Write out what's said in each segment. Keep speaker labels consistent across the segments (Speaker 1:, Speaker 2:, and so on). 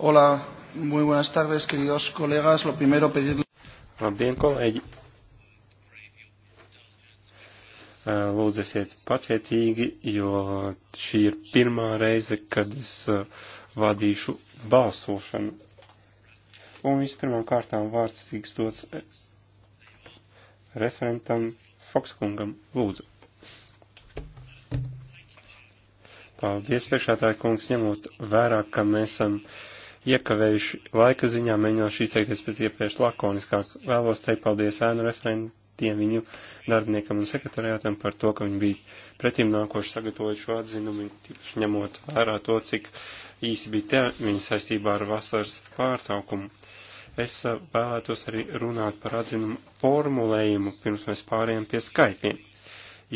Speaker 1: Hola, muy buenas tardes, queridos colegas. Lo primero, pedirle. Labdien, kolēģi! Lūdzēsiet pacietīgi, jo šī ir pirmā reize, kad es vadīšu balsošanu. Un vispirmām kārtām vārds tiks dots referentam Fokskungam. Lūdzu! Paldies, priekšētāji kungs, ņemot vērā, ka mēs esam. Um, iekavējuši laika ziņā, mēģināšu izteikties pēc iepriekš lakoniskāk. Vēlos teikt paldies ēnu referentiem, viņu darbiniekam un sekretariātam par to, ka viņi bija pretim nākoši sagatavojot šo atzinumu, tīpaši ņemot vērā to, cik īsi bija termiņi saistībā ar vasaras pārtraukumu. Es eh, vēlētos arī runāt par atzinumu formulējumu, pirms mēs pārējām pie skaitļiem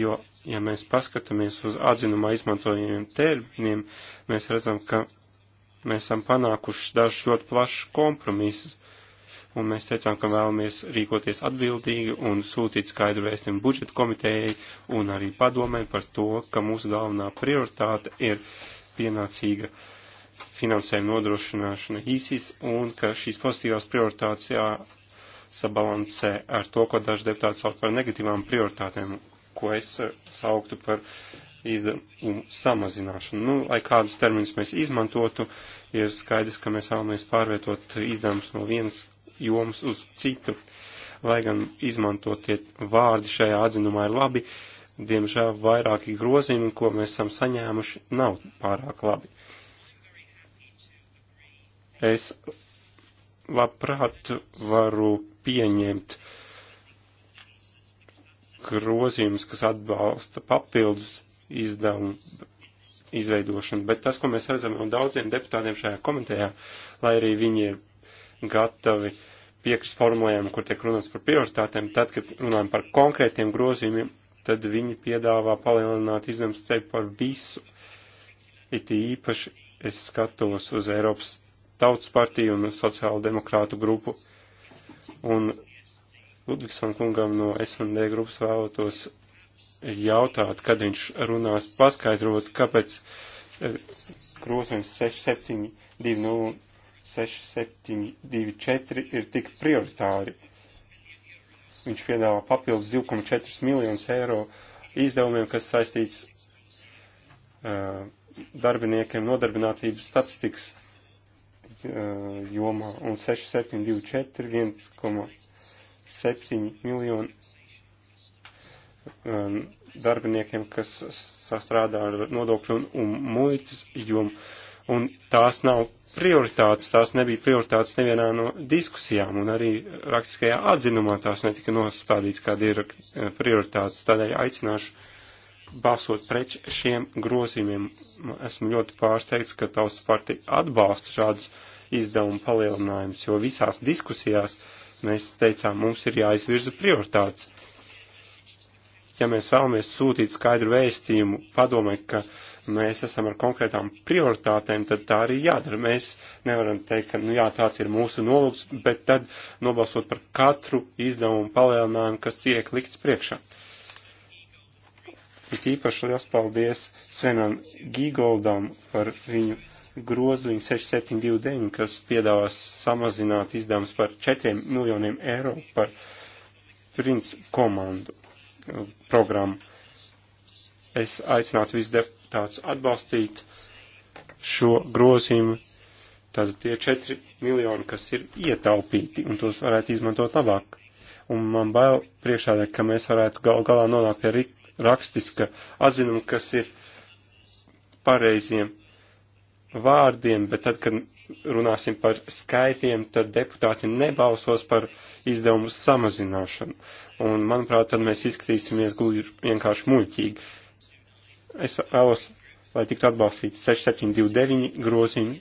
Speaker 1: jo, ja mēs paskatāmies uz atzinumā izmantojumiem terminiem, mēs redzam, ka Mēs esam panākuši dažus ļoti plašus kompromisus, un mēs teicām, ka vēlamies rīkoties atbildīgi un sūtīt skaidru vēstījumu budžeta komitejai un arī padomē par to, ka mūsu galvenā prioritāte ir pienācīga finansējuma nodrošināšana īsīs un ka šīs pozitīvās prioritātes jāsabalansē ar to, ko daži deputāti sauc par negatīvām prioritātēm, ko es sauktu par izdevumu samazināšanu. Nu, lai kādus terminus mēs izmantotu, ir skaidrs, ka mēs vēlamies pārvietot izdevumus no vienas jomas uz citu. Lai gan izmantotie vārdi šajā atzinumā ir labi, diemžēl vairāki grozījumi, ko mēs esam saņēmuši, nav pārāk labi. Es labprāt varu pieņemt grozījumus, kas atbalsta papildus izdevumu izveidošanu, bet tas, ko mēs redzam no daudziem deputātiem šajā komitejā, lai arī viņi ir gatavi piekrist formulējumu, kur tiek runāts par prioritātēm, tad, kad runājam par konkrētiem grozījumiem, tad viņi piedāvā palielināt izdevumus te par visu. It īpaši es skatos uz Eiropas tautas partiju un sociālu demokrātu grupu. Un Ludvigsam kungam no S&D grupas vēlētos jautāt, kad viņš runās, paskaidrot, kāpēc krosnes 6720 6724 ir tik prioritāri. Viņš piedāvā papildus 2,4 miljonus eiro izdevumiem, kas saistīts uh, darbiniekiem nodarbinātības statistikas uh, jomā, un 6724 1,7 miljonu Um, darbiniekiem, kas sastrādā ar nodokļu un, un muitas jomu, un tās nav prioritātes, tās nebija prioritātes nevienā no diskusijām, un arī rakstiskajā atzinumā tās netika nostādīts, kāda ir uh, prioritātes. Tādēļ aicināšu balsot pret šiem grozījumiem. Esmu ļoti pārsteigts, ka tautas partija atbalsta šādus izdevumu palielinājumus, jo visās diskusijās mēs teicām, mums ir jāizvirza prioritātes ja mēs vēlamies sūtīt skaidru vēstījumu padomē, ka mēs esam ar konkrētām prioritātēm, tad tā arī jādara. Mēs nevaram teikt, ka, nu jā, tāds ir mūsu nolūks, bet tad nobalsot par katru izdevumu palielinājumu, kas tiek likts priekšā. Es īpaši liels paldies Svenam Gigoldam par viņu grozu viņu 6729, kas piedāvās samazināt izdevumus par 4 miljoniem eiro par princ komandu programmu. Es aicinātu visus deputātus atbalstīt šo grozījumu. Tātad tie 4 miljoni, kas ir ietaupīti, un tos varētu izmantot labāk. Un man bail priekšādē, ka mēs varētu gal galā nonākt pie rakstiska atzinuma, kas ir pareiziem vārdiem, bet tad, kad runāsim par skaitļiem, tad deputāti nebalsos par izdevumu samazināšanu un, manuprāt, tad mēs izskatīsimies gluži vienkārši muļķīgi. Es vēlos, lai tiktu atbalstīts 6729 grozījumi,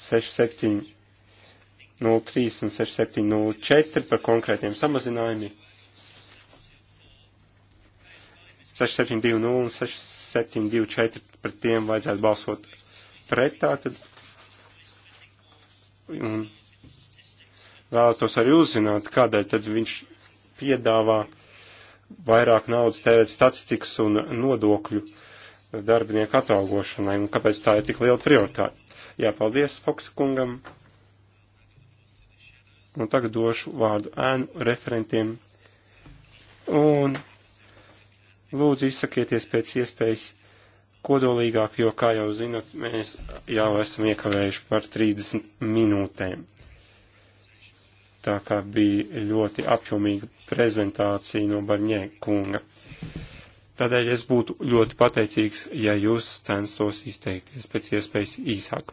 Speaker 1: 6703 un 6704 par konkrētiem samazinājumiem, 6720 un 6724 par tiem vajadzētu balsot pret tātad. Un vēlētos arī uzzināt, kādēļ tad viņš piedāvā vairāk naudas tērēt statistikas un nodokļu darbinieku atalgošanai, un kāpēc tā ir tik liela prioritāte. Jā, paldies Foksa kungam. Un tagad došu vārdu ēnu referentiem. Un lūdzu izsakieties pēc iespējas kodolīgāk, jo, kā jau zinat, mēs jau esam iekavējuši par 30 minūtēm tā kā bija ļoti apjomīga prezentācija no Barņē kunga. Tādēļ es būtu ļoti pateicīgs, ja jūs censtos izteikties pēc iespējas īsāk.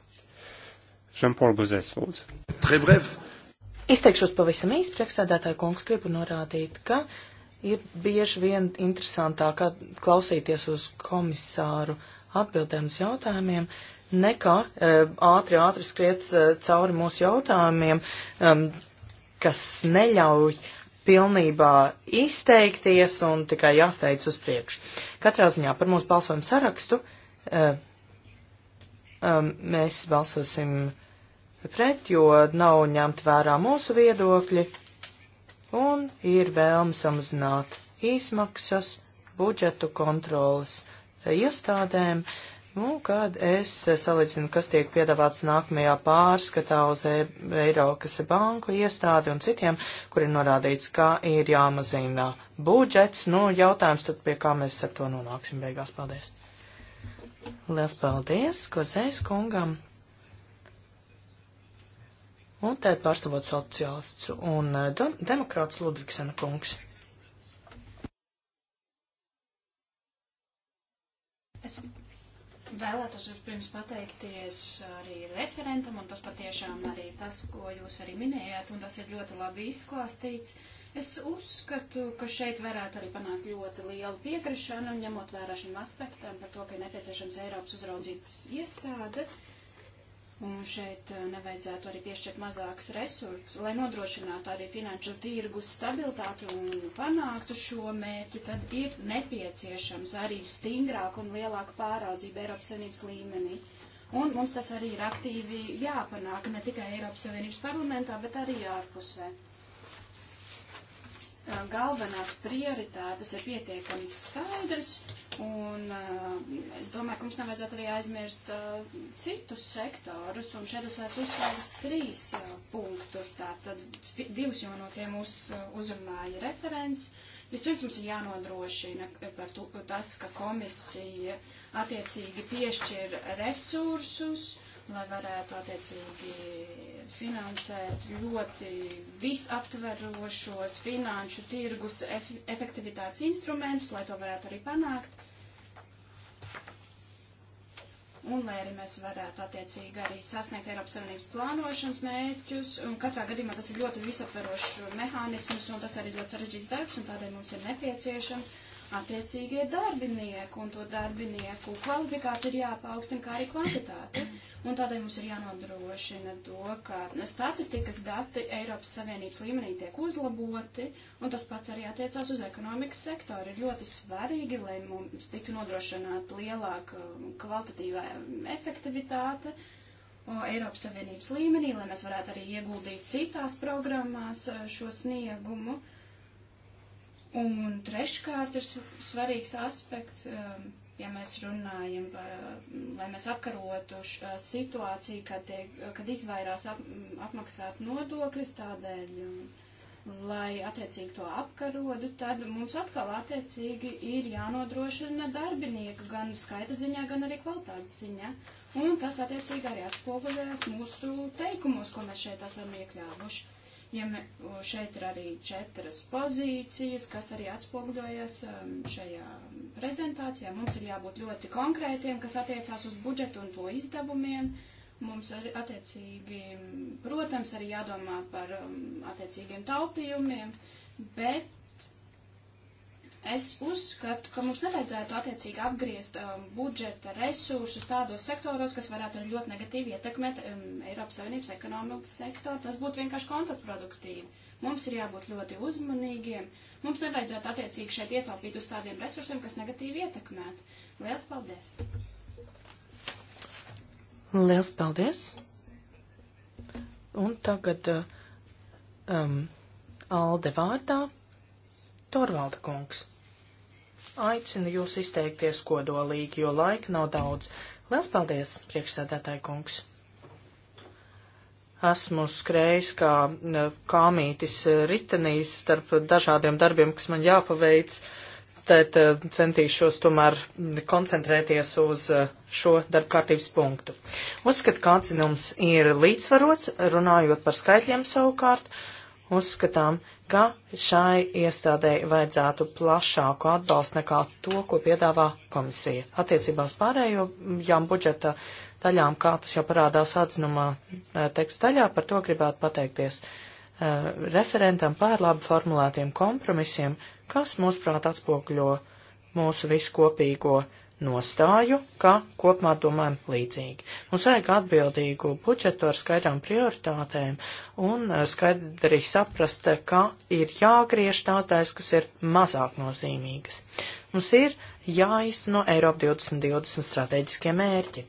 Speaker 1: Žanpola Guzēs,
Speaker 2: lūdzu. Izteikšos pavisam īsi, priekšsēdētāja kungs, gribu norādīt, ka ir bieži vien interesantāk klausīties uz komisāru atbildēm uz jautājumiem, nekā e, ātri, ātri skriet e, cauri mūsu jautājumiem, um, kas neļauj pilnībā izteikties un tikai jāsteidz uz priekšu. Katrā ziņā par mūsu balsojumu sarakstu uh, um, mēs balsosim pret, jo nav ņemt vērā mūsu viedokļi un ir vēlme samazināt izmaksas budžetu kontrolas iestādēm. Uh, Nu, kad es salīdzinu, kas tiek piedāvāts nākamajā pārskatā uz e Eiropas banku iestādi un citiem, kur ir norādīts, ka ir jāmazina budžets, nu, jautājums tad pie kā mēs ar to nonāksim beigās. Paldies! Liels paldies Kozēs kungam! Un tēt pārstāvot sociālists un eh, de demokrāts Ludvigsena kungs.
Speaker 3: Es... Vēlētos pirms pateikties arī referentam, un tas patiešām arī tas, ko jūs arī minējāt, un tas ir ļoti labi izklāstīts. Es uzskatu, ka šeit varētu arī panākt ļoti lielu piekrišanu, ņemot vērā šim aspektam par to, ka ir nepieciešams Eiropas uzraudzības iestāde. Uh, Un šeit eh, nevajadzētu arī piešķirt mazākus resursus, lai nodrošinātu arī finanšu tirgus stabilitāti un panāktu šo mērķi, tad ir nepieciešams arī stingrāk un lielāka pāraudzība Eiropas Savienības līmenī. Un mums tas arī ir aktīvi jāpanāk ne tikai Eiropas Savienības parlamentā, bet arī ārpusē. Eh, galvenās prioritātes ir pietiekami skaidrs, Un eh, es domāju, ka mums nevajadzētu arī aizmirst eh, citus sektorus, un šeit es esmu uzsvērs trīs eh, punktus, tātad divus jau no tiem uz, uzrunāja referents. Vispirms mums ir jānodrošina par to, tas, ka komisija attiecīgi piešķir resursus lai varētu attiecīgi finansēt ļoti visaptverošos finanšu tirgus ef efektivitātes instrumentus, lai to varētu arī panākt. Un lai arī mēs varētu attiecīgi arī sasniegt Eiropas Savienības plānošanas mērķus. Un katrā gadījumā tas ir ļoti visaptverošs mehānisms un tas arī ļoti sarežģīts darbs un tādēļ mums ir nepieciešams. Uh, attiecīgie darbinieki un to darbinieku kvalifikācija ir jāpaukstina, kā arī kvantitāte. Un tādēļ mums ir jānodrošina to, ka statistikas dati Eiropas Savienības līmenī tiek uzlaboti, un tas pats arī attiecās uz ekonomikas sektoru. Ir ļoti svarīgi, lai mums tiktu nodrošināta lielāka kvalitatīvā efektivitāte, Eiropas Savienības līmenī, lai mēs varētu arī ieguldīt citās programmās e, šo sniegumu. Un treškārt ir svarīgs aspekts, um, ja mēs runājam par, um, lai mēs apkarotu uh, situāciju, kad, tiek, kad izvairās ap, mm, apmaksāt nodokļus tādēļ, lai attiecīgi to apkarodu, tad mums atkal attiecīgi ir jānodrošina darbinieku gan skaita ziņā, gan arī kvalitātes ziņā. Un tas attiecīgi arī atspoguļojas mūsu teikumos, ko mēs šeit esam iekļāvuši. Ja me, šeit ir arī četras pozīcijas, kas arī atspoguļojas um, šajā prezentācijā. Mums ir jābūt ļoti konkrētiem, kas attiecās uz budžetu un to izdevumiem. Mums arī attiecīgi, protams, arī jādomā par um, attiecīgiem taupījumiem, bet Es uzskatu, ka mums nevajadzētu attiecīgi apgriezt um, budžeta resursus tādos sektoros, kas varētu ļoti negatīvi ietekmēt um, Eiropas Savienības ekonomikas sektoru. Tas būtu vienkārši kontraproduktīvi. Mums ir jābūt ļoti uzmanīgiem. Mums nevajadzētu attiecīgi šeit ietaupīt uz tādiem resursiem, kas negatīvi ietekmētu. Lielas paldies!
Speaker 2: Lielas paldies! Un tagad uh, um, Alde vārdā Torvalda kungs. Aicinu jūs izteikties kodolīgi, jo laika nav daudz. Liels paldies, priekšsēdētāji kungs! Esmu skrējis kā kāmītis ritenīs starp dažādiem darbiem, kas man jāpaveic, tad e, centīšos tomēr koncentrēties uz e, šo darba kārtības punktu. Uzskat, kāds jums ir līdzsvarots, runājot par skaitļiem savukārt. Uh, uzskatām, ka šai iestādēji vajadzētu plašāku atbalstu nekā to, ko piedāvā komisija. Attiecībā uz pārējām budžeta daļām, kā tas jau parādās atzinumā e, teksta daļā, par to gribētu pateikties uh, referentam par labi formulētiem kompromisiem, kas, mūsuprāt, atspogļo mūsu viskopīgo nostāju, ka kopumā domājam līdzīgi. Mums vajag atbildīgu budžetu ar skaidrām prioritātēm un eh, skaidri saprast, ka ir jāgriež tās daļas, kas ir mazāk nozīmīgas. Mums ir jāizno Eiropa 2020 strateģiskie mērķi.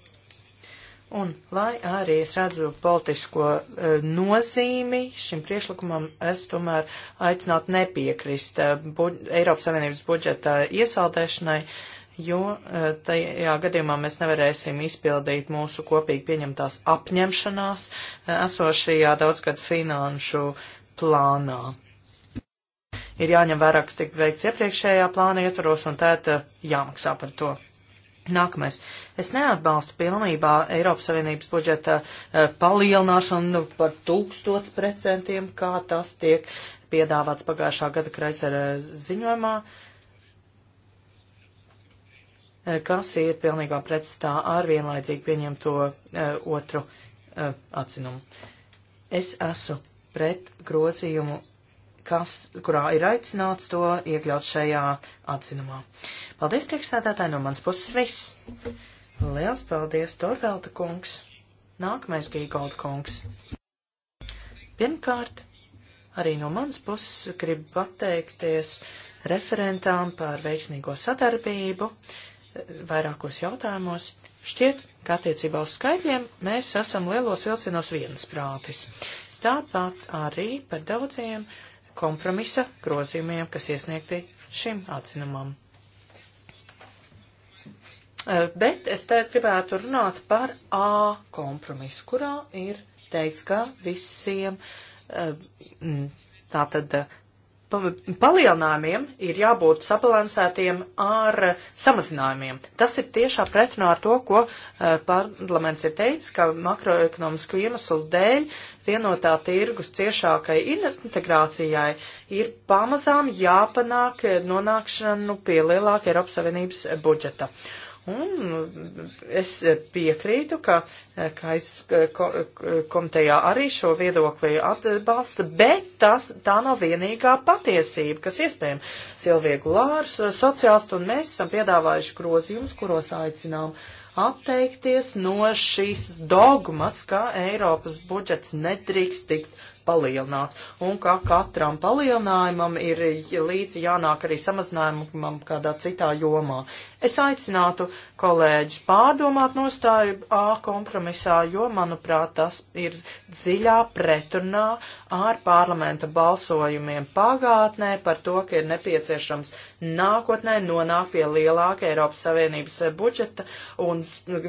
Speaker 2: Un, lai arī es redzu politisko e, nozīmi šim priešlikumam, es tomēr aicinātu nepiekrist e, eh, bu, Eiropas Savienības budžeta iesaldēšanai, e, jo eh, tajā gadījumā mēs nevarēsim izpildīt mūsu kopīgi pieņemtās apņemšanās eh, esošajā daudzgad finanšu plānā. Ir jāņem vērā, kas tika veikts iepriekšējā plāna ietvaros, un tēta eh, jāmaksā par to. Nākamais. Es neatbalstu pilnībā Eiropas Savienības budžeta palielināšanu nu, par tūkstots procentiem, kā tas tiek piedāvāts pagājušā gada kreisera ziņojumā. Uh, Eh, kas ir pilnīgā pretstā ar vienlaicīgi pieņemto eh, otru eh, atzinumu. Es esmu pret grozījumu, kas, kurā ir aicināts to iekļaut šajā atzinumā. Paldies, priekšsēdētāji, no manas puses viss. Liels paldies, Torvelta kungs. Nākamais Gīgolda kungs. Pirmkārt, arī no manas puses gribu pateikties referentām par veiksmīgo sadarbību. Uh, vairākos jautājumos. Šķiet, ka attiecībā uz skaitļiem mēs esam lielos vilcienos vienas prātis. Tāpat arī par daudziem kompromisa grozījumiem, kas iesniegti šim atzinumam. Eh, bet es te gribētu runāt par A kompromisu, kurā ir teikts, ka visiem eh, tātad palielinājumiem ir jābūt sabalansētiem ar samazinājumiem. Tas ir tiešā pretrunā ar to, ko eh, parlaments ir teicis, ka makroekonomisku iemeslu dēļ vienotā tirgus ciešākai integrācijai ir pamazām jāpanāk nonākšanu pie lielāka Eiropas Savienības budžeta. Uh, Un nu, es piekrītu, ka eh, Kais eh, eh, komitejā arī šo viedokli atbalsta, bet tas, tā nav vienīgā patiesība, kas iespējama. Silvija Gulārs, sociālisti un mēs esam piedāvājuši grozījumus, kuros aicinām atteikties no šīs dogmas, ka Eiropas budžets nedrīkst tikt palielināts, un ka katram palielinājumam ir līdzi jānāk arī samazinājumam kādā citā jomā. Es aicinātu kolēģus pārdomāt nostāju A kompromisā, jo, manuprāt, tas ir dziļā pretrunā ar parlamenta balsojumiem pagātnē par to, ka ir nepieciešams nākotnē nonākt pie lielāka Eiropas Savienības budžeta un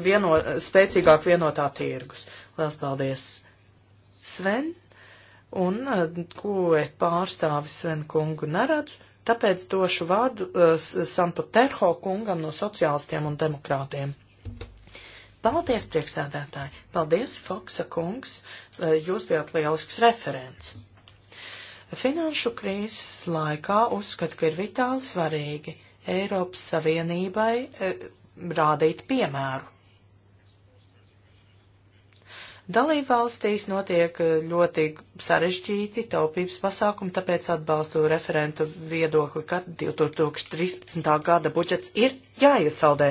Speaker 2: vieno, spēcīgāk vienotā tirgus. Lielas paldies! Sven? un eh, koe pārstāvis Sven kungu neredzu, tāpēc došu vārdu uh, Santu Terho kungam no sociālistiem un demokrātiem. Paldies, priekšsēdētāji! Paldies, Foksa kungs! Uh, jūs bijāt lielisks referents! Finanšu krīzes laikā uzskat, ka ir vitāli svarīgi Eiropas Savienībai uh, rādīt piemēru Dalībvalstīs notiek eh, ļoti sarežģīti taupības pasākumi, tāpēc atbalstu referentu viedokli, ka 2013. gada budžets ir jāiesaldē.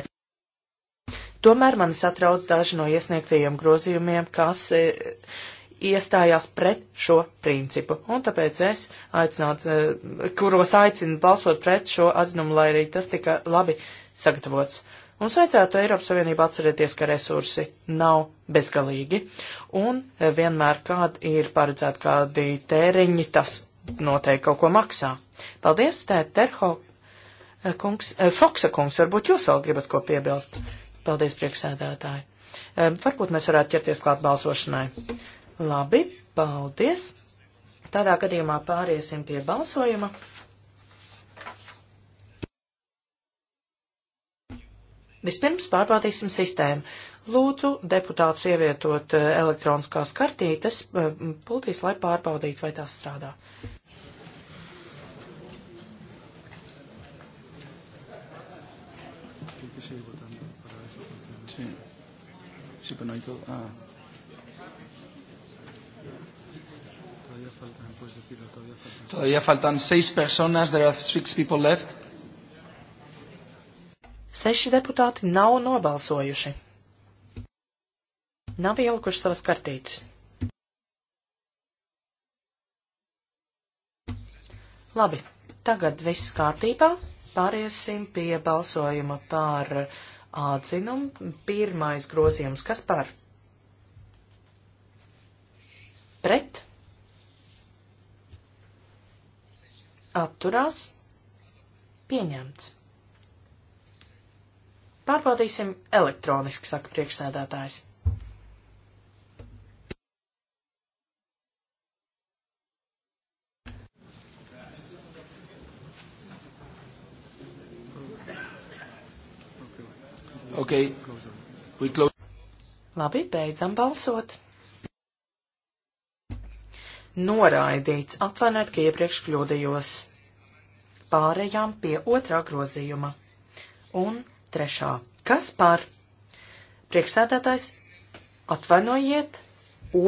Speaker 2: Tomēr mani satrauc daži no iesniegtajiem grozījumiem, kas e, iestājās pret šo principu, un tāpēc es aicinātu, e, kuros aicinu balsot pret šo atzinumu, lai arī tas tika labi sagatavots. Uh, Mums vajadzētu Eiropas Savienību atcerēties, ka resursi nav bezgalīgi, un vienmēr kād ir paredzēti kādi tēriņi, tas noteikti kaut ko maksā. Paldies, tēt, Terho, eh, kungs, eh, Foksa kungs, varbūt jūs vēl gribat ko piebilst. Paldies, priekšsēdētāji. Eh, varbūt mēs varētu ķerties klāt balsošanai. Labi, paldies. Tādā gadījumā pāriesim pie balsojuma. Vispirms pārbaudīsim sistēmu. Lūdzu deputātus ievietot eh, elektroniskās kartītes eh, pultīs, lai pārbaudītu, vai tās strādā.
Speaker 3: Sí, pero no hay todo. Ah.
Speaker 1: Todavía faltan, puedes decirlo, todavía faltan. Todavía faltan seis personas, there are six people left.
Speaker 2: Seši deputāti nav nobalsojuši. Nav ielikuši savas kartītes. Labi, tagad viss kārtībā. Pāriesim pie balsojuma par atzinumu. Pirmais grozījums, kas par? Pret? Atturās? Pieņemts. Pārbaudīsim elektroniski, saka priekšsēdētājs. Okay. Labi, beidzam balsot. Noraidīts, atvainojiet, ka iepriekš kļūdījos. Pārējām pie otrā grozījuma un trešā Kas par? Priekšsēdētājs atvainojiet.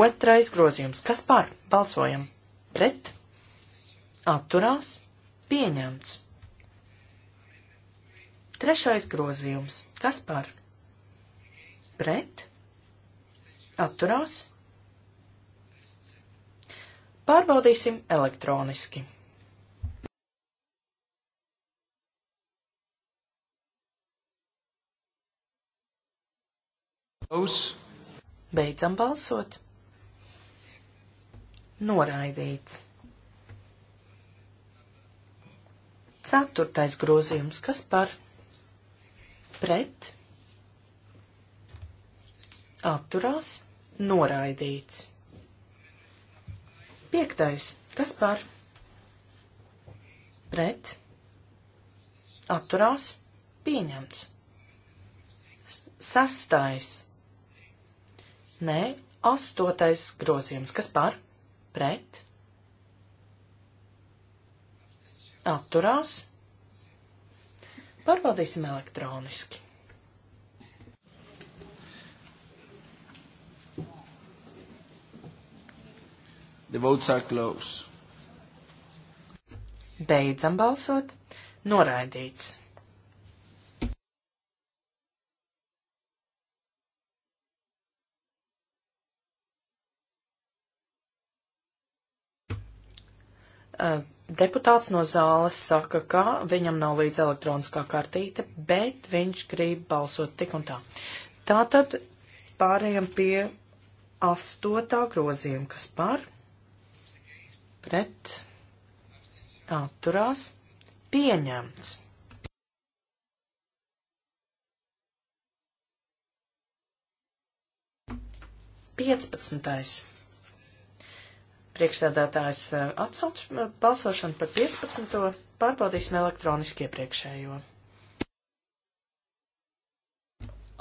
Speaker 2: Otrais grozījums. Kas par? Balsojam. Pret. Atturās. Pieņemts. Trešais grozījums. Kas par? Pret. Atturās. Pārbaudīsim elektroniski. Beidzam balsot. Noraidīts. Ceturtais grozījums, kas par pret atturās, noraidīts. Piektais, kas par pret atturās, pieņemts. Sastais Nē, astotais grozījums. Kas par? Pret? Atturās? Pārbaudīsim elektroniski.
Speaker 1: The votes are closed.
Speaker 2: Beidzam balsot. Noraidīts. deputāts no zāles saka, ka viņam nav līdz elektroniskā kartīte, bet viņš grib balsot tik un tā. Tātad pārējām pie astotā grozījuma, kas par, pret, atturās, pieņemts. Piecpadsmitais. Priekšsēdētājs eh, atsauc eh, balsošanu par 15. Pārbaudīsim elektroniski iepriekšējo.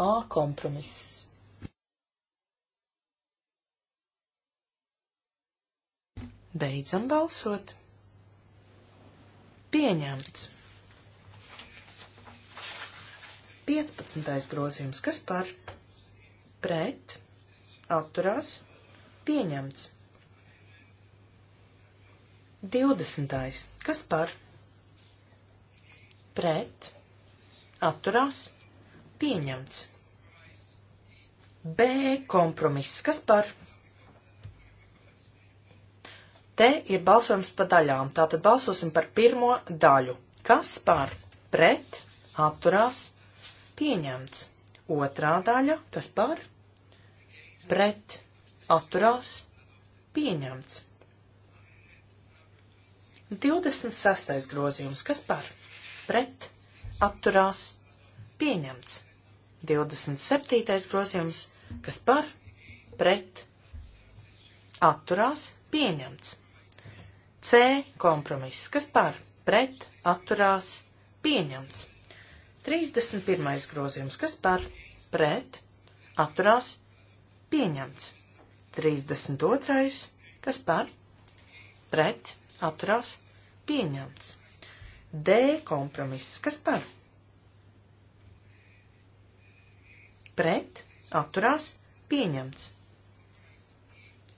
Speaker 2: A kompromiss. Beidzam balsot. Pieņemts. 15. grozījums, kas par pret, atturās, pieņemts. 20. Kas par? Pret. Atturās. Pieņemts. B kompromiss. Kas par? Te ir balsojums pa daļām. Tātad balsosim par pirmo daļu. Kas par? Pret. Atturās. Pieņemts. Otrā daļa. Kas par? Pret. Atturās. Pieņemts. 26. grozījums, kas par pret atturās pieņemts. 27. grozījums, kas par pret atturās pieņemts. C kompromiss, kas par pret atturās pieņemts. 31. grozījums, kas par pret atturās pieņemts. 32. kas par pret atturās, pieņemts. D kompromiss, kas par? Pret, atturās, pieņemts.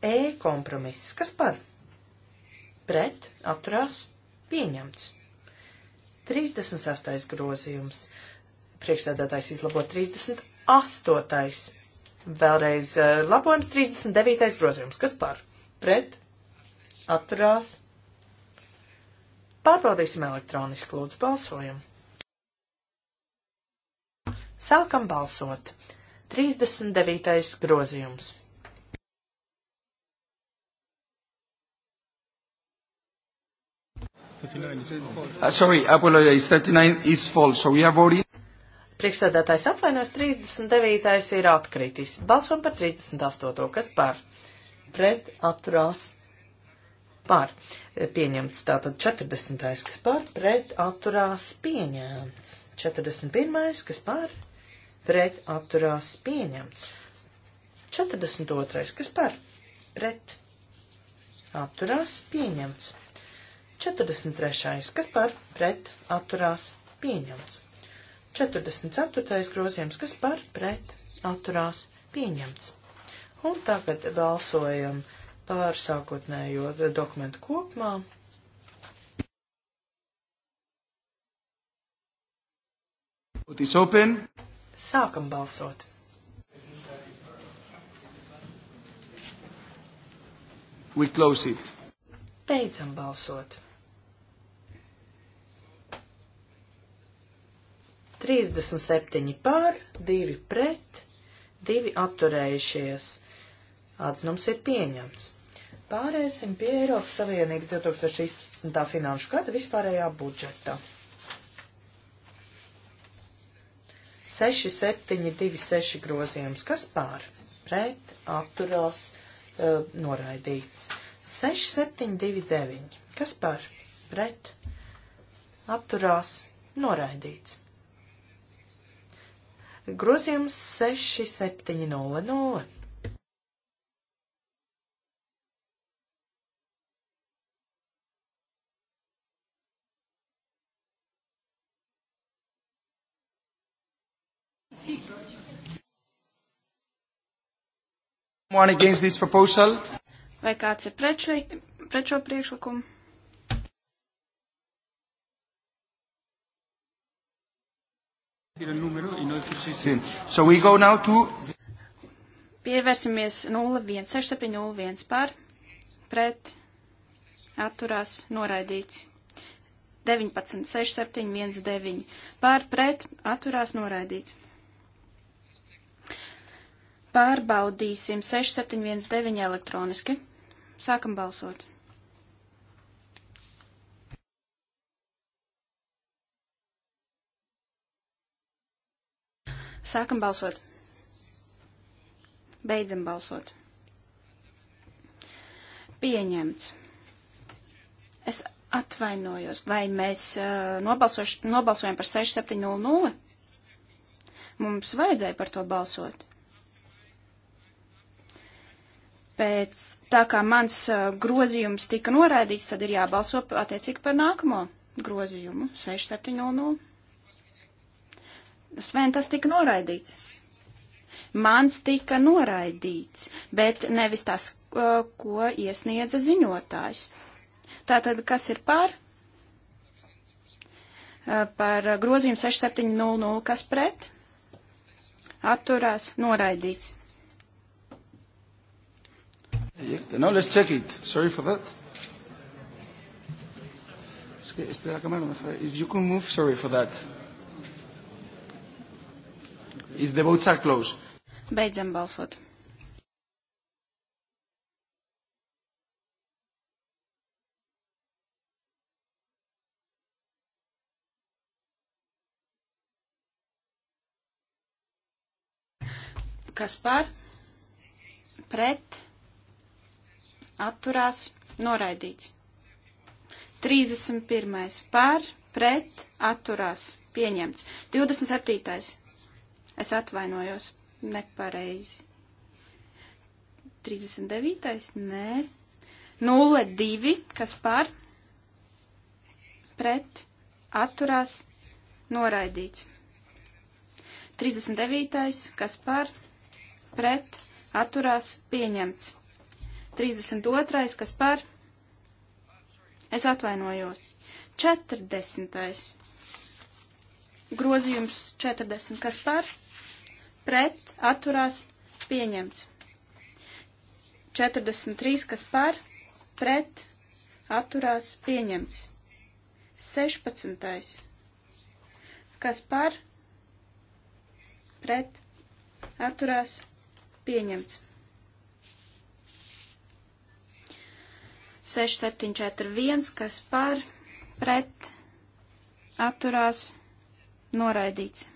Speaker 2: E kompromiss, kas par? Pret, atturās, pieņemts. 36. grozījums. Priekšstādātājs izlabo 38. Vēlreiz eh, labojums 39. grozījums. Kas par? Pret, atturās, Pārbaudīsim elektroniski, lūdzu, balsojam. Sākam balsot. 39. grozījums. Uh,
Speaker 1: sorry, apologize, 39 is false, so we have already...
Speaker 2: Priekšsēdētājs atvainojas, 39. ir atkritis. Balsojam par 38. Kas par? Pret atturās par e, pieņemts. Tātad 40. kas par pret atturās pieņemts. 41. kas par pret atturās pieņemts. 42. kas par pret atturās pieņemts. 43. kas par pret atturās pieņemts. 44. grozījums, kas par pret atturās pieņemts. Un tagad balsojam uh, par sākotnējo dokumentu kopumā. Sākam balsot.
Speaker 3: We close it.
Speaker 2: Beidzam balsot. 37 pār, 2 pret, 2 atturējušies Atzinums ir pieņemts. Pārēsim pie Eiropas Savienības 2016. finanšu gada vispārējā budžeta. 6, 7, 2, 6 grozījums. Kas pār? Pret, atturās, uh, noraidīts. 6, 7, 2, 9. Kas pār? Pret, atturās, noraidīts. Grozījums 6700. Vai
Speaker 3: kāds ir pret, šai, pret šo priekšlikumu? Sí. So we go now to... Pievērsimies 016701 par, pret, atturās, noraidīts. 19, 6, 7, 1, 9. Pār pret atturās noraidīts. Pārbaudīsim 6719 elektroniski. Sākam balsot. Sākam balsot. Beidzam balsot. Pieņemts. Es atvainojos, vai mēs uh, nobalsojam par 6700? Mums vajadzēja par to balsot. pēc tā kā mans grozījums tika noraidīts, tad ir jābalso attiecīgi par nākamo grozījumu 6700. Sven, tas tika noraidīts. Mans tika noraidīts, bet nevis tas, ko iesniedza ziņotājs. Tātad, kas ir par? Par grozījumu 6700, kas pret? Atturās, noraidīts. No, let's check it. Sorry for that. Es que está la cámara no If you can move, sorry for that.
Speaker 1: Is the votes are closed.
Speaker 3: Beidzam balsot. Kas par? Pret? atturās noraidīts. 31. par, pret, atturās, pieņemts. 27. Es atvainojos, nepareizi. 39. nē. 02. kas par, pret, atturās, noraidīts. 39. kas par, pret, atturās, pieņemts. 32. kas par? Es atvainojos. 40. Grozījums 40. kas par? Pret, atturās, pieņemts. 43. kas par? Pret, atturās, pieņemts. 16. kas par? Pret, atturās, pieņemts. 6741, kas par, pret, atturās, noraidīts.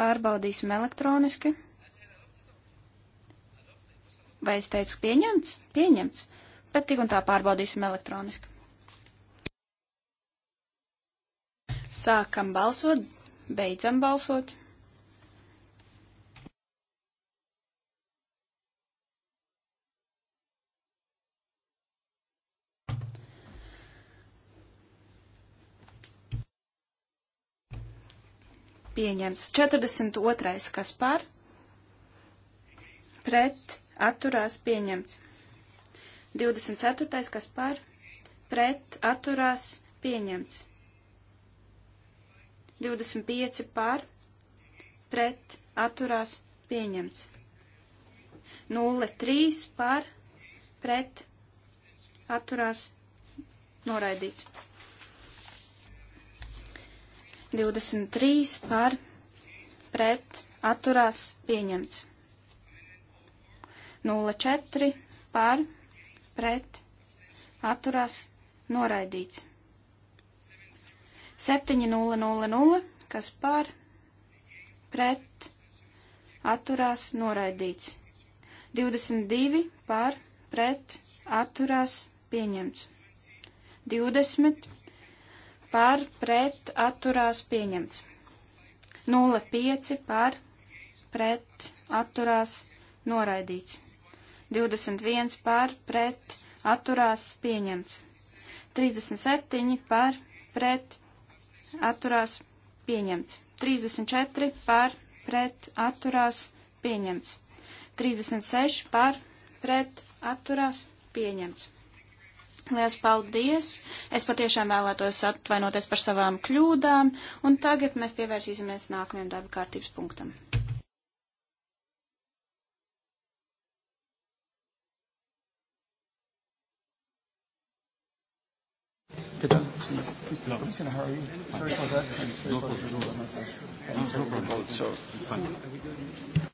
Speaker 3: Pārbaudīsim elektroniski. Vai es teicu pieņemts? Pieņemts. Bet tik un tā pārbaudīsim elektroniski. Sākam balsot, beidzam balsot. pieņemts. 42. kas par? Pret atturās pieņemts. 24. kas par? Pret atturās pieņemts. 25 par? Pret atturās pieņemts. 03 par? Pret atturās noraidīts. 23 par pret atturās pieņemts. 04 par pret atturās noraidīts. 7000, kas par pret atturās noraidīts. 22 par pret atturās pieņemts. 20 par pret atturās pieņemts. 05 par pret atturās noraidīts. 21 par pret atturās pieņemts. 37 par pret atturās pieņemts. 34 par pret atturās pieņemts. 36 par pret atturās pieņemts. Lielas paldies! Es patiešām vēlētos atvainoties par savām kļūdām, un tagad mēs pievērsīsimies nākamajam darba kārtības punktam.
Speaker 2: Good. No. I'm just in a hurry.
Speaker 3: Sorry for that. Sorry no for problem. The, my no problem. So, fine.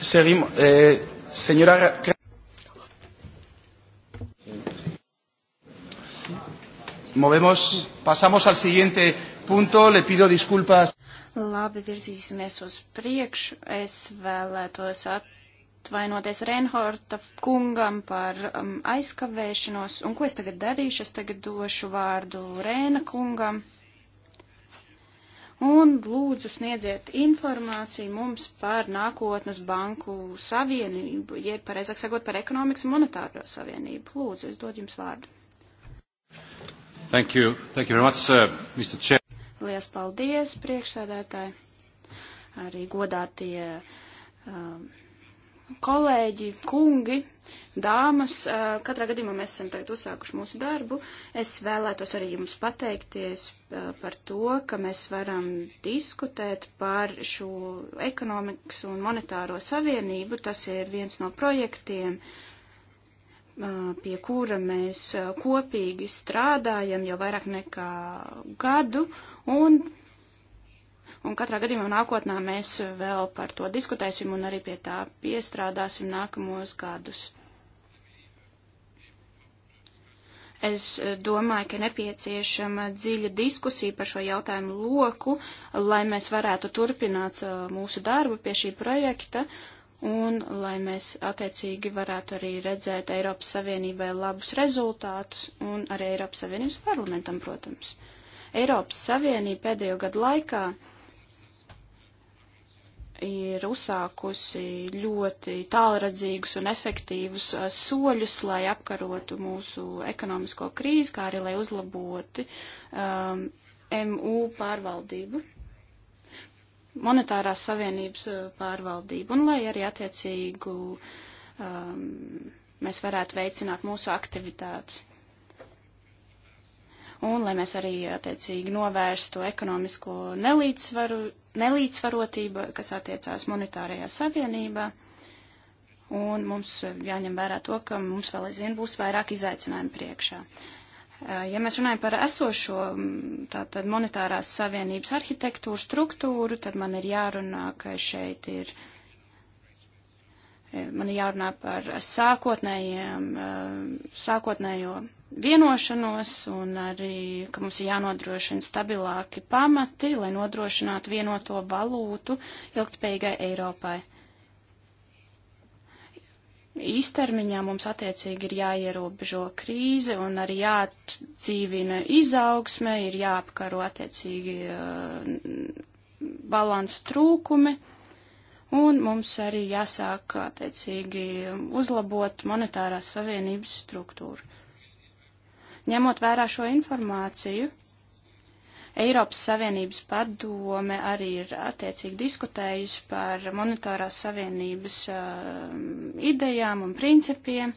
Speaker 3: Seguimos. Eh, señora. Movemos, pasamos al siguiente punto.
Speaker 1: Le pido disculpas.
Speaker 3: Labi, virzīsimies uz priekšu. Es vēlētos atvainoties Reinhorta kungam par um, aizkavēšanos. Un ko es tagad darīšu? Es tagad došu vārdu Rēna kungam un lūdzu sniedziet informāciju mums par nākotnes banku savienību, jeb pareizāk sakot par ekonomikas un monetāro savienību. Lūdzu, es dodu jums vārdu.
Speaker 1: Thank you. Thank you very much, uh, Mr. Chair.
Speaker 3: Lielas paldies, priekšsēdētāji, arī godātie. Um, uh, kolēģi, kungi, dāmas, eh, katrā gadījumā mēs esam tagad uzsākuši mūsu darbu. Es vēlētos arī jums pateikties eh, par to, ka mēs varam diskutēt par šo ekonomikas un monetāro savienību. Tas ir viens no projektiem, eh, pie kura mēs kopīgi strādājam jau vairāk nekā gadu, un Un katrā gadījumā nākotnē mēs vēl par to diskutēsim un arī pie tā piestrādāsim nākamos gadus. Es eh, domāju, ka nepieciešama dziļa diskusija par šo jautājumu loku, lai mēs varētu turpināt eh, mūsu darbu pie šī projekta un lai mēs attiecīgi varētu arī redzēt Eiropas Savienībai labus rezultātus un arī Eiropas Savienības parlamentam, protams. Eiropas Savienība pēdējo gadu laikā uh, ir uzsākusi ļoti tālredzīgus un efektīvus uh, soļus, lai apkarotu mūsu ekonomisko krīzi, kā arī lai uzlaboti um, MU pārvaldību, monetārās savienības uh, pārvaldību, un lai arī attiecīgu um, mēs varētu veicināt mūsu aktivitātes. Un lai mēs arī attiecīgi novērstu ekonomisko nelīdzsvaru nelīdzsvarotība, kas attiecās monetārajā savienībā. Un mums jāņem vērā to, ka mums vēl aizvien būs vairāk izaicinājumu priekšā. Ja mēs runājam par esošo tātad monetārās savienības arhitektūru, struktūru, tad man ir jārunā, ka šeit ir man jārunā par sākotnējiem, sākotnējo vienošanos un arī, ka mums ir jānodrošina stabilāki pamati, lai nodrošinātu vienoto valūtu ilgspējīgai Eiropai. Īstermiņā mums attiecīgi ir jāierobežo krīze un arī jāatdzīvina izaugsme, ir jāapkaro attiecīgi uh, balansa trūkumi. Un mums arī jāsāk attiecīgi uzlabot monetārās savienības struktūru. Ņemot vērā šo informāciju, Eiropas Savienības padome arī ir attiecīgi diskutējusi par monetārās savienības uh, idejām un principiem.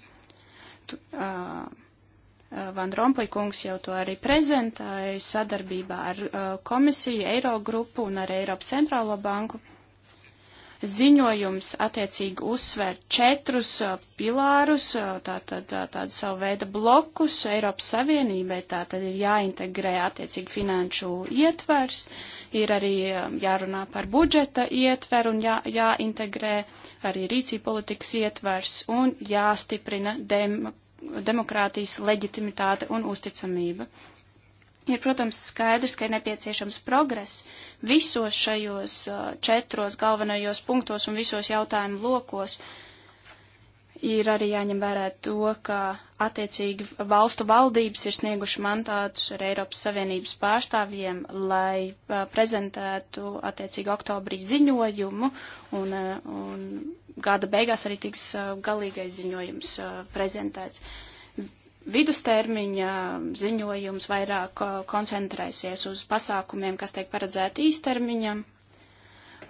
Speaker 3: Tu, uh, uh Van Rompujkungs jau to arī prezentēja sadarbībā ar uh, komisiju, Eirogrupu un ar Eiropas centrālo banku. Uh, ziņojums attiecīgi uzsver četrus pilārus, tātad tā, tā, tādu savu veidu blokus Eiropas Savienībai, tātad ir jāintegrē attiecīgi finanšu ietvers, ir arī jārunā par budžeta ietveru un jā, jāintegrē arī rīcība politikas ietvers un jāstiprina dem, demokrātijas leģitimitāte un uzticamība. Ir, protams, skaidrs, ka ir nepieciešams progress visos šajos uh, četros galvenajos punktos un visos jautājumu lokos. Ir arī jāņem vērā to, ka attiecīgi valstu valdības ir snieguši mandātus ar Eiropas Savienības pārstāvjiem, lai uh, prezentētu attiecīgi oktobrī ziņojumu un, uh, un gada beigās arī tiks galīgais ziņojums prezentēts. Uh, vidustermiņa ziņojums vairāk uh, koncentrēsies uz pasākumiem, kas tiek paredzēti īstermiņam.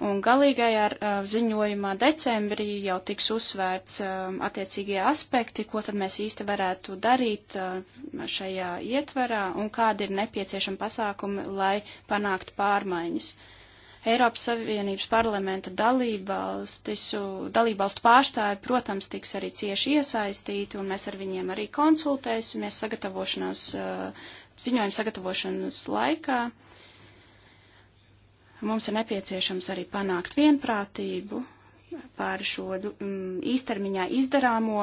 Speaker 3: Un galīgajā uh, ziņojumā decembrī jau tiks uzsvērts um, attiecīgie aspekti, ko tad mēs īsti varētu darīt uh, šajā ietverā un kādi ir nepieciešami pasākumi, lai panāktu pārmaiņas. Uh, Eiropas Savienības parlamenta dalībvalstu pārstāvi, protams, tiks arī cieši iesaistīti, un mēs ar viņiem arī konsultēsimies sagatavošanās, eh, ziņojuma sagatavošanas laikā. Mums ir nepieciešams arī panākt vienprātību pār šo mm, īstermiņā izdarāmo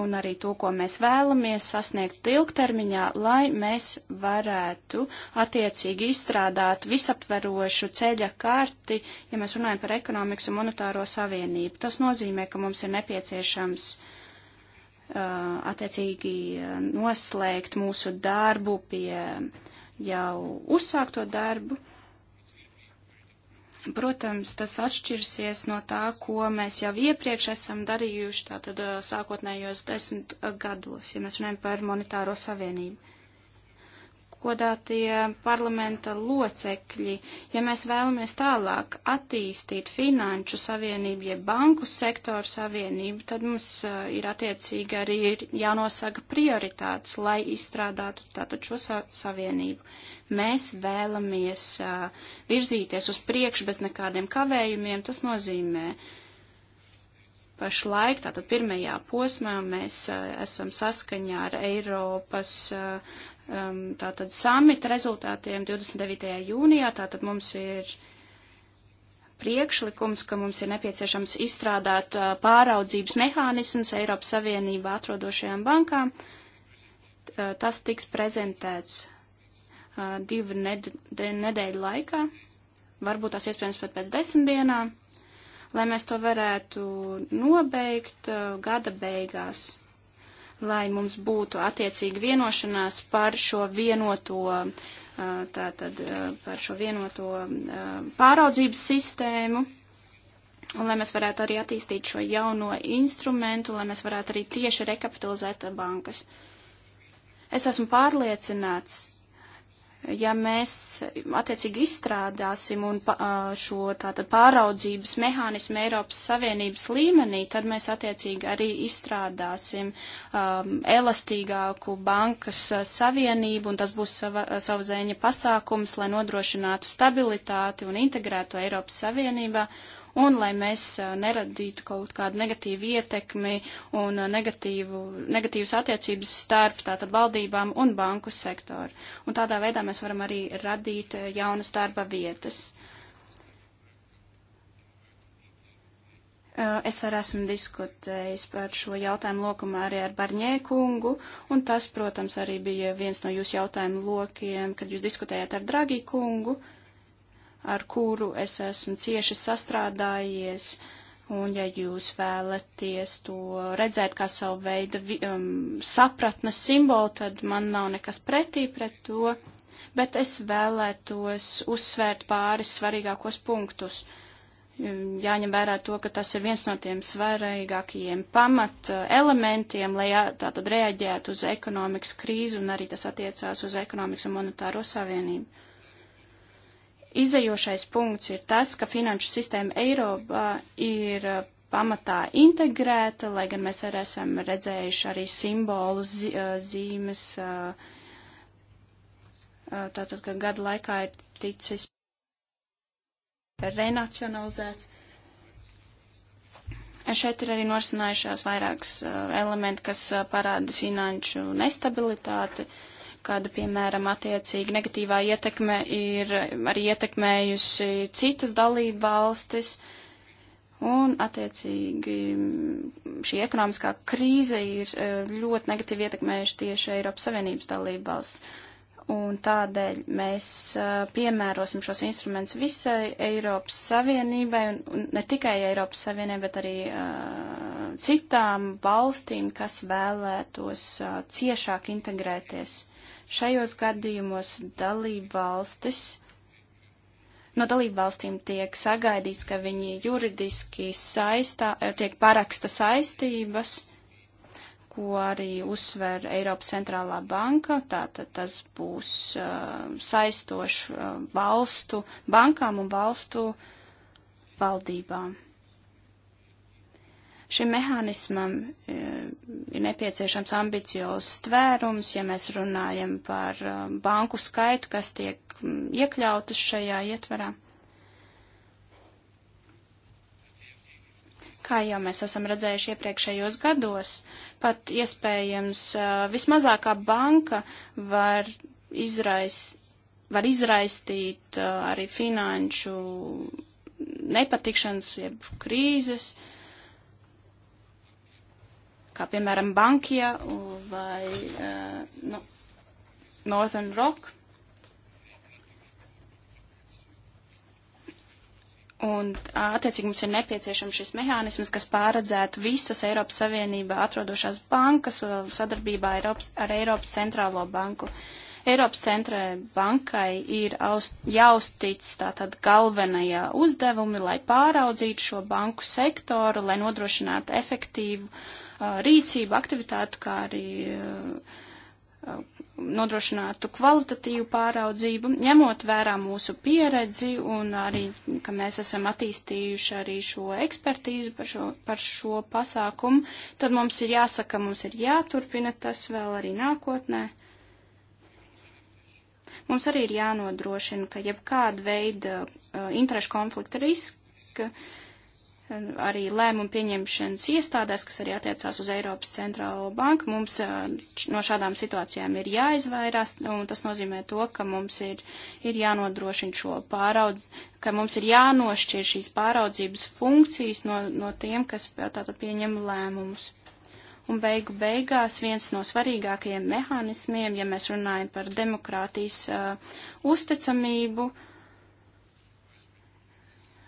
Speaker 3: un arī to, ko mēs vēlamies sasniegt ilgtermiņā, lai mēs varētu attiecīgi izstrādāt visaptverošu ceļa karti, ja mēs runājam par ekonomikas un monetāro savienību. Tas nozīmē, ka mums ir nepieciešams uh, attiecīgi noslēgt mūsu darbu pie jau uzsākto darbu Protams, tas atšķirsies no tā, ko mēs jau iepriekš esam darījuši, tātad uh, sākotnējos desmit gados, ja mēs runājam par monetāro savienību godātie parlamenta locekļi, ja mēs vēlamies tālāk attīstīt finanšu savienību, ja banku sektoru savienību, tad mums uh, ir attiecīgi arī ir jānosaka prioritātes, lai izstrādātu tātad šo sa savienību. Mēs vēlamies uh, virzīties uz priekšu bez nekādiem kavējumiem, tas nozīmē uh, Pašlaik, tātad pirmajā posmā, mēs esam saskaņā ar Eiropas tātad samita rezultātiem 29. jūnijā, tātad mums ir priekšlikums, ka mums ir nepieciešams izstrādāt pāraudzības mehānismus Eiropas Savienībā atrodošajām bankām. Tas tiks prezentēts divu nedēļu laikā, varbūt tās iespējams pat pēc desmit dienām lai mēs to varētu nobeigt uh, gada beigās, lai mums būtu attiecīgi vienošanās par šo vienoto, uh, tātad uh, par šo vienoto pāraudzības sistēmu. Un lai mēs varētu arī attīstīt šo jauno instrumentu, lai mēs varētu arī tieši rekapitalizēt bankas. Es esmu pārliecināts, ja mēs attiecīgi izstrādāsim un pa, šo tātad pāraudzības mehānismu Eiropas Savienības līmenī, tad mēs attiecīgi arī izstrādāsim um, elastīgāku bankas savienību, un tas būs sava, sava zēņa pasākums, lai nodrošinātu stabilitāti un integrētu Eiropas Savienībā un lai mēs neradītu kaut kādu negatīvu ietekmi un negatīvu, negatīvas attiecības starp tātad valdībām un banku sektoru. Un tādā veidā mēs varam arī radīt jaunas darba vietas. Es arī esmu diskutējis par šo jautājumu lokumā arī ar Barņē kungu, un tas, protams, arī bija viens no jūsu jautājumu lokiem, kad jūs diskutējāt ar Dragī kungu. Uh, ar kuru es esmu cieši sastrādājies. Un, ja jūs vēlaties to redzēt kā savu veidu um, sapratnes simbolu, tad man nav nekas pretī pret to, bet es vēlētos uzsvērt pāris svarīgākos punktus. Um, jāņem vērā to, ka tas ir viens no tiem svarīgākajiem pamat uh, elementiem, lai tātad reaģētu uz ekonomikas krīzi un arī tas attiecās uz ekonomikas un monetāro savienību. Izejošais punkts ir tas, ka finanšu sistēma Eiropā ir uh, pamatā integrēta, lai gan mēs arī esam redzējuši arī simbolu uh, zīmes, uh, tātad, ka gadu laikā ir ticis renacionalizēts. Šeit ir arī norisinājušās vairākas elementi, kas parāda finanšu nestabilitāti. Uh, kāda, piemēram, attiecīgi negatīvā ietekme ir arī ietekmējusi citas dalību valstis, un, attiecīgi, šī ekonomiskā krīze ir e, ļoti negatīvi ietekmējuši tieši Eiropas Savienības dalību valsts. Un tādēļ mēs e, piemērosim šos instrumentus visai Eiropas Savienībai, un ne tikai Eiropas Savienībai, bet arī uh, citām valstīm, kas vēlētos uh, ciešāk integrēties Šajos gadījumos dalība valstis no dalībvalstīm tiek sagaidīts, ka viņi juridiski saistā, eh, tiek paraksta saistības, ko arī uzsver Eiropas centrālā banka, tātad tas būs uh, eh, saistoši uh, eh, valstu bankām un valstu valdībām. Šim mehānismam e, ir nepieciešams ambiciozs tvērums, ja mēs runājam par e, banku skaitu, kas tiek iekļautas šajā ietvarā. kā jau mēs esam redzējuši iepriekšējos gados, pat iespējams e, vismazākā banka var, izrais, var izraistīt arī finanšu nepatikšanas, jeb krīzes. Uh, kā piemēram Bankija vai uh, eh, no, nu, Northern Rock. Un eh, attiecīgi mums ir nepieciešams šis mehānisms, kas pāredzētu visas Eiropas Savienībā atrodošās bankas eh, sadarbībā Eiropas, ar Eiropas centrālo banku. Eiropas centrālajai bankai ir aust, jāuztic tātad galvenajā uzdevumi, lai pāraudzītu šo banku sektoru, lai nodrošinātu efektīvu uh, rīcību, aktivitātu, kā arī uh, nodrošinātu kvalitatīvu pāraudzību, ņemot vērā mūsu pieredzi un arī, ka mēs esam attīstījuši arī šo ekspertīzi par šo, par šo pasākumu, tad mums ir jāsaka, mums ir jāturpina tas vēl arī nākotnē. Mums arī ir jānodrošina, ka jebkāda veida uh, interešu konflikta riska arī lēmumu pieņemšanas iestādēs, kas arī attiecās uz Eiropas centrālo banku. Mums no šādām situācijām ir jāizvairās, un tas nozīmē to, ka mums ir, ir jānodrošina šo pāraudz, ka mums ir jānošķir šīs pāraudzības funkcijas no, no tiem, kas tātad pieņem lēmumus. Un beigu beigās viens no svarīgākajiem mehānismiem, ja mēs runājam par demokrātijas uh, uzticamību, uh,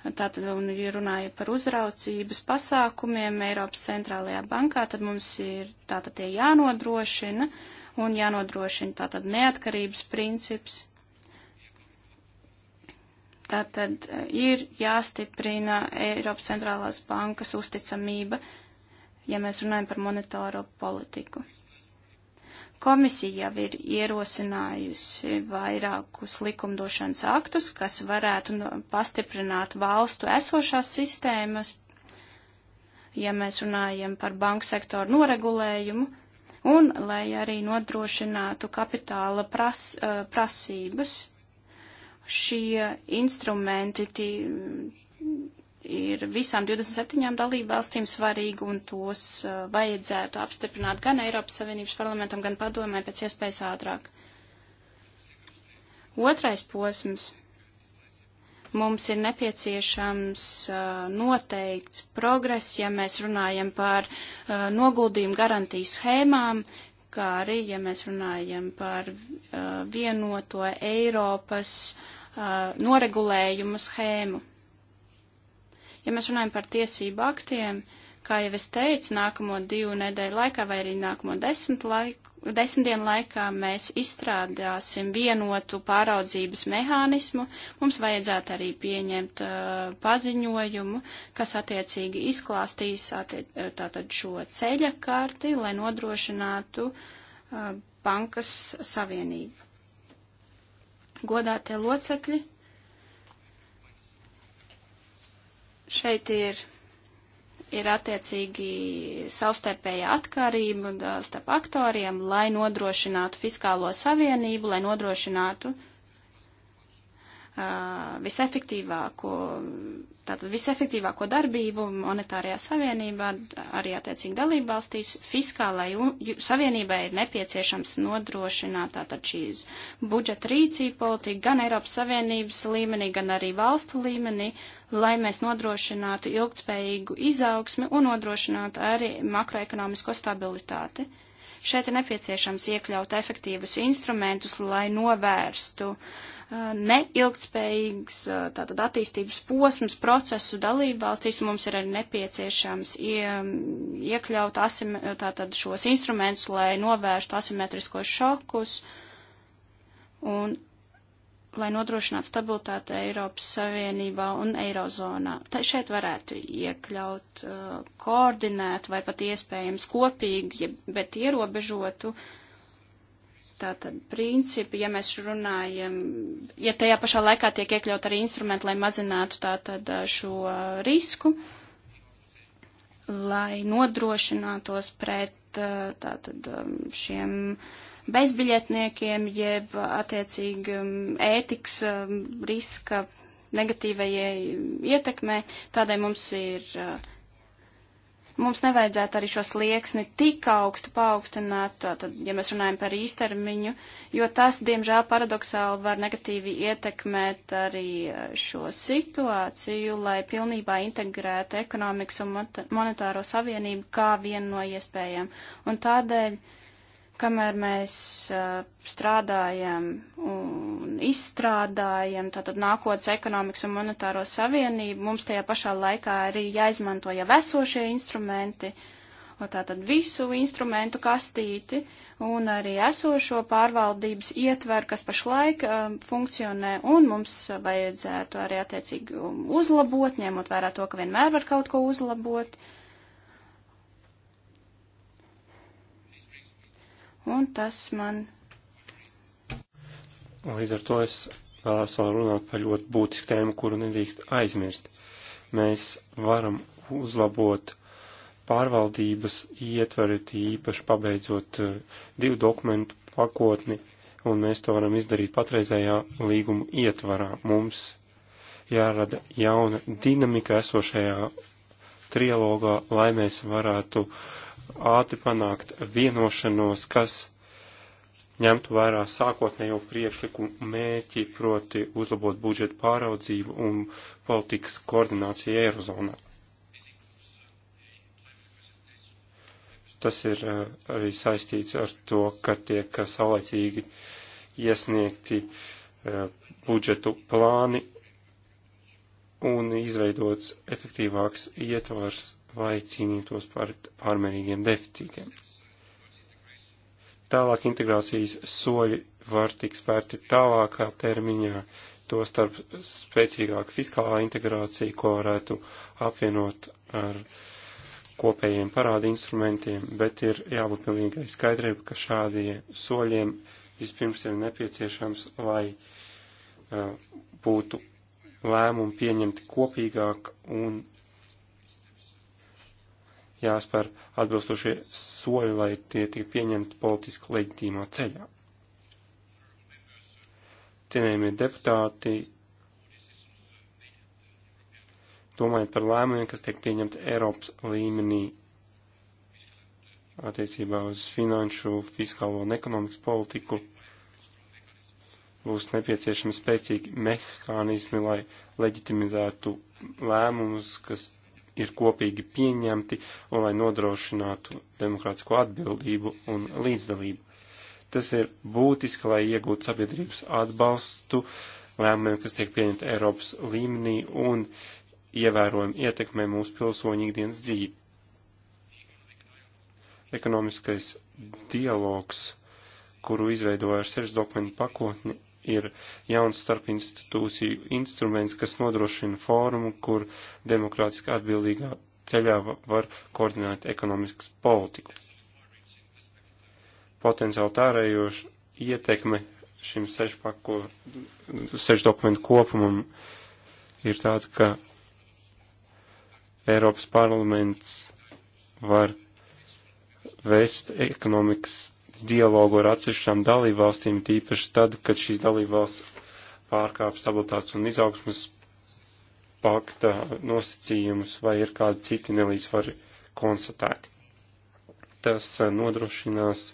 Speaker 3: Tātad, un, ja runāju par uzraucības pasākumiem Eiropas centrālajā bankā, tad mums ir tātad tie jānodrošina un jānodrošina tātad neatkarības princips. Tātad e, ir jāstiprina Eiropas centrālās bankas uzticamība, ja mēs runājam par monetāro politiku. Komisija jau ir ierosinājusi vairākus likumdošanas aktus, kas varētu nu, pastiprināt valstu esošās sistēmas, ja mēs runājam par banku sektoru noregulējumu, un lai arī nodrošinātu kapitāla pras, eh, prasības. Šie instrumenti tī, ir visām 27 dalībvalstīm svarīgi un tos uh, vajadzētu apstiprināt gan Eiropas Savienības parlamentam, gan padomē pēc iespējas ātrāk. Otrais posms. Mums ir nepieciešams uh, noteikts progress, ja mēs runājam par uh, noguldījumu garantiju schēmām, kā arī, ja mēs runājam par vienoto Eiropas noregulējumu schēmu. Ja mēs runājam par tiesību aktiem, kā jau es teicu, nākamo divu nedēļu laikā vai arī nākamo desmit, laiku, desmit dienu laikā mēs izstrādāsim vienotu pāraudzības mehānismu. Mums vajadzētu arī pieņemt uh, paziņojumu, kas attiecīgi izklāstīs attiec, uh, tātad šo ceļa karti, lai nodrošinātu uh, bankas savienību. Godātie locekļi! Šeit ir, ir attiecīgi savstarpēja atkarība starp aktoriem, lai nodrošinātu fiskālo savienību, lai nodrošinātu uh, Uh, visefektīvāko, tātad visefektīvāko darbību monetārajā savienībā, arī attiecīgi dalībvalstīs, fiskālai savienībai ir nepieciešams nodrošināt tātad šīs budžeta rīcība politika gan Eiropas Savienības līmenī, gan arī valstu līmenī, lai mēs nodrošinātu ilgtspējīgu izaugsmi un nodrošinātu arī makroekonomisko stabilitāti. Šeit ir nepieciešams iekļaut efektīvus instrumentus, lai novērstu uh, Uh, neilgtspējīgs uh, tātad attīstības posms procesu dalību valstīs, un mums ir arī nepieciešams um, iekļaut asim, tātad šos instrumentus, lai novērstu asimetriskos šokus un lai nodrošinātu stabilitāti Eiropas Savienībā un Eirozonā. Tā šeit varētu iekļaut, uh, koordinēt vai pat iespējams kopīgi, bet ierobežotu uh, Tātad principi, ja mēs runājam, ja tajā pašā laikā tiek iekļaut arī instrumenti, lai mazinātu tātad šo risku, lai nodrošinātos pret tātad šiem bezbiļetniekiem, jeb attiecīgi ētikas riska negatīvajai ietekmē, tādai mums ir uh, Mums nevajadzētu arī šo slieksni tik augstu paaugstināt, tātad, ja mēs runājam par īstermiņu, jo tas, diemžēl, paradoxāli var negatīvi ietekmēt arī e, šo situāciju, lai pilnībā integrētu ekonomikas un monetāro savienību kā vienu no iespējām. Un tādēļ kamēr mēs uh, strādājam un izstrādājam tātad nākotnes ekonomikas un monetāro savienību, mums tajā pašā laikā arī jāizmanto jau esošie instrumenti, un tātad visu instrumentu kastīti un arī esošo pārvaldības ietveru, kas pašlaik uh, funkcionē, un mums vajadzētu arī attiecīgi uzlabot, ņemot vērā to, ka vienmēr var kaut ko uzlabot. Uh, un tas man.
Speaker 1: Līdz ar to es vēlos vēl runāt par ļoti būtisku tēmu, kuru nedrīkst aizmirst. Mēs varam uzlabot pārvaldības ietveri, tīpaši pabeidzot eh, divu dokumentu pakotni, un mēs to varam izdarīt patreizējā līguma ietvarā. Mums jārada jauna dinamika esošajā trialogā, lai mēs varētu uh, ātri panākt vienošanos, kas ņemtu vērā sākotnējo priekšlikumu mērķi, proti uzlabot budžetu pāraudzību un politikas koordināciju Eirozonā. Tas ir eh, arī saistīts ar to, ka tiek saulēcīgi iesniegti eh, budžetu plāni un izveidots efektīvāks ietvars vai cīnītos par pārmērīgiem deficītiem. Tālāk integrācijas soļi var tikt spērti tālākā termiņā, to starp spēcīgāka fiskālā integrācija, ko varētu apvienot ar kopējiem parāda instrumentiem, bet ir jābūt pilnīgai skaidrība, ka šādiem soļiem vispirms ir nepieciešams, lai uh, būtu lēmumi pieņemti kopīgāk un jāspēr atbilstošie soļi, lai tie tik pieņemti politiski leģitīmā ceļā. Cienējamie deputāti, domājot par lēmumiem, kas tiek pieņemti Eiropas līmenī attiecībā uz finanšu, fiskālo un ekonomikas politiku, būs nepieciešami spēcīgi mehānismi, lai leģitimizētu lēmumus, kas ir kopīgi pieņemti un lai nodrošinātu demokrātisko atbildību un līdzdalību. Tas ir būtiski, lai iegūtu sabiedrības atbalstu lēmumiem, kas tiek pieņemti Eiropas līmenī un ievērojami ietekmē mūsu pilsoņu ikdienas dzīvi. Ekonomiskais dialogs, kuru izveidoja ar sešu dokumentu pakotni, ir jauns starpinstitūciju instruments, kas nodrošina fórumu, kur demokrātiski atbildīgā ceļā var koordinēt ekonomikas politiku. Potenciāli tārējoša ietekme šim sešpako, sešu dokumentu kopumam ir tāda, ka Eiropas parlaments var vēst ekonomikas dialogu ar atsevišķām dalībvalstīm, tīpaši tad, kad šīs dalībvalsts pārkāp stabilitātes un izaugsmas pakta nosacījumus vai ir kādi citi nelīdzvari konstatēti. Tas eh, nodrošinās,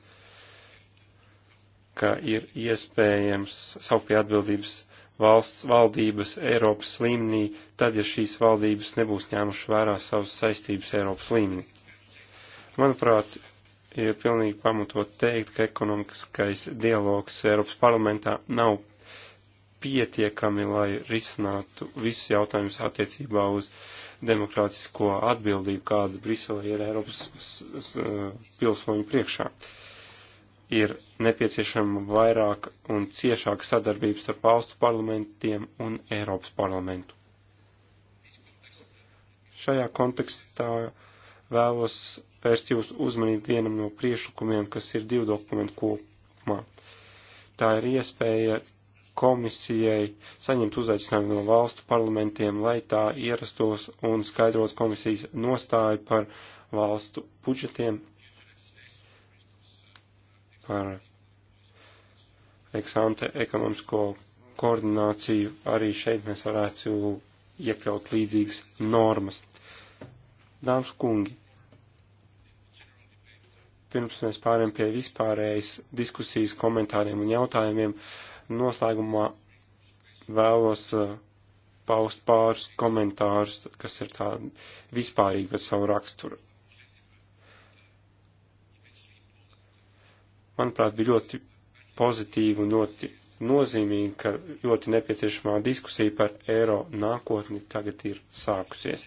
Speaker 1: ka ir iespējams saukt pie atbildības valsts valdības Eiropas līmenī, tad, ja šīs valdības nebūs ņēmuši vērā savas saistības Eiropas līmenī. Manuprāt, ir pilnīgi pamatot teikt, ka ekonomiskais dialogs Eiropas parlamentā nav pietiekami, lai risinātu visus jautājumus attiecībā uz demokrātisko atbildību, kāda Brisele ir Eiropas pilsoņu priekšā. Ir nepieciešama vairāk un ciešāka sadarbības ar valstu parlamentiem un Eiropas parlamentu. Šajā kontekstā uh, vēlos vērst jūsu uzmanību vienam no priešlikumiem, kas ir divu dokumentu kopumā. Tā ir iespēja komisijai saņemt uzaicinājumu no valstu parlamentiem, lai tā ierastos un skaidrot komisijas nostāju par valstu budžetiem, par eksante ekonomisko koordināciju. Arī šeit mēs varētu iekļaut līdzīgas normas. Dāmas kungi, pirms mēs pāriem pie vispārējas diskusijas komentāriem un jautājumiem, noslēgumā vēlos uh, paust pāris komentārus, kas ir tādi vispārīgi par savu raksturu. Manuprāt, bija ļoti pozitīvi un ļoti nozīmīgi, ka ļoti nepieciešamā diskusija par eiro nākotni tagad ir sākusies.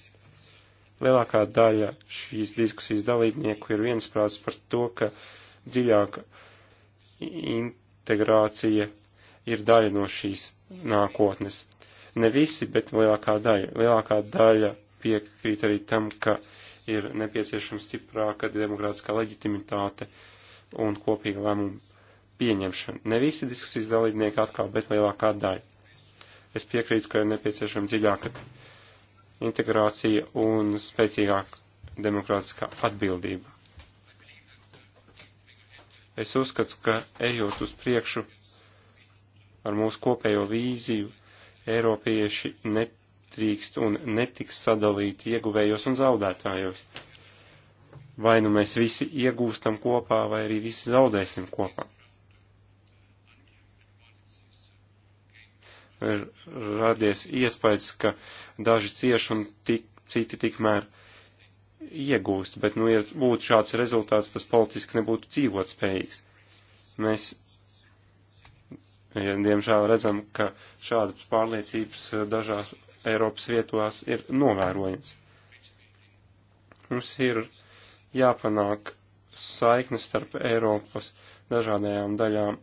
Speaker 1: Lielākā daļa šīs diskusijas dalībnieku ir viensprāts par to, ka dziļāka integrācija ir daļa no šīs nākotnes. Ne visi, bet lielākā daļa. Lielākā daļa piekrīt arī tam, ka ir nepieciešama stiprāka demokrātiskā leģitimitāte un kopīga lēmuma pieņemšana. Ne visi diskusijas dalībnieki atkal, bet lielākā daļa. Es piekrītu, ka ir nepieciešama dziļāka integrācija un spēcīgāka demokrātiskā atbildība. Es uzskatu, ka ejot uz priekšu ar mūsu kopējo vīziju, Eiropieši netrīkst un netiks sadalīti ieguvējos un zaudētājos. Vai nu mēs visi iegūstam kopā, vai arī visi zaudēsim kopā. Ir radies iespējas, ka uh, daži cieši un tik, citi tikmēr iegūst, bet, nu, ja būtu šāds rezultāts, tas politiski nebūtu dzīvot spējīgs. Mēs, ja, diemžēl, redzam, ka šādas pārliecības dažās Eiropas vietās ir novērojams. Mums ir jāpanāk saiknes starp Eiropas dažādajām daļām,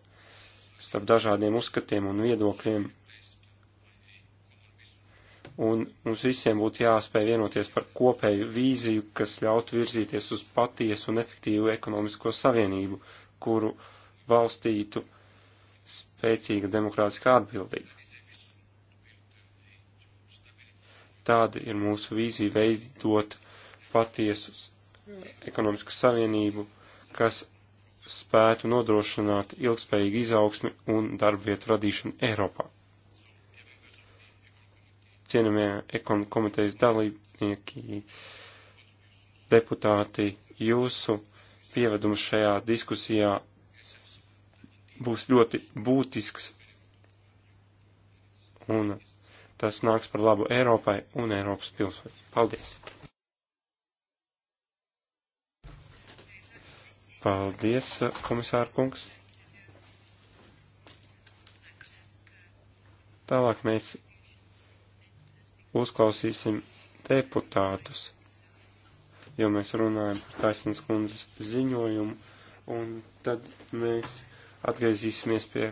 Speaker 1: starp dažādiem uzskatiem un viedokļiem un mums visiem būtu jāspēj vienoties par kopēju vīziju, kas ļautu virzīties uz patiesu un efektīvu ekonomisko savienību, kuru balstītu spēcīga demokrātiskā atbildība. Tāda ir mūsu vīzija veidot patiesu ekonomisku savienību, kas spētu nodrošināt ilgspējīgu izaugsmi un darbvietu radīšanu Eiropā cienamie ekonomikas komitejas dalībnieki, deputāti, jūsu pievedums šajā diskusijā būs ļoti būtisks un tas nāks par labu Eiropai un Eiropas pilsoņiem. Paldies! Paldies, komisāra kungs! Tālāk mēs uzklausīsim deputātus, jo mēs runājam par taisnības kundzes ziņojumu, un tad mēs atgriezīsimies pie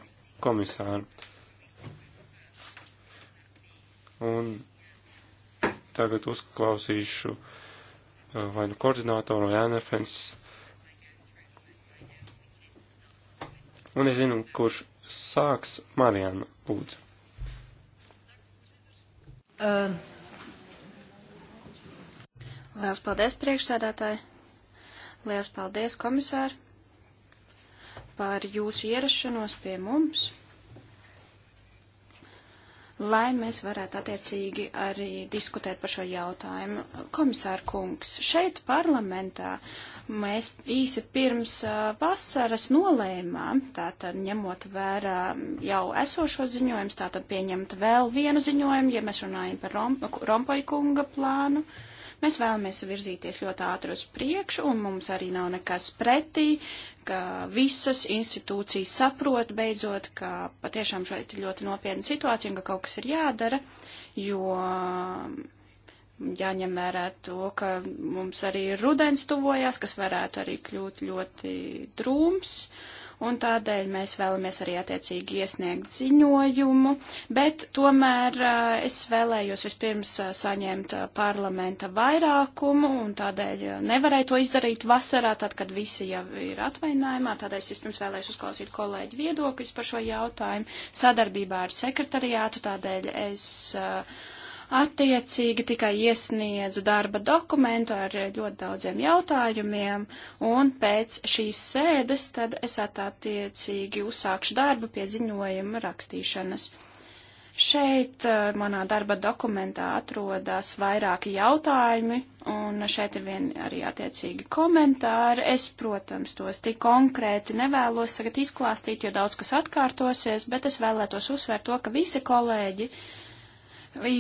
Speaker 1: komisāra. Un tagad uzklausīšu eh, vai nu koordinātoru vai NFS. Un es zinu, kurš sāks Marianu Lūdzu.
Speaker 3: Uh. Liels paldies, priekšsēdētāji! Liels paldies, komisāri, par jūsu ierašanos pie mums, lai mēs varētu attiecīgi arī diskutēt par šo jautājumu. Komisāra kungs, šeit parlamentā uh, mēs īsi pirms vasaras nolēmām, tātad ņemot vērā jau esošo ziņojumu, tātad pieņemt vēl vienu ziņojumu, ja mēs runājam par rom, Rompoja kunga plānu. Mēs vēlamies virzīties ļoti ātri uz priekšu, un mums arī nav nekas pretī, ka visas institūcijas saprot beidzot, ka patiešām šeit ir ļoti nopietna situācija un ka kaut kas ir jādara, jo jāņem vērā to, ka mums arī rudens tuvojās, kas varētu arī kļūt ļoti drūms. Un tādēļ mēs vēlamies arī attiecīgi iesniegt ziņojumu, bet tomēr es vēlējos vispirms saņemt parlamenta vairākumu, un tādēļ nevarēju to izdarīt vasarā, tad, kad visi jau ir atvainājumā. Tādēļ es vispirms vēlējos uzklausīt kolēģi viedokļus par šo jautājumu sadarbībā ar sekretariātu, tādēļ es. Uh, Attiecīgi tikai iesniedzu darba dokumentu ar ļoti daudziem jautājumiem, un pēc šīs sēdes tad es attiecīgi uzsākšu darbu pie ziņojuma rakstīšanas. Šeit eh, manā darba dokumentā atrodas vairāki jautājumi, un šeit ir vien arī attiecīgi komentāri. Es, protams, tos tik konkrēti nevēlos tagad izklāstīt, jo daudz kas atkārtosies, bet es vēlētos uzsvērt to, ka visi kolēģi uh,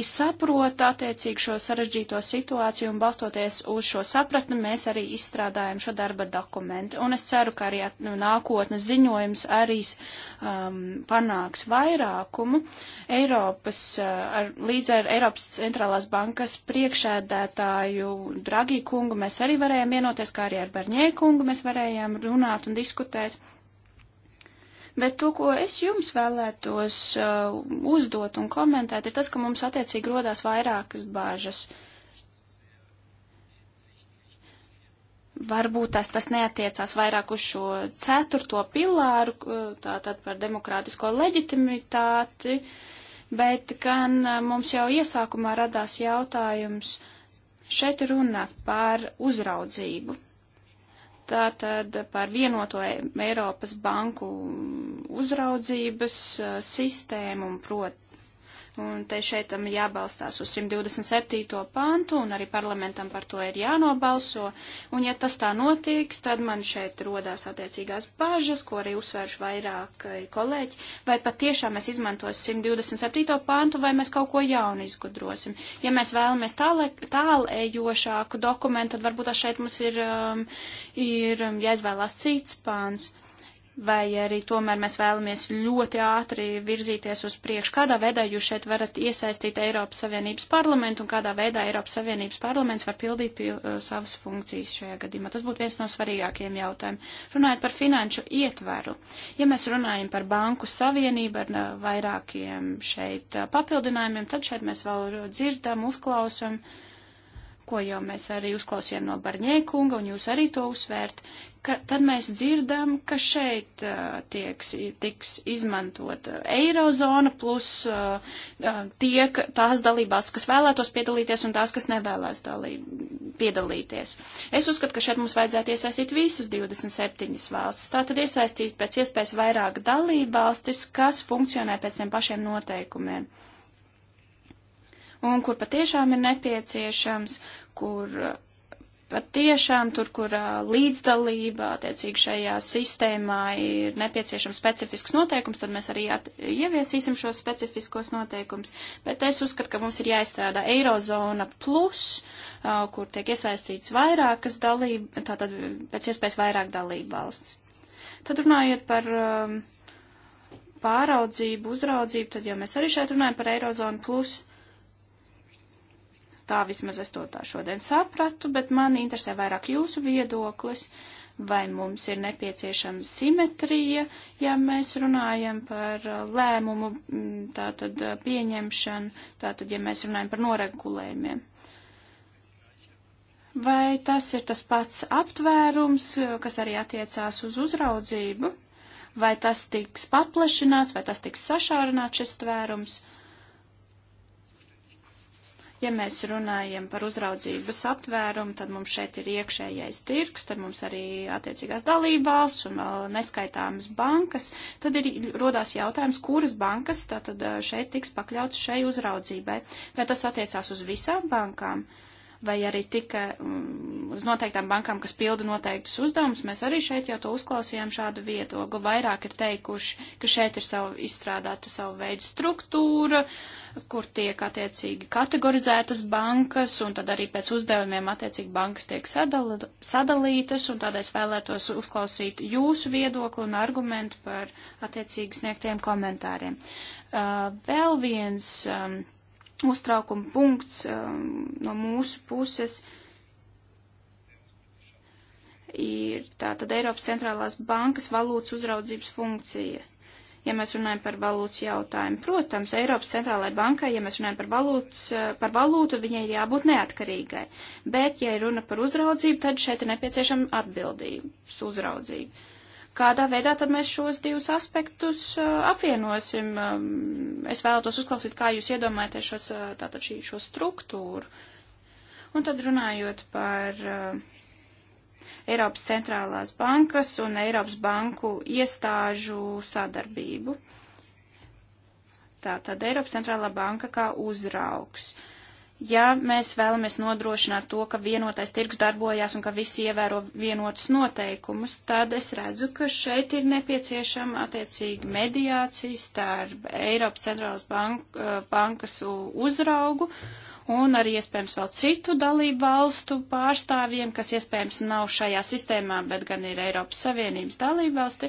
Speaker 3: saprot attiecīgi šo sarežģīto situāciju un balstoties uz šo sapratni, mēs arī izstrādājam šo darba dokumentu. Un es ceru, ka arī nu, nākotnes ziņojums arī um, panāks vairākumu. Eiropas, uh, ar, līdz ar Eiropas centrālās bankas priekšēdētāju Dragī kungu mēs arī varējām vienoties, kā arī ar Barņē kungu mēs varējām runāt un diskutēt. Bet to, ko es jums vēlētos uh, uzdot un komentēt, ir tas, ka mums attiecīgi rodās vairākas bāžas. Varbūt tas, tas neatiecās vairāk uz šo ceturto pilāru, uh, tātad par demokrātisko leģitimitāti, bet gan uh, mums jau iesākumā radās jautājums, šeit runa par uzraudzību. Tātad par vienoto Eiropas banku uzraudzības uh, sistēmu un proti Un te šeit tam jābalstās uz 127. pantu, un arī parlamentam par to ir jānobalso. Un ja tas tā notiks, tad man šeit rodās attiecīgās bažas, ko arī uzsvērš vairāk eh, kolēģi, vai pat tiešām mēs izmantosim 127. pantu, vai mēs kaut ko jaunu izgudrosim. Ja mēs vēlamies tālējošāku dokumentu, tad varbūt šeit mums ir, um, ir um, jāizvēlās cits pants vai arī tomēr mēs vēlamies ļoti ātri virzīties uz priekšu. Kādā veidā jūs šeit varat iesaistīt Eiropas Savienības parlamentu un kādā veidā Eiropas Savienības parlaments var pildīt pil eh, savas funkcijas šajā gadījumā? Tas būtu viens no svarīgākiem jautājumiem. Runājot par finanšu ietveru, ja mēs runājam par banku savienību ar eh, vairākiem šeit eh, papildinājumiem, tad šeit mēs vēl dzirdam, uzklausam ko jau mēs arī uzklausījām no Barņēkunga, un jūs arī to uzsvērt, ka, tad mēs dzirdam, ka šeit uh, tieks, tiks izmantot uh, eirozona plus uh, tie, tās dalībās, kas vēlētos piedalīties un tās, kas nevēlēs dalīb, piedalīties. Es uzskatu, ka šeit mums vajadzētu iesaistīt visas 27 valstis. Tātad iesaistīt pēc iespējas vairāk dalībvalstis, kas funkcionē pēc tiem pašiem noteikumiem un kur patiešām ir nepieciešams, kur pat tiešām tur, kur līdzdalība, attiecīgi šajā sistēmā ir nepieciešams specifisks noteikums, tad mēs arī ieviesīsim šos specifiskos noteikums. Bet es uzskatu, ka mums ir jāizstrādā Eirozona plus, uh, kur tiek iesaistīts vairākas dalība, tātad pēc iespējas vairāk dalību valsts. Tad runājot par um, pāraudzību, uzraudzību, tad jau mēs arī šeit runājam par Eirozonu plus. Tā vismaz es to tā šodien sapratu, bet man interesē vairāk jūsu viedoklis, vai mums ir nepieciešama simetrija, ja mēs runājam par uh, lēmumu mm, tātad uh, pieņemšanu, tātad ja mēs runājam par noregulējumiem. Vai tas ir tas pats aptvērums, uh, kas arī attiecās uz uzraudzību? Vai tas tiks paplašināts, vai tas tiks sašaurināts šis tvērums? Uh, Ja mēs runājam par uzraudzības aptvērumu, tad mums šeit ir iekšējais tirgs, tad mums arī attiecīgās dalībās un vēl neskaitāmas bankas. Tad ir rodās jautājums, kuras bankas tātad šeit tiks pakļauts šai uzraudzībai. Vai tas attiecās uz visām bankām? vai arī tika mm, uz noteiktām bankām, kas pilda noteiktus uzdevumus. Mēs arī šeit jau to uzklausījām šādu viedokli. Vairāk ir teikuši, ka šeit ir savu izstrādāta savu veidu struktūra, kur tiek attiecīgi kategorizētas bankas, un tad arī pēc uzdevumiem attiecīgi bankas tiek sadal sadalītas, un tādēļ es vēlētos uzklausīt jūsu viedokli un argumentu par attiecīgi sniegtiem komentāriem. Uh, vēl viens um, uztraukuma punkts um, no mūsu puses ir tātad Eiropas centrālās bankas valūtas uzraudzības funkcija ja mēs runājam par valūtas jautājumu. Protams, Eiropas centrālajai bankai, ja mēs runājam par, valūtas, par valūtu, viņai ir jābūt neatkarīgai. Bet, ja ir runa par uzraudzību, tad šeit ir nepieciešama atbildības uzraudzība. Kādā veidā tad mēs šos divus aspektus apvienosim? Es vēlētos uzklausīt, kā jūs iedomājaties šos, tātad šī, šo struktūru. Un tad runājot par uh, Eiropas centrālās bankas un Eiropas banku iestāžu sadarbību. Tātad Eiropas centrālā banka kā uzraugs. Ja mēs vēlamies nodrošināt to, ka vienotais tirgus darbojās un ka visi ievēro vienotus noteikumus, tad es redzu, ka šeit ir nepieciešama attiecīgi mediācija starp Eiropas centrālās bank, eh, bankas uzraugu uh, un arī iespējams vēl citu dalību valstu pārstāvjiem, kas iespējams nav šajā sistēmā, bet gan ir Eiropas Savienības dalību valsti,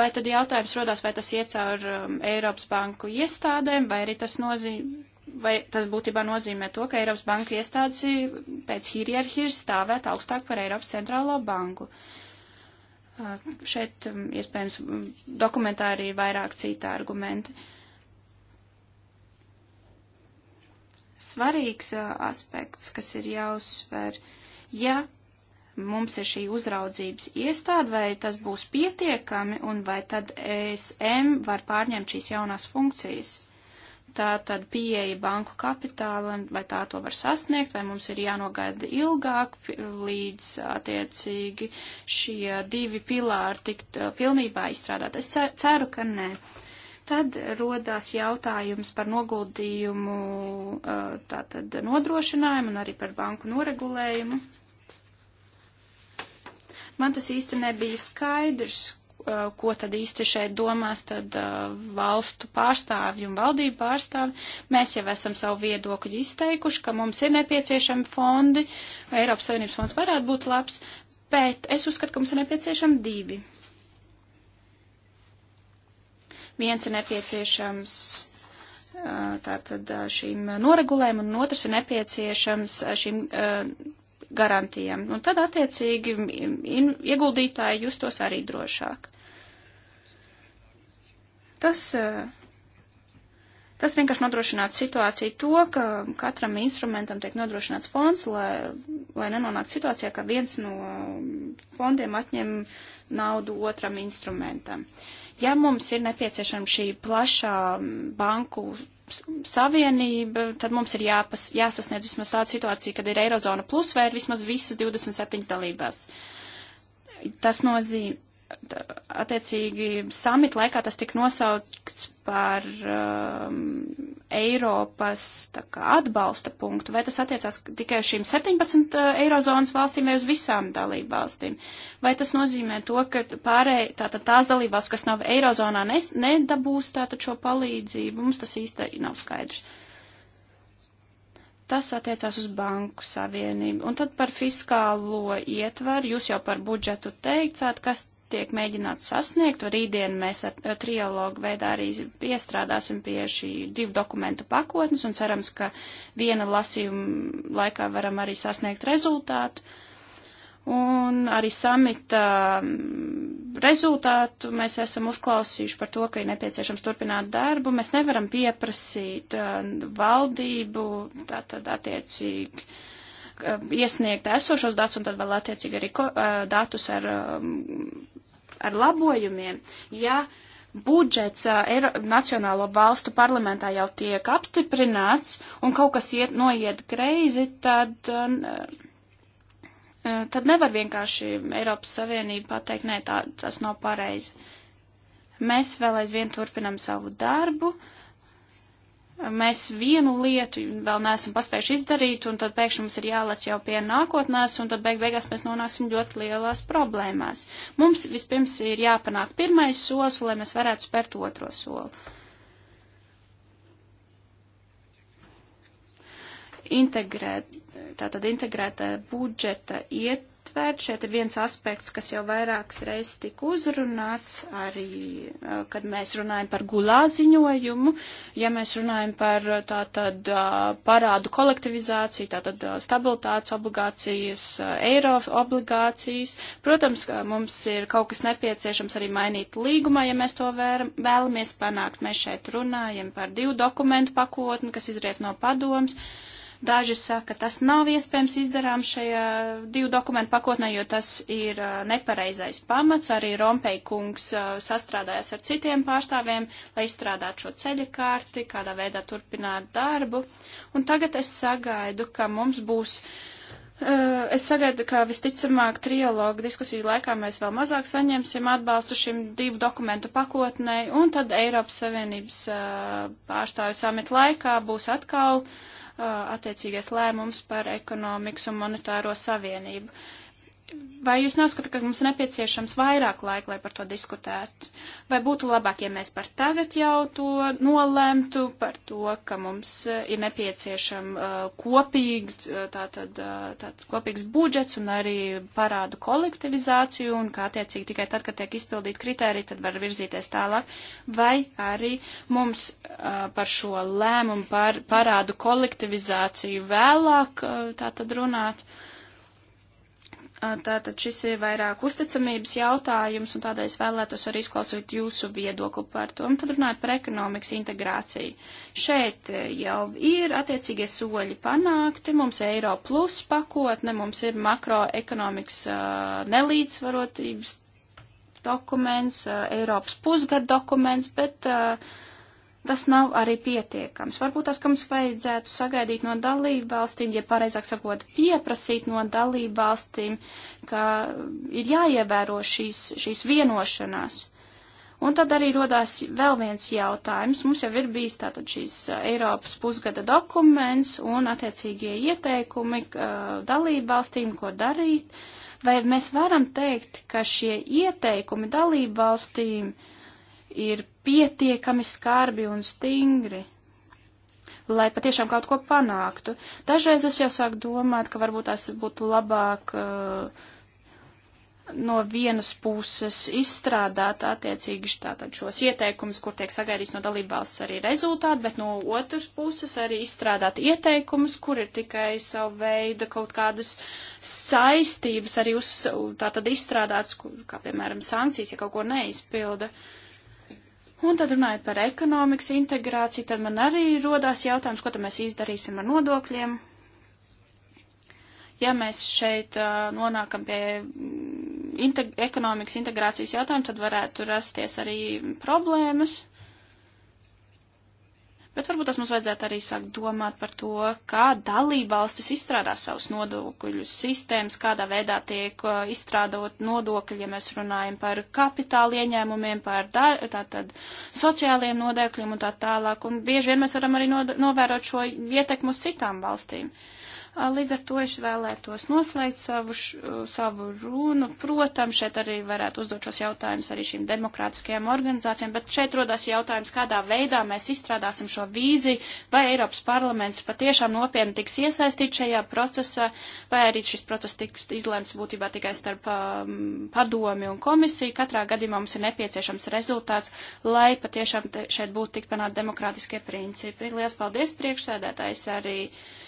Speaker 3: vai tad jautājums rodās, vai tas iet caur um, Eiropas banku iestādēm, vai arī tas nozīmē. Vai tas būtībā nozīmē to, ka Eiropas banka iestādes pēc hierarhijas stāvēt augstāk par Eiropas centrālo banku? Uh, šeit, um, iespējams, um, dokumentā arī vairāk cita argumenti. Uh, svarīgs aspekts, kas ir jāuzsver. Ja mums ir šī uzraudzības iestāde, vai tas būs pietiekami un vai tad ESM var pārņemt šīs jaunās funkcijas? Tā tad pieeja banku kapitālam, vai tā to var sasniegt, vai mums ir jānogaida ilgāk, līdz attiecīgi šie divi pilāri tikt pilnībā izstrādāt. Es ceru, ka nē. Uh, Tad rodās jautājums par noguldījumu, tātad nodrošinājumu un arī par banku noregulējumu. Man tas īsti nebija skaidrs, ko tad īsti šeit domās tad uh, valstu pārstāvji un valdību pārstāvji. Mēs jau esam savu viedokļu izteikuši, ka mums ir nepieciešami fondi, Eiropas Savienības fonds varētu būt labs, bet es uzskatu, ka mums ir nepieciešami divi. Viens ir nepieciešams tātad šīm noregulēm, un otrs ir nepieciešams šīm garantijām. Un tad, attiecīgi, ieguldītāji justos arī drošāk. Tas, tas vienkārši nodrošinātu situāciju to, ka katram instrumentam tiek nodrošināts fonds, lai, lai nenonāktu situācijā, ka viens no fondiem atņem naudu otram instrumentam. Uh, Ja mums ir nepieciešama šī plašā banku savienība, tad mums ir jāpas, jāsasniedz vismaz tāda situācija, kad ir Eirozona plus vai ir vismaz visas 27 dalībās. Tas nozīmē, attiecīgi samita laikā tas tika nosaukts par um, Eiropas kā, atbalsta punktu. Vai tas attiecās tikai uz šīm 17 uh, eirozonas valstīm vai uz visām dalību valstīm? Vai tas nozīmē to, ka pārēj, tātad tās dalībās, kas nav eirozonā, nes, nedabūs tātad šo palīdzību? Mums tas īsti nav skaidrs. Tas attiecās uz banku savienību. Un tad par fiskālo ietvaru jūs jau par budžetu teicāt, kas tiek mēģināts sasniegt. Rītdien mēs ar, ar trialogu veidā arī piestrādāsim pie šī divu dokumentu pakotnes un cerams, ka viena lasījuma laikā varam arī sasniegt rezultātu. Un arī samita mm, rezultātu mēs esam uzklausījuši par to, ka ir nepieciešams turpināt darbu. Mēs nevaram pieprasīt mm, valdību, tātad attiecīgi mm, iesniegt esošos datus un tad vēl attiecīgi arī ko, datus ar um, ar labojumiem, ja budžets Eiro, Nacionālo valstu parlamentā jau tiek apstiprināts un kaut kas iet, noiet greizi, tad, tad nevar vienkārši Eiropas Savienība pateikt, nē, tā, tas nav pareizi. Mēs vēl aizvien turpinam savu darbu. Uh, mēs vienu lietu vēl neesam paspējuši izdarīt, un tad pēkšņi mums ir jālec jau pie nākotnēs, un tad beig beigās mēs nonāksim ļoti lielās problēmās. Mums vispirms ir jāpanāk pirmais solis, lai mēs varētu spērt otro soli. Integrēt, tātad integrēta budžeta iet uzsvērt. Šeit ir viens aspekts, kas jau vairākas reizes tika uzrunāts, arī, kad mēs runājam par gulā ziņojumu, ja mēs runājam par tātad parādu kolektivizāciju, tātad stabilitātes obligācijas, eiro obligācijas. Protams, ka mums ir kaut kas nepieciešams arī mainīt līgumā, ja mēs to vēram, vēlamies panākt. Mēs šeit runājam par divu dokumentu pakotni, kas izriet no padoms. Uh, Daži saka, tas nav iespējams izdarām šajā divu dokumentu pakotnē, jo tas ir nepareizais pamats. Arī Rompei kungs sastrādājas ar citiem pārstāvjiem, lai izstrādātu šo ceļa kārti, kādā veidā turpināt darbu. Un tagad es sagaidu, ka mums būs. Es sagaidu, ka visticamāk trialogu diskusiju laikā mēs vēl mazāk saņemsim atbalstu šim divu dokumentu pakotnei, un tad Eiropas Savienības pārstāvju samita laikā būs atkal uh, Uh, attiecīgais lēmums par ekonomikas un monetāro savienību. Vai jūs neuzskatāt, ka mums ir nepieciešams vairāk laika, lai par to diskutētu? Vai būtu labāk, ja mēs par tagad jau to nolēmtu, par to, ka mums eh, ir nepieciešama uh, eh, kopīgs, eh, tātad, uh, tāds kopīgs budžets un arī parādu kolektivizāciju, un kā attiecīgi tikai tad, kad tiek izpildīti kriteriji, tad var virzīties tālāk, vai arī mums uh, par šo lēmumu par parādu kolektivizāciju vēlāk tātad runāt? Uh, Tātad šis ir vairāk uzticamības jautājums, un tādēļ es vēlētos arī izklausīt jūsu viedokli par to. Un tad runājot par ekonomikas integrāciju. Šeit e, jau ir attiecīgie soļi panākti, mums ir Eiro plus pakotne, mums ir makroekonomikas uh, nelīdzvarotības dokuments, uh, Eiropas pusgada dokuments, bet uh, tas nav arī pietiekams. Varbūt tas, ka mums vajadzētu sagaidīt no dalību valstīm, ja pareizāk sakot, pieprasīt no dalību valstīm, ka ir jāievēro šīs, šīs vienošanās. Un tad arī rodās vēl viens jautājums. Mums jau ir bijis tātad šīs Eiropas pusgada dokuments un attiecīgie ieteikumi dalību valstīm, ko darīt. Vai mēs varam teikt, ka šie ieteikumi dalību valstīm ir pietiekami skarbi un stingri, lai patiešām kaut ko panāktu. Dažreiz es jau sāku domāt, ka varbūt tās būtu labāk uh, no vienas puses izstrādāt attiecīgi tātad šos ieteikumus, kur tiek sagaidīts no dalībvalsts arī rezultāti, bet no otras puses arī izstrādāt ieteikumus, kur ir tikai savu veidu kaut kādas saistības arī uz, tātad izstrādāts, kur, kā piemēram sankcijas, ja kaut ko neizpilda. Uh, Un tad runājot par ekonomikas integrāciju, tad man arī rodās jautājums, ko tad mēs izdarīsim ar nodokļiem. Ja mēs šeit uh, nonākam pie mm, integ ekonomikas integrācijas jautājuma, tad varētu rasties arī problēmas. Bet varbūt tas mums vajadzētu arī sākt domāt par to, kā dalībvalstis izstrādā savus nodokļu sistēmas, kādā veidā tiek uh, izstrādot nodokļi, ja mēs runājam par kapitāla ieņēmumiem, par tātad sociālajiem nodokļiem un tā tālāk. Un bieži vien mēs varam arī novērot šo ietekmu uz citām valstīm. Uh, Līdz ar to es vēlētos noslēgt savu, savu runu. Protams, šeit arī varētu uzdot šos jautājumus arī šīm demokrātiskajām organizācijām, bet šeit rodas jautājums, kādā veidā mēs izstrādāsim šo vīziju, vai Eiropas parlaments patiešām nopietni tiks iesaistīt šajā procesā, vai arī šis process tiks izlēmts būtībā tikai starp um, padomi un komisiju. Katrā gadījumā mums ir nepieciešams rezultāts, lai patiešām šeit būtu tik panākt demokrātiskie principi. Lielas paldies priekšsēdētājs arī. Uh,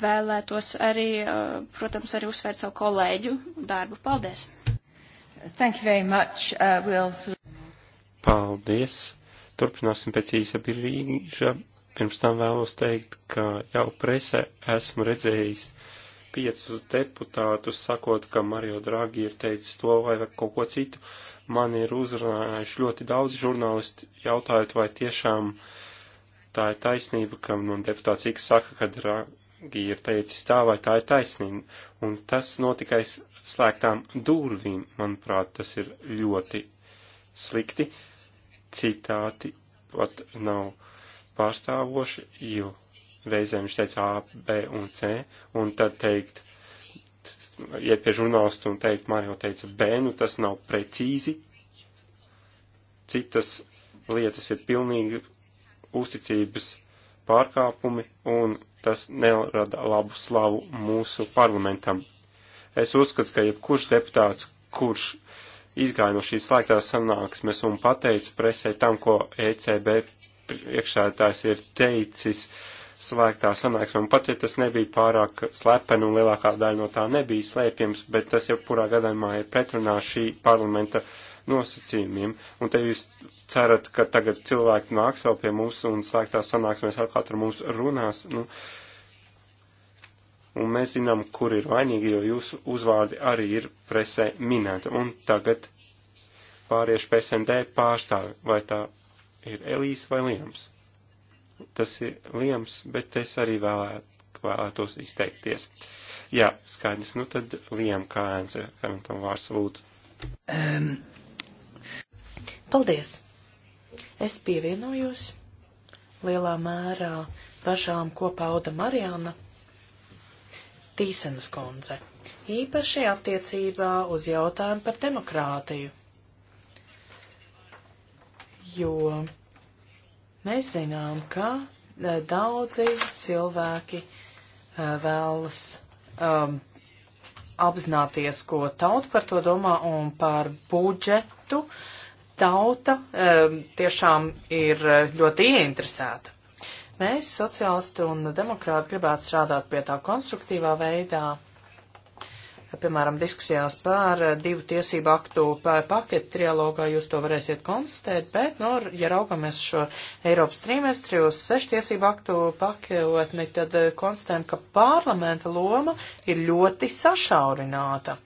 Speaker 3: vēlētos arī, eh, protams, arī uzsvērt savu kolēģu darbu. Paldies! Thank you very much, uh, Will.
Speaker 1: Paldies! Turpināsim pēc īsa brīža. Pirms tam vēlos teikt, ka jau presē esmu redzējis piecus deputātus sakot, ka Mario Draghi ir teicis to vai kaut ko citu. Man ir uzrunājuši ļoti daudz žurnālisti jautājot, vai tiešām tā ir taisnība, ka man deputāts X saka, ka Draghi ir teicis tā vai tā ir taisnība, un tas notikai slēgtām durvīm, manuprāt, tas ir ļoti slikti, citāti pat nav pārstāvoši, jo reizēm viņš teica A, B un C, un tad teikt, iet pie žurnālistu un teikt, man jau teica B, nu tas nav precīzi, citas lietas ir pilnīgi uzticības pārkāpumi, un tas nerada labu slavu mūsu parlamentam. Es uzskatu, ka jebkurš deputāts, kurš izgāja no šīs slēgtās sanāksmes un pateica presē tam, ko ECB priekšētājs ir teicis slēgtā sanāksmē, un pat ja tas nebija pārāk slepeni un lielākā daļa no tā nebija slēpjams, bet tas jebkurā gadījumā ir pretrunā šī parlamenta uh, nosacījumiem. Un te jūs cerat, ka tagad cilvēki nāks vēl pie mums un slēgtās sanāksmēs atklāt ar mums runās. Nu, un mēs zinām, kur ir vainīgi, jo jūsu uzvārdi arī ir presē minēta. Un tagad pāriešu pie SND pārstāvi, vai tā ir Elīze vai Liams. Tas ir Liams, bet es arī vēlētu, vēlētos izteikties. Jā, skaidrs, nu tad Liam Kāns, kā viņam tam vārds lūdzu.
Speaker 3: Um, Paldies!
Speaker 2: Es pievienojos lielā mērā pašām, ko pauda Marijāna Tīsenas kundze, īpaši attiecībā uz jautājumu par demokrātiju. Jo mēs zinām, ka eh, daudzi cilvēki eh, vēlas um, apzināties, ko tauta par to domā un par budžetu. Uh, tauta eh, tiešām ir eh, ļoti ieinteresēta. Mēs, sociālisti un demokrāti, gribētu strādāt pie tā konstruktīvā veidā, piemēram, diskusijās par eh, divu tiesību aktu paketu trialogā jūs to varēsiet konstatēt, bet, nu, no, ja raugamies šo Eiropas trimestri uz sešu tiesību aktu paketni, tad konstatējam, ka parlamenta loma ir ļoti sašaurināta.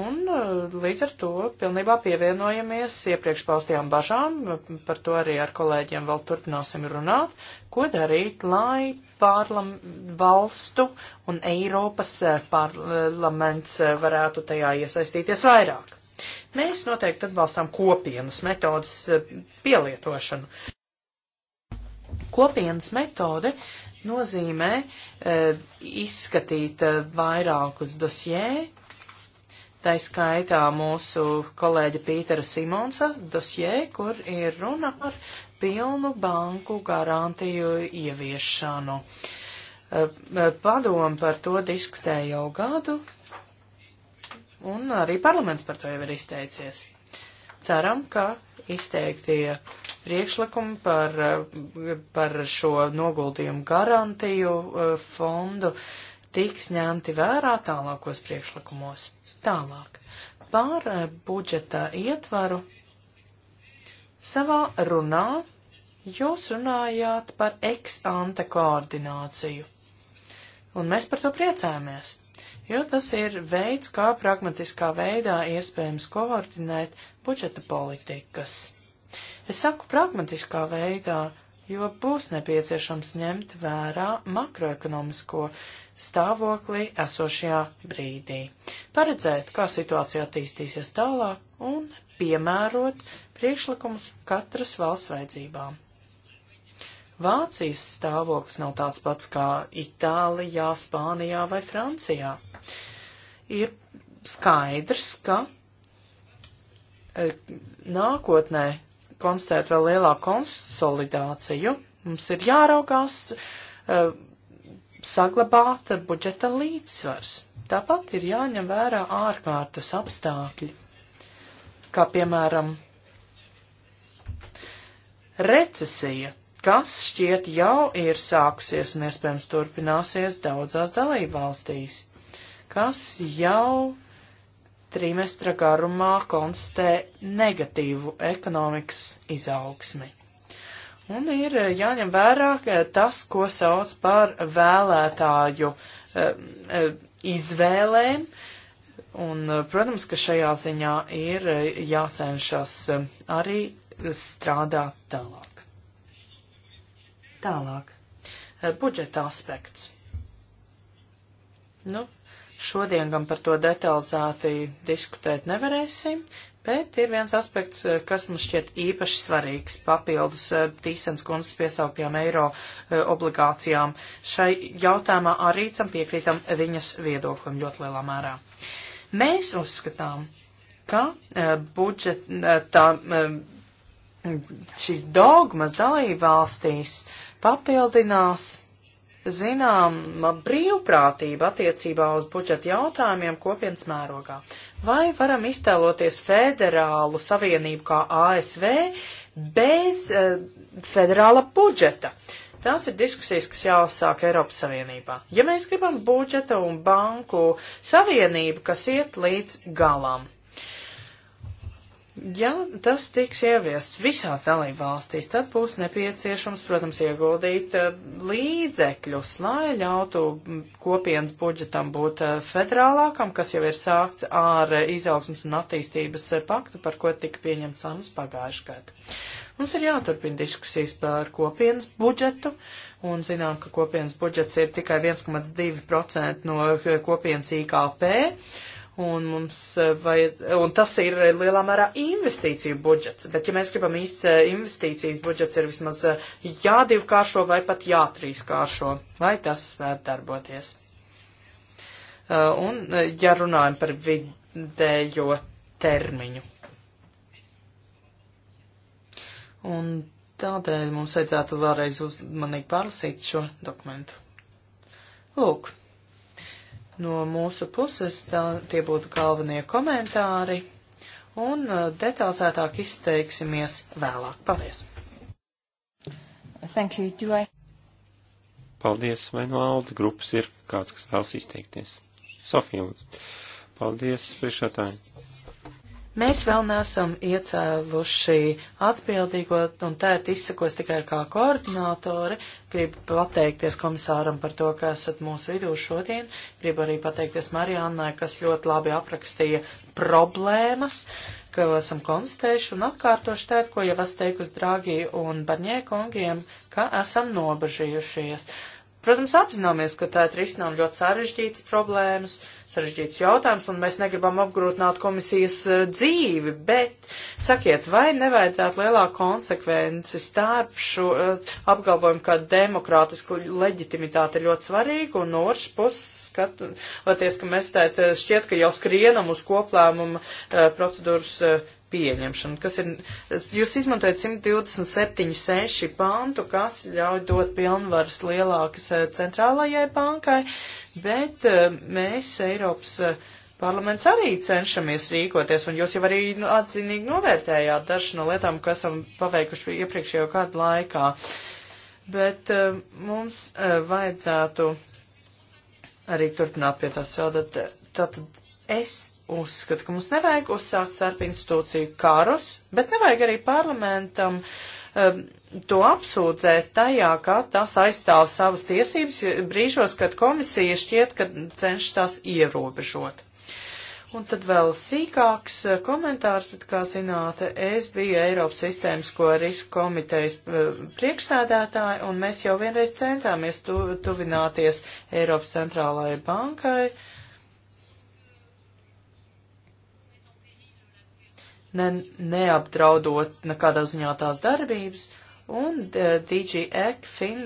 Speaker 2: Un uh, līdz ar to pilnībā pievienojamies iepriekš paustajām bažām, par to arī ar kolēģiem vēl turpināsim runāt, ko darīt, lai pārlam, valstu un Eiropas uh, parlaments uh, varētu tajā iesaistīties vairāk. Mēs noteikti atbalstām kopienas metodas pielietošanu. Kopienas metode nozīmē e, izskatīt vairākus dosjē, Tā skaitā mūsu kolēģa Pītera Simonsa dosjē, kur ir runa par pilnu banku garantiju ieviešanu. Eh, eh, padomu par to diskutē jau gadu, un arī parlaments par to jau ir izteicies. Ceram, ka izteiktie priekšlikumi par, eh, par šo noguldījumu garantiju fondu tiks ņemti vērā tālākos priekšlikumos. Tālāk. Par eh, budžeta ietvaru savā runā jūs runājāt par ex-ante koordināciju. Un mēs par to priecājamies, jo tas ir veids, kā pragmatiskā veidā iespējams koordinēt budžeta politikas. Es saku pragmatiskā veidā, jo būs nepieciešams ņemt vērā makroekonomisko stāvoklī esošajā brīdī, paredzēt, kā situācija attīstīsies tālāk un piemērot priekšlikumus katras valsts vajadzībām. Vācijas stāvoklis nav tāds pats kā Itālijā, Spānijā vai Francijā. Ir skaidrs, ka e, nākotnē konstatēt vēl lielāku konsolidāciju, mums ir jāraugās uh, saglabāt budžeta līdzsvars. Tāpat ir jāņem vērā ārkārtas apstākļi, kā piemēram recesija, kas šķiet jau ir sākusies un iespējams turpināsies daudzās dalībvalstīs, kas jau trimestra garumā konstatē negatīvu ekonomikas izaugsmi. Un ir eh, jāņem vērā tas, ko sauc par vēlētāju eh, eh, izvēlēm, un, protams, ka šajā ziņā ir jācenšas arī strādāt tālāk. Tālāk. Budžeta aspekts. Nu, Šodien gan par to detalizēti diskutēt nevarēsim, bet ir viens aspekts, eh, kas mums šķiet īpaši svarīgs papildus eh, Tīsens kundzes piesauktajām eiro eh, obligācijām. Šai jautājumā arī cam piekrītam viņas viedoklim ļoti lielā mērā. Mēs uzskatām, ka budžeta šīs dogmas dalībvalstīs papildinās zināma brīvprātība attiecībā uz budžeta jautājumiem kopienas mērogā. Vai varam iztēloties federālu savienību kā ASV bez uh, federāla budžeta? Tās ir diskusijas, kas jāsāk Eiropas Savienībā. Ja mēs gribam budžeta un banku savienību, kas iet līdz galam, Ja tas tiks ieviests visās dalību valstīs, tad būs nepieciešams, protams, ieguldīt eh, līdzekļus, lai ļautu kopienas budžetam būt eh, federālākam, kas jau ir sākts ar izaugsmas un attīstības eh, paktu, par ko tika pieņemts samas pagājušajā gadā. Mums ir jāturpina diskusijas par kopienas budžetu, un zinām, ka kopienas budžets ir tikai 1,2% no kopienas IKP un, mums, eh, vai, un tas ir lielā mērā investīciju budžets. Bet, ja mēs gribam īsts eh, investīcijas budžets, ir vismaz eh, jādivkāršo vai pat jātrīskāršo, lai tas spētu darboties. Un, ja runājam par vidējo termiņu. Un tādēļ mums vajadzētu vēlreiz uzmanīgi pārlasīt šo dokumentu. Lūk, No mūsu puses tā, tie būtu galvenie komentāri, un uh, detalizētāk izteiksimies vēlāk. Paldies!
Speaker 3: Thank you. Do I...
Speaker 1: Paldies, vai no Alda grupas ir kāds, kas vēlas izteikties? Sofija, lūdzu. Paldies, priekšētāji.
Speaker 2: Mēs vēl neesam iecēluši atbildīgo, un tēt izsakos tikai kā koordinātori. Gribu pateikties komisāram par to, ka esat mūsu vidū šodien. Gribu arī pateikties Marijānai, kas ļoti labi aprakstīja problēmas, ko esam konstatējuši un atkārtoši tēt, ko jau es teikusi Dragī un Barņē kungiem, ka esam nobežījušies. Protams, apzināmies, ka tā ir risinām ļoti sarežģītas problēmas, sarežģīts jautājums, un mēs negribam apgrūtināt komisijas e, dzīvi, bet sakiet, vai nevajadzētu lielā konsekvenci starp šo e, apgalvojumu, ka demokrātiska leģitimitāte ir ļoti svarīga, un no otras puses skatoties, ka mēs tēt šķiet, ka jau skrienam uz koplēmumu e, procedūras pieņemšanu, kas ir, jūs izmantojat 127.6 pantu, kas ļauj dot pilnvaras lielākas eh, centrālajai bankai, bet eh, mēs Eiropas eh, parlaments arī cenšamies rīkoties, un jūs jau arī nu, atzinīgi novērtējāt dažas no lietām, ko esam paveikuši iepriekšējo kādu laikā. Bet uh, mums uh, vajadzētu arī turpināt pie tā strādāt. Tātad Es uzskatu, ka mums nevajag uzsākt starp institūciju karus, bet nevajag arī parlamentam um, to apsūdzēt tajā, ka tas aizstāv savas tiesības brīžos, kad komisija šķiet, ka cenšas tās ierobežot. Un tad vēl sīkāks uh, komentārs, bet, kā zināt, es biju Eiropas sistēmas, ko risku komitejas uh, priekšsēdētāja, un mēs jau vienreiz centāmies tu, tuvināties Eiropas centrālajai bankai. Uh, ne, neapdraudot nekādā ziņā tās darbības, un eh, DG ECFIN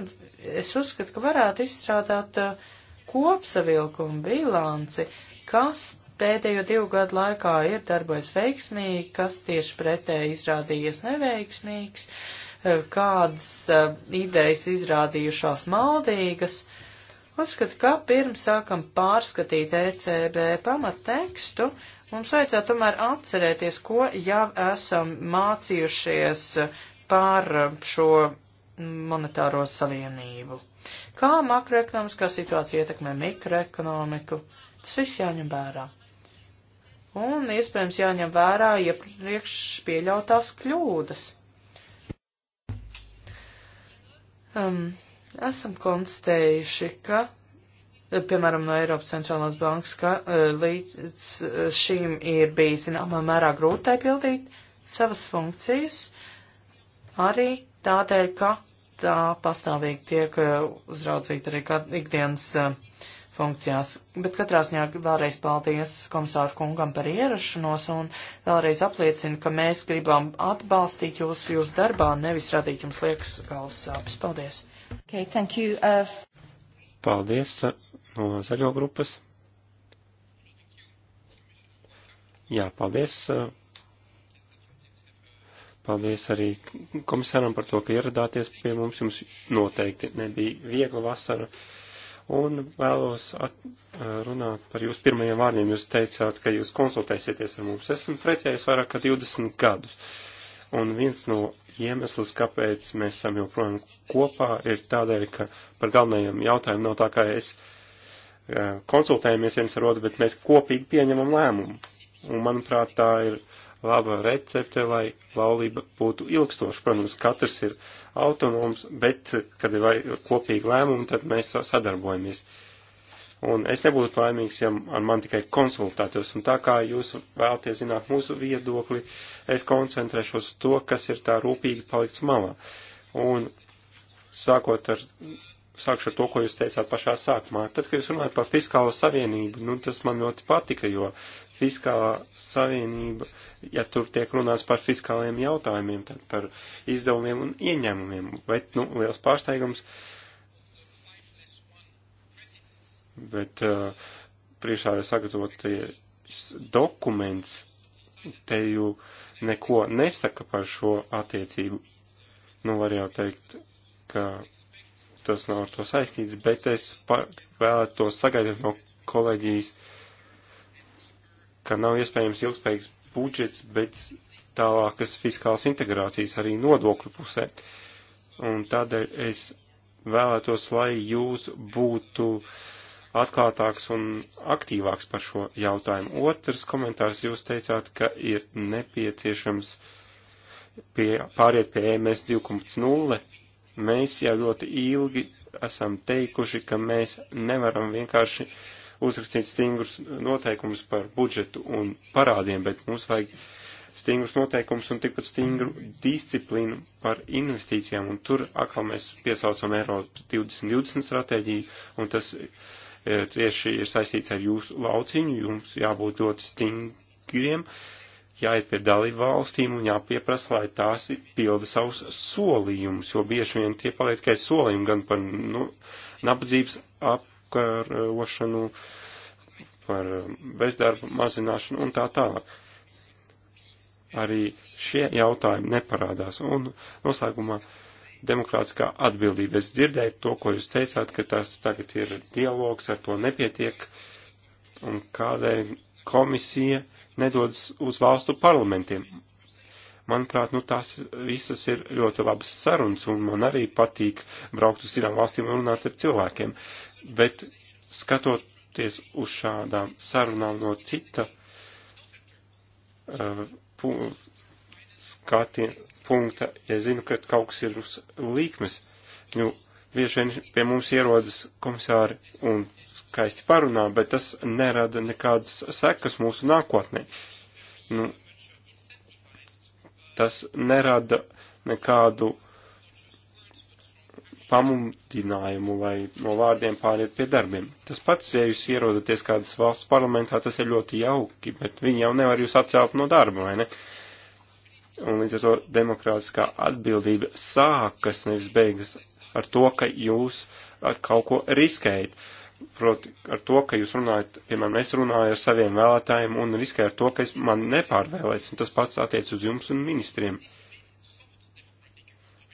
Speaker 2: es uzskatu, ka varētu izstrādāt eh, kopsavilkumu bilanci, kas pēdējo divu gadu laikā ir darbojas veiksmīgi, kas tieši pretēji izrādījies neveiksmīgs, eh, kādas idejas izrādījušās maldīgas. Uzskatu, ka pirms sākam pārskatīt ECB pamattekstu, tekstu, Mums vajadzētu tomēr atcerēties, ko jau esam mācījušies par šo monetāro savienību. Kā makroekonomiskā situācija ietekmē mikroekonomiku, tas viss jāņem vērā. Un iespējams jāņem vērā iepriekš pieļautās kļūdas. Um, esam konstatējuši, ka piemēram, no Eiropas centrālās bankas, ka e, līdz e, šīm ir bijis zināmā mērā grūtai pildīt savas funkcijas, arī tādēļ, ka tā pastāvīgi tiek e, uzraudzīta arī ikdienas funkcijās. Bet katrā ziņā vēlreiz paldies komisāru kungam par ierašanos un vēlreiz apliecinu, ka mēs gribam atbalstīt jūs jūs darbā, nevis radīt jums liekas galvas sāpes. Paldies! Okay, thank you. Uh...
Speaker 1: Paldies! no zaļo grupas. Jā, paldies. Paldies arī komisāram par to, ka ieradāties pie mums. Jums noteikti nebija viegla vasara. Un vēlos at, runāt par jūsu pirmajiem vārdiem. Jūs teicāt, ka jūs konsultēsieties ar mums. Esmu precējies vairāk kā 20 gadus. Un viens no iemesls, kāpēc mēs esam joprojām kopā, ir tādēļ, ka par galvenajiem jautājumiem nav tā, kā es. Uh, konsultējamies viens ar otru, bet mēs kopīgi pieņemam lēmumu. Un, manuprāt, tā ir laba recepte, lai laulība būtu ilgstoša. Protams, katrs ir autonoms, bet, kad ir kopīgi lēmumi, tad mēs sadarbojamies. Un es nebūtu laimīgs, ja ar man tikai konsultētos. Un tā kā jūs vēlties zināt mūsu viedokli, es koncentrēšos uz to, kas ir tā rūpīgi palikts malā. Un sākot ar sākšu ar to, ko jūs teicāt pašā sākumā. Tad, kad jūs runājat par fiskālo savienību, nu, tas man ļoti patika, jo fiskālā savienība, ja tur tiek runāts par fiskāliem jautājumiem, tad par izdevumiem un ieņēmumiem, bet, nu, liels pārsteigums. Bet uh, priekšā ir sagatavoties dokuments, te jau neko nesaka par šo attiecību. Nu, var jau teikt, ka tas nav ar to saistīts, bet es vēlētos sagaidīt no kolēģijas, ka nav iespējams ilgspējīgs budžets, bet tālākas fiskālas integrācijas arī nodokļu pusē. Un tādēļ es vēlētos, lai jūs būtu atklātāks un aktīvāks par šo jautājumu. Otrs komentārs jūs teicāt, ka ir nepieciešams pie, pāriet pie e MS 2.0 Mēs jau ļoti ilgi esam teikuši, ka mēs nevaram vienkārši uzrakstīt stingrus noteikumus par budžetu un parādiem, bet mums vajag stingrus noteikumus un tikpat stingru disciplīnu par investīcijām. Un tur atkal mēs piesaucam Eiropas 2020 stratēģiju, un tas eh, tieši ir saistīts ar jūsu lauciņu, jums jābūt ļoti stingriem. Uh, jāiet pie dalību valstīm un jāpieprasa, lai tās pilda savus solījumus, jo bieži vien tie paliek tikai solījumi gan par nu, nabadzības apkarošanu, par bezdarba mazināšanu un tā tālāk. Arī šie jautājumi neparādās. Un noslēgumā demokrātiskā atbildība. Es dzirdēju to, ko jūs teicāt, ka tas tagad ir dialogs, ar to nepietiek. Un kādēļ komisija uh, nedodas uz valstu parlamentiem. Manuprāt, nu tās visas ir ļoti labas sarunas, un man arī patīk braukt uz citām valstīm un runāt ar cilvēkiem. Bet skatoties uz šādām sarunām no cita uh, pu, skatien, punkta, ja zinu, ka kaut kas ir uz līkmes, nu, bieži vien pie mums ierodas komisāri un skaisti parunā, bet tas nerada nekādas sekas mūsu nākotnē. Nu, tas nerada nekādu pamudinājumu vai no vārdiem pāriet pie darbiem. Tas pats, ja jūs ierodaties kādas valsts parlamentā, tas ir ļoti jauki, bet viņi jau nevar jūs atcelt no darba, vai ne? Un līdz ar to demokrātiskā atbildība sākas, nevis beigas ar to, ka jūs ar uh, kaut ko riskējat. Uh, proti ar to, ka jūs runājat, piemēram, es runāju ar saviem vēlētājiem un riskēju ar to, ka es man nepārvēlēs, un tas pats attiec uz jums un ministriem.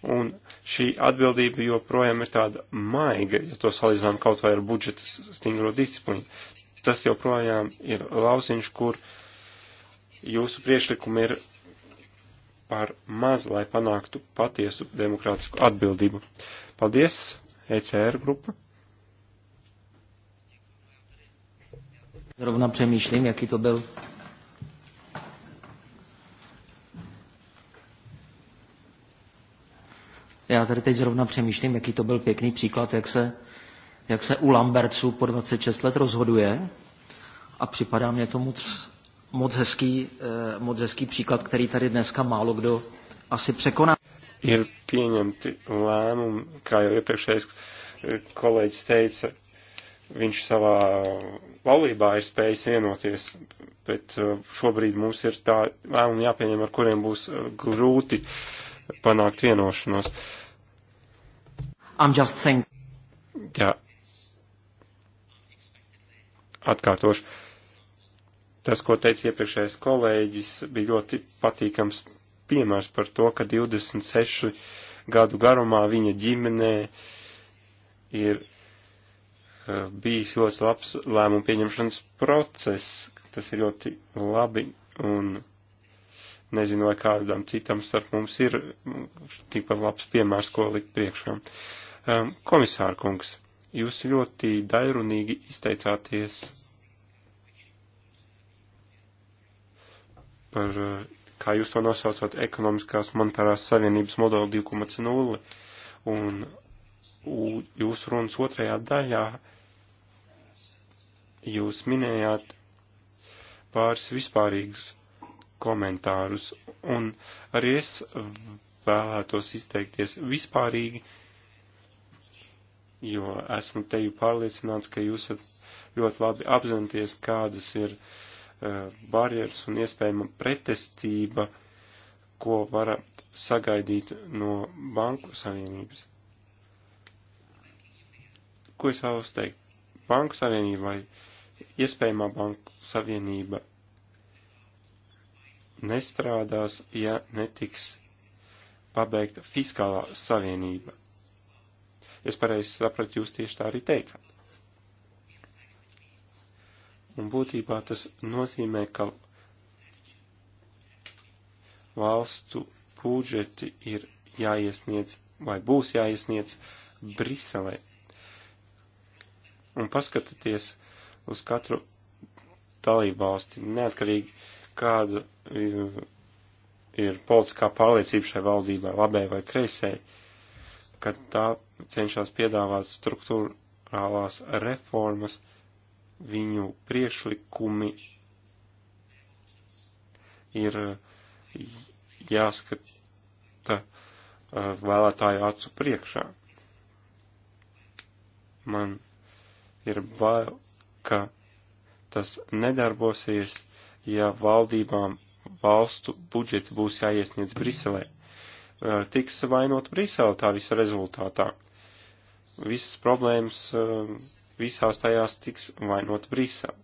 Speaker 1: Un šī atbildība joprojām ir tāda maiga, ja to salīdzinām kaut vai ar budžeta stingro disciplīnu. Tas joprojām ir lausiņš, kur jūsu priešlikumi ir par maz, lai panāktu patiesu demokrātisku atbildību. Paldies, ECR grupa. Zrovna přemýšlím, jaký to byl.
Speaker 2: Já tady teď zrovna přemýšlím, jaký to byl pěkný příklad, jak se, jak se u Lamberců po 26 let rozhoduje. A připadá mě to moc,
Speaker 3: moc, hezký, eh, moc hezký příklad, který tady dneska málo kdo asi překoná.
Speaker 1: Ir pieņemti lēmumi, kā jau iepriekšējais eh, kolēģis teica, viņš savā valdībā ir spējis vienoties, bet uh, šobrīd mums ir tā lēmumi jāpieņem, ar kuriem būs uh, grūti panākt vienošanos. Jā. Atkārtošu. Tas, ko teica iepriekšējais kolēģis, bija ļoti patīkams piemērs par to, ka 26 gadu garumā viņa ģimenē ir bijis ļoti labs lēmumu pieņemšanas process. Tas ir ļoti labi un nezinu, vai kādam citam starp mums ir tikpat labs piemērs, ko likt priekšām. Um, komisāra kungs, jūs ļoti dairunīgi izteicāties par, uh, kā jūs to nosaucat, ekonomiskās monetārās savienības modeli 2,0 un jūsu runas otrajā daļā Jūs minējāt pāris vispārīgus komentārus, un arī es vēlētos izteikties vispārīgi, jo esmu te jau pārliecināts, ka jūs ļoti labi apzināties, kādas ir uh, barjeras un iespējama pretestība, ko varat sagaidīt no banku savienības. Ko es vēlos teikt? Banku savienībai. Uh, iespējamā banku savienība nestrādās, ja netiks pabeigta fiskālā savienība. Es pareizi sapratu, jūs tieši tā arī teicāt. Un būtībā tas nozīmē, ka valstu budžeti ir jāiesniedz vai būs jāiesniedz Briselē. Un paskatieties, uz katru dalībvalsti, neatkarīgi kāda ir, ir politiskā pārliecība šai valdībai, labai vai kreisai, kad tā cenšas piedāvāt struktūrālās reformas, viņu priešlikumi ir jāskata vēlētāju acu priekšā. Man ir bail, ka tas nedarbosies, ja valdībām valstu budžeti būs jāiesniedz Briselē. Tiks vainot Brisele tā visa rezultātā. Visas problēmas visās tajās tiks vainot Brisele.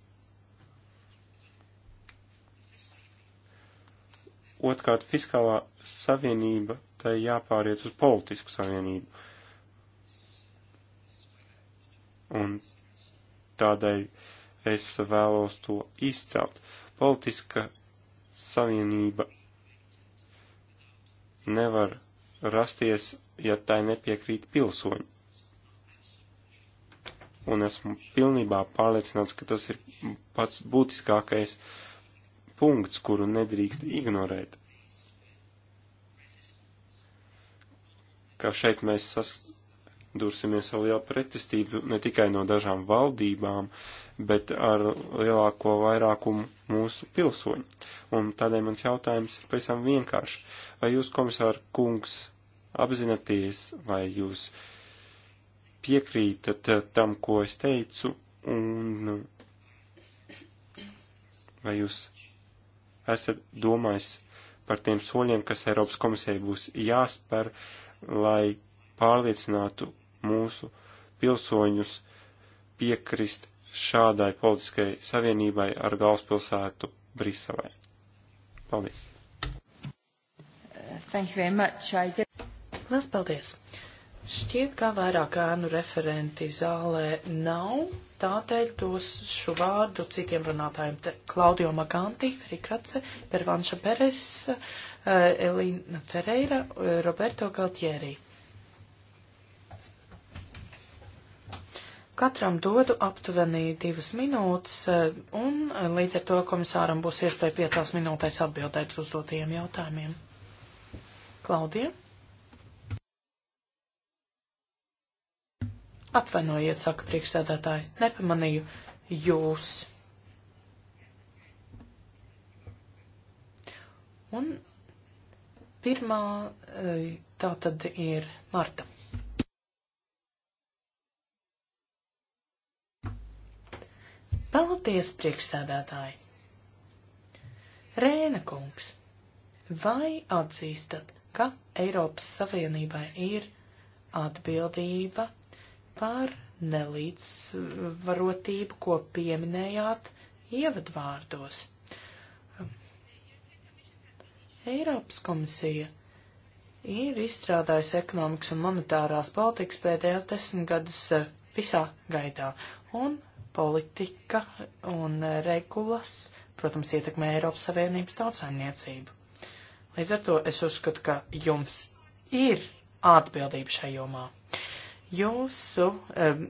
Speaker 1: Otkārt, fiskālā savienība tai jāpāriet uz politisku savienību. Un tādēļ es vēlos to izcelt. Politiska savienība nevar rasties, ja tai nepiekrīt pilsoņi. Un esmu pilnībā pārliecināts, ka tas ir pats būtiskākais punkts, kuru nedrīkst ignorēt. Ka šeit mēs sas sadursimies ar lielu pretestību ne tikai no dažām valdībām, bet ar lielāko vairākumu mūsu pilsoņu. Un tādēļ mans jautājums ir pavisam vienkārši. Vai jūs, komisāra kungs, apzināties, vai jūs piekrītat eh, tam, ko es teicu, un vai jūs esat domājis par tiem soļiem, kas Eiropas komisijai būs jāspēr, lai pārliecinātu mūsu pilsoņus piekrist šādai politiskai savienībai ar galvaspilsētu Briselē. Paldies!
Speaker 2: Thank you very much. I did... Lielas paldies! Šķiet, ka vairāk ēnu referenti zālē nav, tādēļ dos šo vārdu citiem runātājiem. Klaudio Maganti, Ferikratse, Pervanša Peres, eh, Elīna Ferreira, eh, Roberto Galtieri. Katram dodu aptuveni divas minūtes, eh, un eh, līdz ar to komisāram būs iespēja piecās minūtēs atbildēt uz dotajiem jautājumiem. Klaudija? Atvainojiet, saka priekšsēdētāji, nepamanīju jūs. Un pirmā eh, tā tad ir Marta. Paldies, priekšsēdētāji! Rēna kungs, vai atzīstat, ka Eiropas Savienībai ir atbildība par nelīdzvarotību, ko pieminējāt ievadvārdos? Eiropas komisija ir izstrādājusi ekonomikas un monetārās politikas pēdējās desmitgades eh, visā gaidā, un politika un regulas, protams, ietekmē Eiropas Savienības tautsaimniecību. Līdz ar to es uzskatu, ka jums ir atbildība šajā jomā. Jūsu um,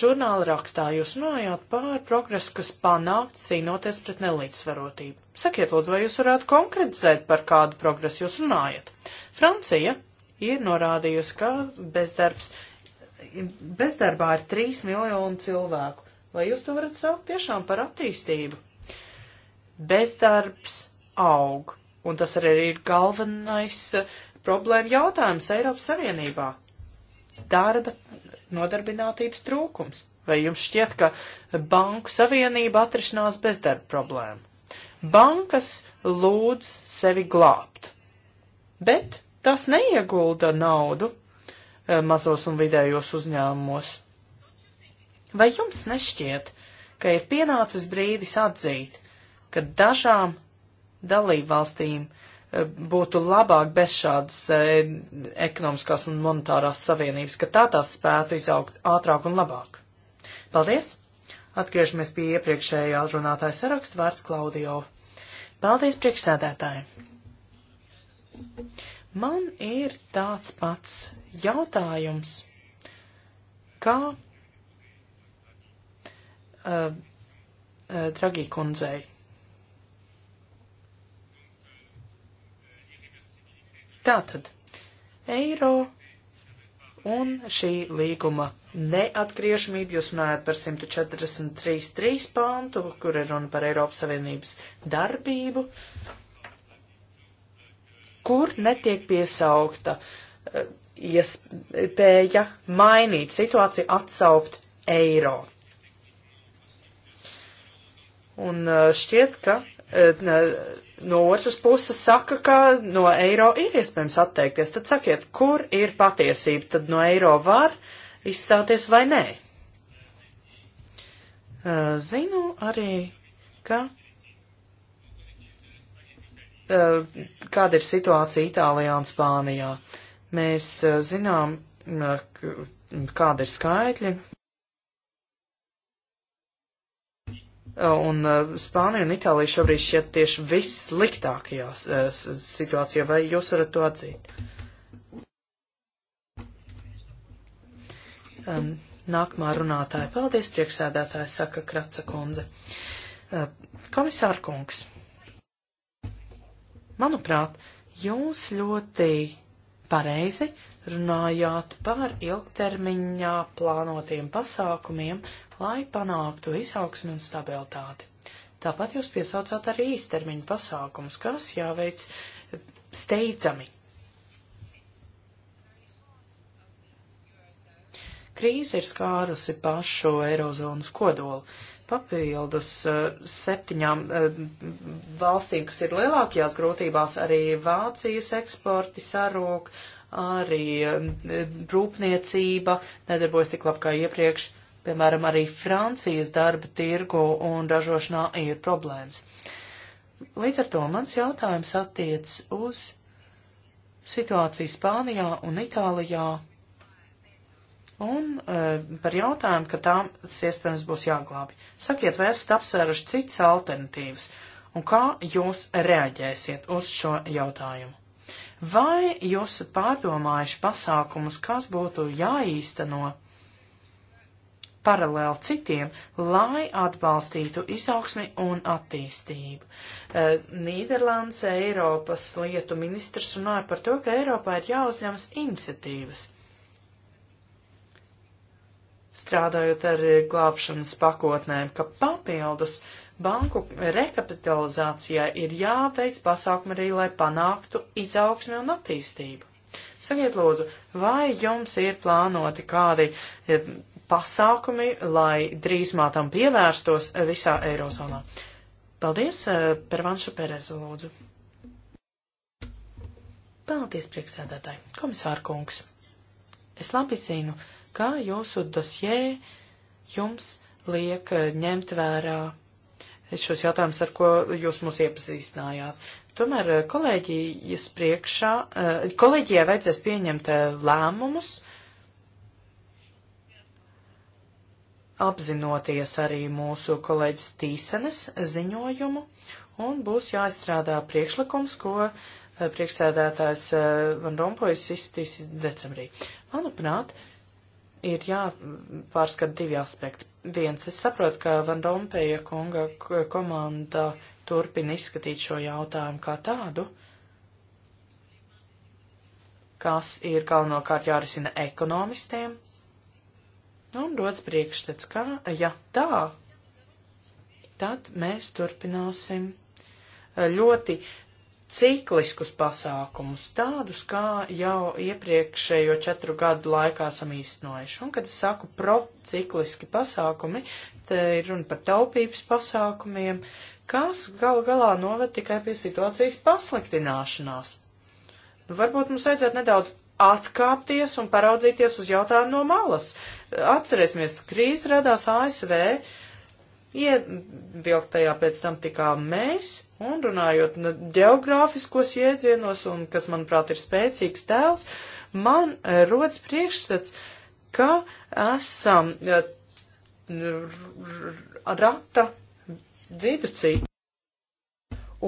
Speaker 2: žurnāla rakstā jūs runājāt pār progresu, kas panākts cīnoties pret nelīdzsvarotību. Sakiet, lūdzu, vai jūs varētu konkretizēt, par kādu progresu jūs runājat? Francija ir norādījusi, ka bezdarbs bezdarbā ir 3 miljoni cilvēku. Vai jūs to varat saukt tiešām par attīstību? Bezdarbs aug, un tas arī ir galvenais eh, problēma jautājums Eiropas Savienībā. Darba nodarbinātības trūkums. Vai jums šķiet, ka Banku Savienība atrisinās bezdarba problēmu? Bankas lūdz sevi glābt, bet tas neiegulda naudu Eh, mazos un vidējos uzņēmumos. Vai jums nešķiet, ka ir pienācis brīdis atzīt, ka dažām dalībvalstīm eh, būtu labāk bez šādas eh, ekonomiskās un monetārās savienības, ka tā tās spētu izaugt ātrāk un labāk? Paldies! Atgriežamies pie iepriekšējā runātāja saraksta vārds Klaudio. Paldies priekšsēdētāji! Man ir tāds pats jautājums, kā uh, uh, Dragī kundzei. Tātad, eiro un šī līguma neatgriežamība, jūs runājat par 143.3 pāntu, kur ir runa par Eiropas Savienības darbību, kur netiek piesaukta uh, iespēja mainīt situāciju, atsaukt eiro. Un uh, šķiet, ka uh, no otras puses saka, ka no eiro ir iespējams atteikties. Tad sakiet, kur ir patiesība, tad no eiro var izstāties vai nē. Uh, zinu arī, ka kāda ir situācija Itālijā un Spānijā. Uh, Mēs eh, zinām, eh, kāda ir skaitļi. Un eh, Spānija un Itālija šobrīd šķiet tieši vissliktākajā situācijā, vai jūs varat to atzīt? Um, nākamā runātāja. Paldies, priekšsēdētāja, saka Kratsa kundze. Uh, komisāra kungs, manuprāt, jūs ļoti pareizi runājāt par ilgtermiņā plānotiem pasākumiem, lai panāktu izaugsmi un stabilitāti. Tāpat jūs piesaucāt arī īstermiņu pasākums, kas jāveic steidzami. Krīze ir skārusi pašu eirozonas kodolu papildus eh, septiņām eh, valstīm, kas ir lielākajās grūtībās, arī Vācijas eksporti sarūk, arī eh, rūpniecība nedarbojas tik labi kā iepriekš. Piemēram, arī Francijas darba tirgu un ražošanā ir problēmas. Līdz ar to mans jautājums attiec uz situāciju Spānijā un Itālijā un uh, par jautājumu, ka tām iespējams būs jāglābi. Sakiet, vai esat apsvēruši citas alternatīvas, un kā jūs reaģēsiet uz šo jautājumu? Vai jūs esat pārdomājuši pasākumus, kas būtu jāīsteno paralēli citiem, lai atbalstītu izaugsmi un attīstību? Uh, Nīderlandes Eiropas lietu ministrs runāja par to, ka Eiropā ir jāuzņemas iniciatīvas strādājot ar glābšanas pakotnēm, ka papildus banku rekapitalizācijai ir jāveic pasākumi arī, lai panāktu izaugsmi un attīstību. Sakiet lūdzu, vai jums ir plānoti kādi eh, pasākumi, lai drīzumā tam pievērstos visā Eirozonā? Paldies, eh, Pervanša Pereza, lūdzu. Paldies, priekšsēdētāji, komisāra kungs. Es labi zinu, uh, kā jūsu dosjē jums liek eh, ņemt vērā šos jautājumus, ar ko jūs mūs iepazīstinājāt. Tomēr eh, kolēģijas priekšā, eh, kolēģijai vajadzēs pieņemt lēmumus, apzinoties arī mūsu kolēģis Tīsenes ziņojumu, un būs jāizstrādā priekšlikums, ko priekšsēdētājs Van Rompuis izstīs decembrī. Manuprāt, uh, ir jāpārskata divi aspekti. Viens, es saprotu, ka Van Rompēja kunga komanda turpina izskatīt šo jautājumu kā tādu, kas ir galvenokārt jārisina ekonomistiem, un rodas priekšstats, ka, ja tā, tad mēs turpināsim eh, ļoti uh, cikliskus pasākumus, tādus, kā jau iepriekšējo četru gadu laikā esam īstenojuši. Un, kad es saku procikliski pasākumi, te ir runa par taupības pasākumiem, kas gal galā noved tikai pie situācijas pasliktināšanās. Nu, varbūt mums vajadzētu nedaudz atkāpties un paraudzīties uz jautājumu no malas. Atcerēsimies, krīze radās ASV, uh, Ievilktajā pēc tam tikām mēs, un runājot nu, geogrāfiskos iedzienos, un kas, manuprāt, ir spēcīgs tēls, man eh, rodas priekšstats, ka esam eh, rata viducī.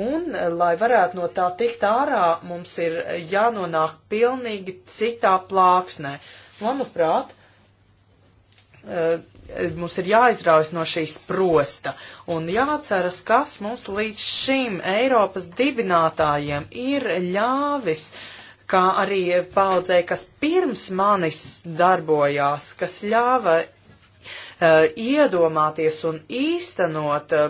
Speaker 2: Un, eh, lai varētu no tā tikt ārā, mums ir jānonāk pilnīgi citā plāksnē. Manuprāt, mums ir jāizraujas no šīs prosta un jāceras, kas mums līdz šim Eiropas dibinātājiem ir ļāvis, kā arī paudzē, kas pirms manis darbojās, kas ļāva uh, iedomāties un īstenot uh,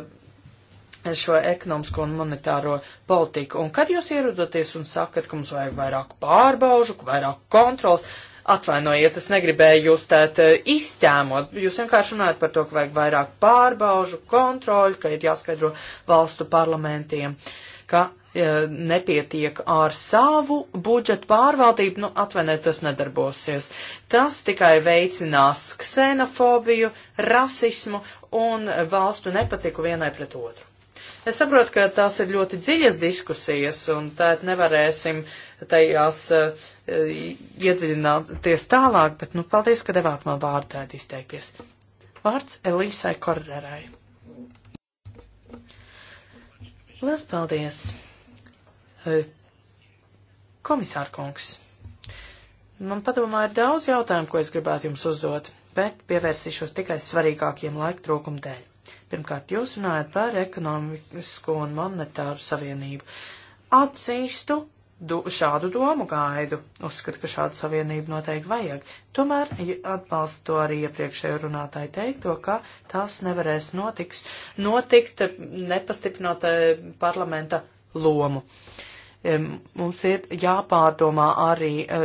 Speaker 2: šo ekonomisko un monetāro politiku. Un kad jūs ierodaties un sakat, ka mums vajag vairāk pārbaužu, vairāk kontrols, Atvainojiet, es negribēju jūs tēt eh, izķēmot. Jūs vienkārši runājat par to, ka vajag vairāk pārbaužu, kontroļu, ka ir jāskaidro valstu parlamentiem, ka e, nepietiek ar savu budžetu pārvaldību, nu atvainojiet, tas nedarbosies. Tas tikai veicinās ksenofobiju, rasismu un valstu nepatiku vienai pret otru. Es saprotu, ka tās ir ļoti dziļas diskusijas, un tā nevarēsim tajās e, iedziļināties tālāk, bet, nu, paldies, ka devāt man vārdu tādā izteikties. Vārds Elīsai Korrerai. Lielas paldies, e, komisārkungs. Man padomā ir daudz jautājumu, ko es gribētu jums uzdot, bet pievērsīšos tikai svarīgākiem laika trūkuma dēļ. Pirmkārt, jūs runājat par ekonomisko un monetāru savienību. Atzīstu, do, šādu domu gaidu. Uzskatu, ka šādu savienību noteikti vajag. Tomēr atbalstu to arī iepriekšējo runātāju teikto, ka tas nevarēs notiks, notikt, nepastiprinot e, parlamenta lomu. E, mums ir jāpārdomā arī e,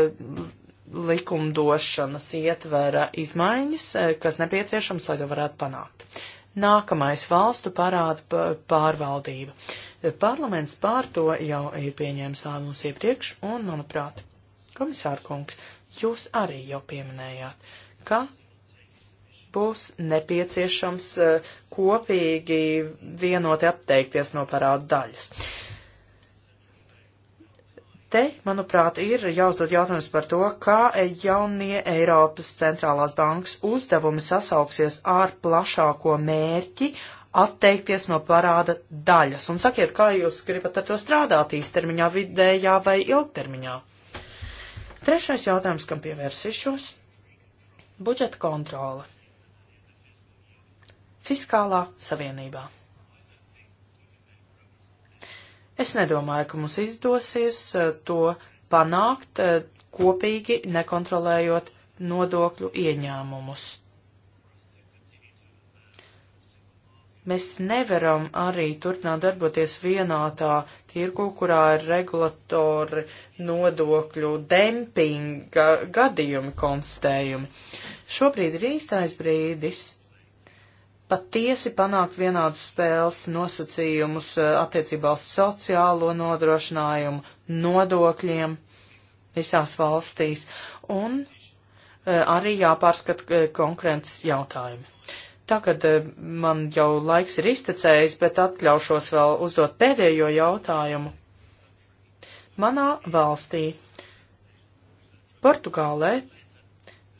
Speaker 2: likumdošanas ietvera izmaiņas, kas nepieciešams, lai to varētu panākt. Nākamais valstu parāda pārvaldība. Parlaments pār to jau ir pieņēmis lēmumus iepriekš, un, manuprāt, komisārkungs, jūs arī jau pieminējāt, ka būs nepieciešams eh, kopīgi vienoti atteikties no parādu daļas. Uh, Te, manuprāt, ir jāuzdod jautājums par to, kā jaunie Eiropas centrālās bankas uzdevumi sasauksies ar plašāko mērķi atteikties no parāda daļas. Un sakiet, kā jūs gribat ar to strādāt īstermiņā, vidējā vai ilgtermiņā? Trešais jautājums, kam pievērsīšos - budžeta kontrole. Fiskālā savienībā. Es nedomāju, ka mums izdosies eh, to panākt eh, kopīgi nekontrolējot nodokļu ieņēmumus. Mēs nevaram arī turpināt darboties vienā tā tirgu, kurā ir regulatori nodokļu dempinga gadījumi konstatējumi. Šobrīd ir īstais brīdis patiesi panākt vienādas spēles nosacījumus eh, attiecībā uz sociālo nodrošinājumu, nodokļiem visās valstīs un eh, arī jāpārskata eh, konkrētas jautājumi. Tagad man jau laiks ir iztecējis, bet atļaušos vēl uzdot pēdējo jautājumu. Manā valstī, Portugālē,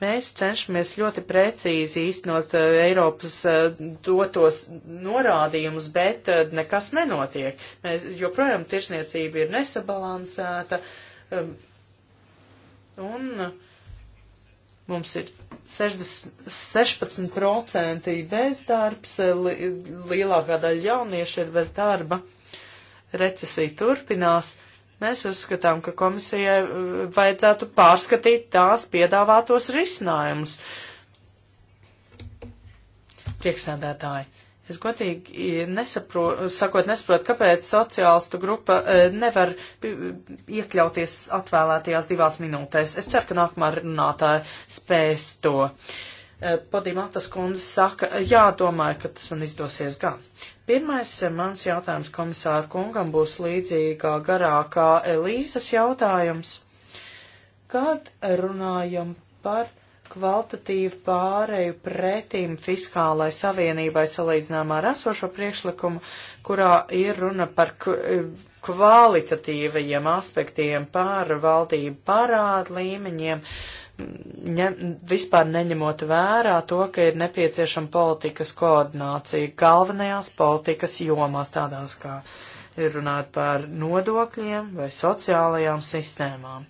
Speaker 2: Mēs cenšamies ļoti precīzi īstenot eh, Eiropas eh, dotos norādījumus, bet eh, nekas nenotiek. Mēs joprojām tirsniecība ir nesabalansēta. Un mums ir 60, 16% bezdarbs, lielākā daļa jaunieši ir bez darba. Recesija turpinās. Uh, Mēs uzskatām, ka komisijai eh, vajadzētu pārskatīt tās piedāvātos risinājumus. Priekšsēdētāji, es godīgi nesaprotu, sakot, nesaprotu, kāpēc sociālistu grupa eh, nevar iekļauties atvēlētajās divās minūtēs. Es ceru, ka nākamā runātāja spēs to. Eh, Podimātas kundze saka, jā, domāju, ka tas man izdosies gan. Pirmais eh, mans jautājums komisāru kungam būs līdzīgā garā kā Elīzas jautājums. Kad runājam par kvalitatīvu pāreju pretīm fiskālai savienībai salīdzinājumā ar esošo priekšlikumu, kurā ir runa par eh, kvalitatīvajiem aspektiem, par valdību parādu līmeņiem, ņem, vispār neņemot vērā to, ka ir nepieciešama politikas koordinācija galvenajās politikas jomās, tādās kā ir runāt par nodokļiem vai sociālajām sistēmām.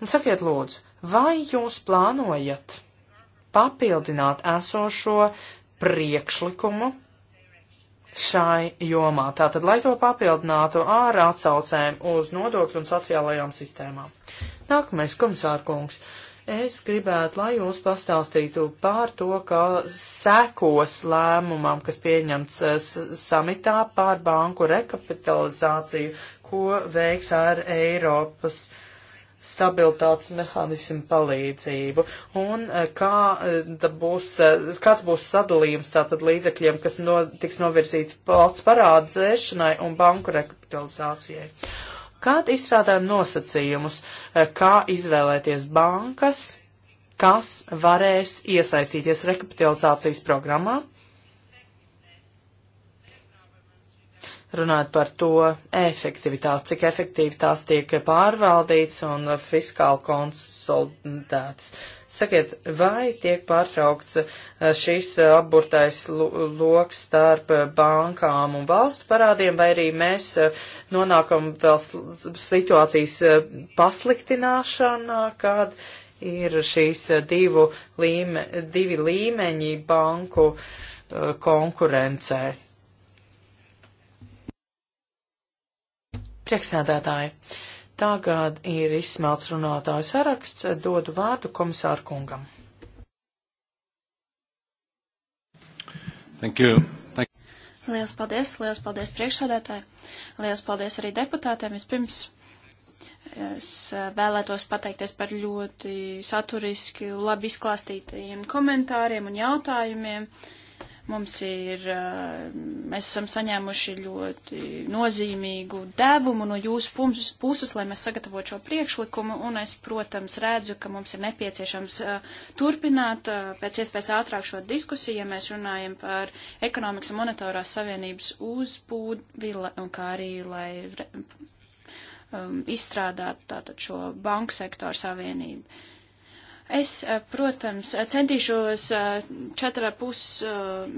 Speaker 2: Un sakiet lūdzu, vai jūs plānojat papildināt esošo priekšlikumu šai jomā? Tātad, lai to papildinātu ar atsaucēm uz nodokļu un sociālajām sistēmām. Nākamais komisārkungs. kungs. Es gribētu, lai jūs pastāstītu pār to, kā sekos lēmumam, kas pieņemts eh, samitā pār banku rekapitalizāciju, ko veiks ar Eiropas stabilitātes mehānismu palīdzību un eh, kā eh, būs, kāds būs sadalījums tātad līdzekļiem, kas no, tiks novirzīti valsts parādzēšanai un banku rekapitalizācijai. Kad izstrādājam nosacījumus, eh, kā izvēlēties bankas, kas varēs iesaistīties rekapitalizācijas programmā, runāt par to efektivitāti, cik efektīvi tās tiek pārvaldīts un fiskāli konsolidētas. Sakiet, vai tiek pārtraukts eh, šis eh, apburtais loks starp eh, bankām un valstu parādiem, vai arī mēs nonākam vēl situācijas pasliktināšanā, kad ir šīs divu līme, divi līmeņi banku konkurencē? Priekšsēdētāji, tagad ir izsmelts runātāju saraksts, dodu vārdu komisāru kungam.
Speaker 1: Thank you. Thank
Speaker 3: you. Liels paldies, liels paldies priekšsādātāji, liels paldies arī deputātiem. Vispirms es vēlētos pateikties par ļoti saturiski labi izklāstītajiem komentāriem un jautājumiem. Uh, Mums ir, eh, mēs esam saņēmuši ļoti nozīmīgu devumu no jūsu puses, lai mēs sagatavotu šo priekšlikumu, un es, protams, redzu, ka mums ir nepieciešams eh, turpināt eh, pēc iespējas ātrāk šo diskusiju, ja mēs runājam par ekonomikas un monetārās savienības uzbūvi, un kā arī, lai um, izstrādātu tātad šo banku sektoru savienību. Es, eh, protams, eh, centīšos eh, četrā pus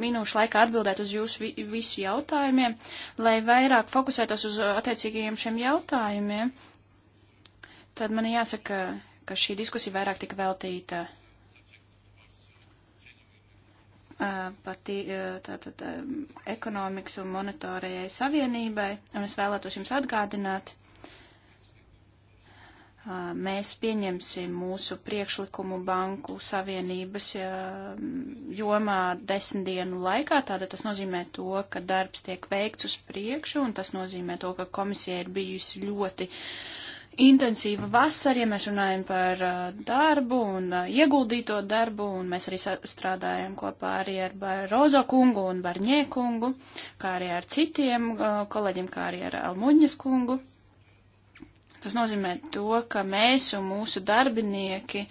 Speaker 3: minūšu laikā atbildēt uz jūsu visu jautājumiem, lai vairāk fokusētos uz attiecīgajiem šiem jautājumiem. Tad man jāsaka, ka šī diskusija vairāk tika veltīta pati tātad tā, tā, ekonomikas un monetārajai savienībai, un es vēlētos jums atgādināt, Uh, mēs pieņemsim mūsu priekšlikumu banku savienības uh, jomā desmit dienu laikā. Tātad tas nozīmē to, ka darbs tiek veikts uz priekšu, un tas nozīmē to, ka komisija ir bijusi ļoti intensīva vasara, ja mēs runājam par uh, darbu un ieguldīto darbu, un mēs arī strādājam kopā arī ar Rozo kungu un Barņē kungu, kā arī ar citiem kolēģiem, kā arī ar Almuņas kungu. Tas nozīmē to, ka mēs un mūsu darbinieki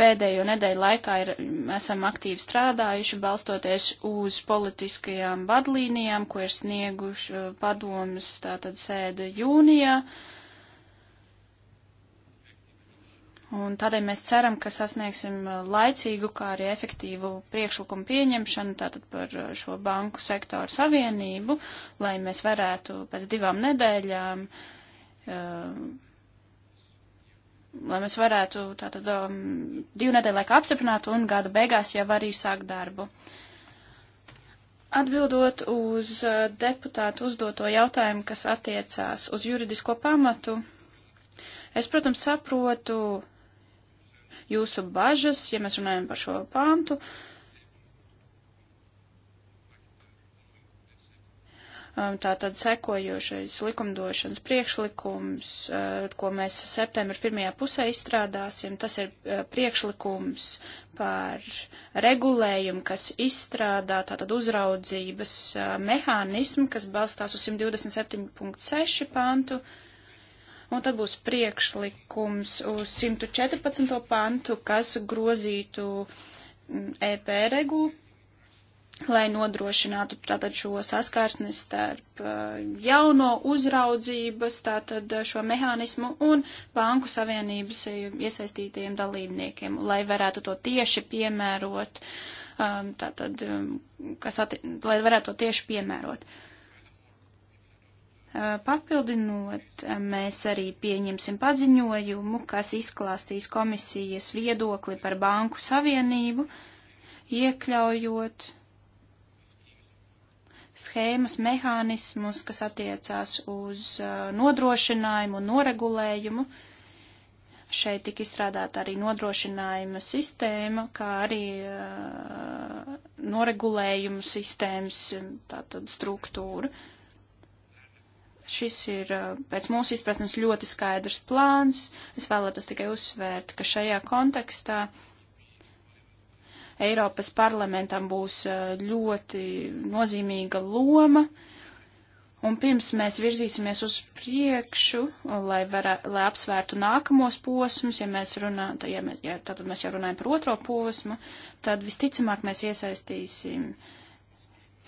Speaker 3: pēdējo nedēļu laikā ir, esam aktīvi strādājuši, balstoties uz politiskajām vadlīnijām, ko ir snieguši uh, padomas tātad sēde jūnijā. Un tādēļ mēs ceram, ka sasniegsim uh, laicīgu, kā arī efektīvu priekšlikumu pieņemšanu tātad par uh, šo banku sektoru savienību, lai mēs varētu pēc divām nedēļām uh, lai mēs varētu tātad um, divu nedēļu laikā apstiprināt un gada beigās jau arī sākt darbu. Atbildot uz uh, deputātu uzdoto jautājumu, kas attiecās uz juridisko pamatu, es, protams, saprotu jūsu bažas, ja mēs runājam par šo pāntu, uh, Um, tātad sekojošais likumdošanas priekšlikums, uh, ko mēs septembra pirmajā pusē izstrādāsim, tas ir uh, priekšlikums par regulējumu, kas izstrādā tātad uzraudzības uh, mehānismu, kas balstās uz 127.6 pantu. Un tad būs priekšlikums uz 114. pantu, kas grozītu mm, EP regulu lai nodrošinātu tātad šo saskarsni starp uh, jauno uzraudzības, tātad uh, šo mehānismu un banku savienības uh, iesaistītajiem dalībniekiem, lai varētu to tieši piemērot, um, tātad, um, kas atti, lai varētu to tieši piemērot. Papildinot, mēs arī pieņemsim paziņojumu, kas izklāstīs komisijas viedokli par banku savienību, iekļaujot schēmas, mehānismus, kas attiecās uz uh, nodrošinājumu un noregulējumu. Šeit tika izstrādāta arī nodrošinājuma sistēma, kā arī uh, noregulējuma sistēmas um, tātad struktūra. Šis ir uh, pēc mūsu izpratnes ļoti skaidrs plāns. Es vēlētos tikai uzsvērt, ka šajā kontekstā uh, Eiropas parlamentam būs ļoti nozīmīga loma. Un pirms mēs virzīsimies uz priekšu, lai, varā, lai apsvērtu nākamos posmus, ja mēs runājam, ja, mēs, ja tad mēs jau runājam par otro posmu, tad visticamāk mēs iesaistīsim uh,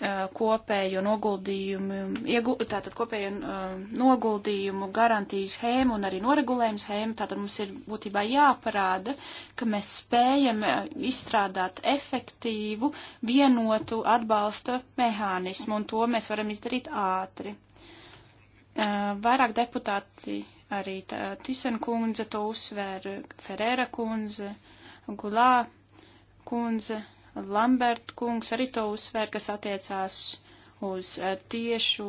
Speaker 3: Uh, kopēju noguldījumu, iegu, tātad kopēju uh, noguldījumu garantiju schēmu un arī noregulējumu schēmu, tātad mums ir būtībā jāparāda, ka mēs spējam uh, izstrādāt efektīvu, vienotu atbalsta mehānismu, un to mēs varam izdarīt ātri. Uh, vairāk deputāti, arī Tisen kundze to uzsver, Ferēra kundze, Gulā kundze Lambert kungs arī to uzsver, kas attiecās uz eh, tiešu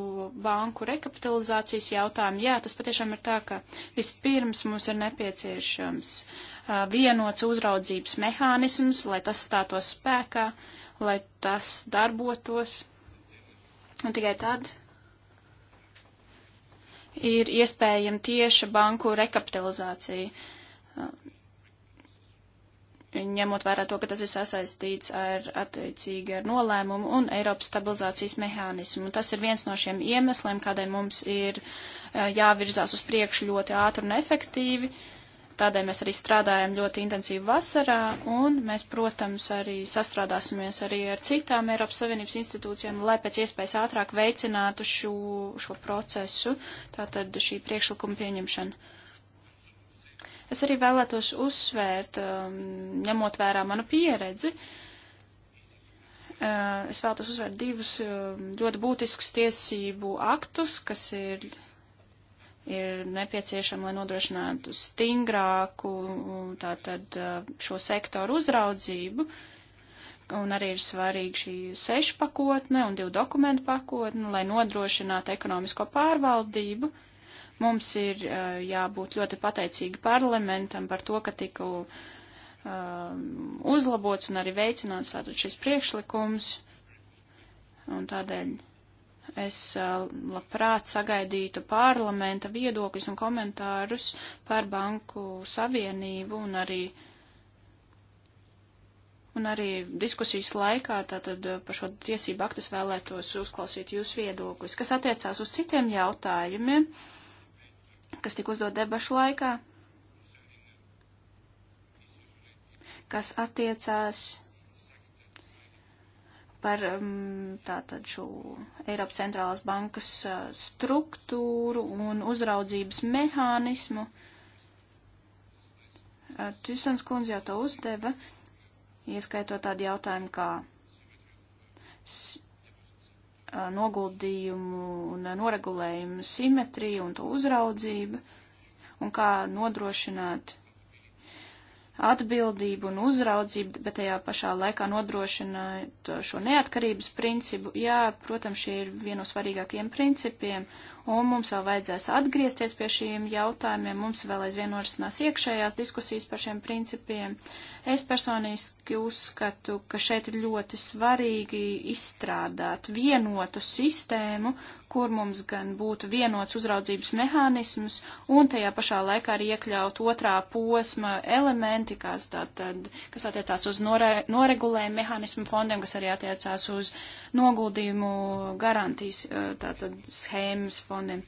Speaker 3: banku rekapitalizācijas jautājumu. Jā, tas patiešām ir tā, ka vispirms mums ir nepieciešams eh, vienots uzraudzības mehānisms, lai tas stātos spēkā, lai tas darbotos. Un tikai tad ir iespējama tieša banku rekapitalizācija ņemot vērā to, ka tas ir sasaistīts ar attiecīgi ar nolēmumu un Eiropas stabilizācijas mehānismu. Tas ir viens no šiem iemesliem, kādēļ mums ir e, jāvirzās uz priekšu ļoti ātri un efektīvi. Tādēļ mēs arī strādājam ļoti intensīvi vasarā, un mēs, protams, arī sastrādāsimies arī ar citām Eiropas Savienības institūcijām, lai pēc iespējas ātrāk veicinātu šo, šo procesu, tātad šī priekšlikuma pieņemšanu. Es arī vēlētos uzsvērt, um, ņemot vērā manu pieredzi, uh, es vēlētos uzsvērt divus um, ļoti būtiskus tiesību aktus, kas ir, ir nepieciešami, lai nodrošinātu stingrāku tātad, uh, šo sektoru uzraudzību. Un arī ir svarīgi šī sešu pakotne un divu dokumentu pakotne, lai nodrošinātu ekonomisko pārvaldību. Uh, Mums ir uh, jābūt ļoti pateicīgi parlamentam par to, ka tika uh, uzlabots un arī veicināts tātad šis priekšlikums. Un tādēļ es uh, labprāt sagaidītu parlamenta viedokļus un komentārus par banku savienību un arī Un arī diskusijas laikā tātad par šo tiesību aktu es vēlētos uzklausīt jūsu viedoklis, kas attiecās uz citiem jautājumiem. Uh, kas tika uzdot debašu laikā, kas attiecās par um, tātad šo Eiropas centrālās bankas uh, struktūru un uzraudzības mehānismu. Uh, Tisans kundze jau to uzdeva, ieskaitot tādu jautājumu kā noguldījumu un noregulējumu simetriju un to uzraudzību un kā nodrošināt atbildību un uzraudzību, bet tajā pašā laikā nodrošināt šo neatkarības principu. Jā, protams, šie ir vieno svarīgākiem principiem, un mums vēl vajadzēs atgriezties pie šiem jautājumiem, mums vēl aizvien norisinās iekšējās diskusijas par šiem principiem. Es personīgi uzskatu, ka šeit ir ļoti svarīgi izstrādāt vienotu sistēmu, kur mums gan būtu vienots uzraudzības mehānisms, un tajā pašā laikā arī iekļaut otrā posma elementu, politikās, tātad, kas attiecās uz nore, noregulējumu mehānismu fondiem, kas arī attiecās uz noguldījumu garantijas, tātad schēmas fondiem.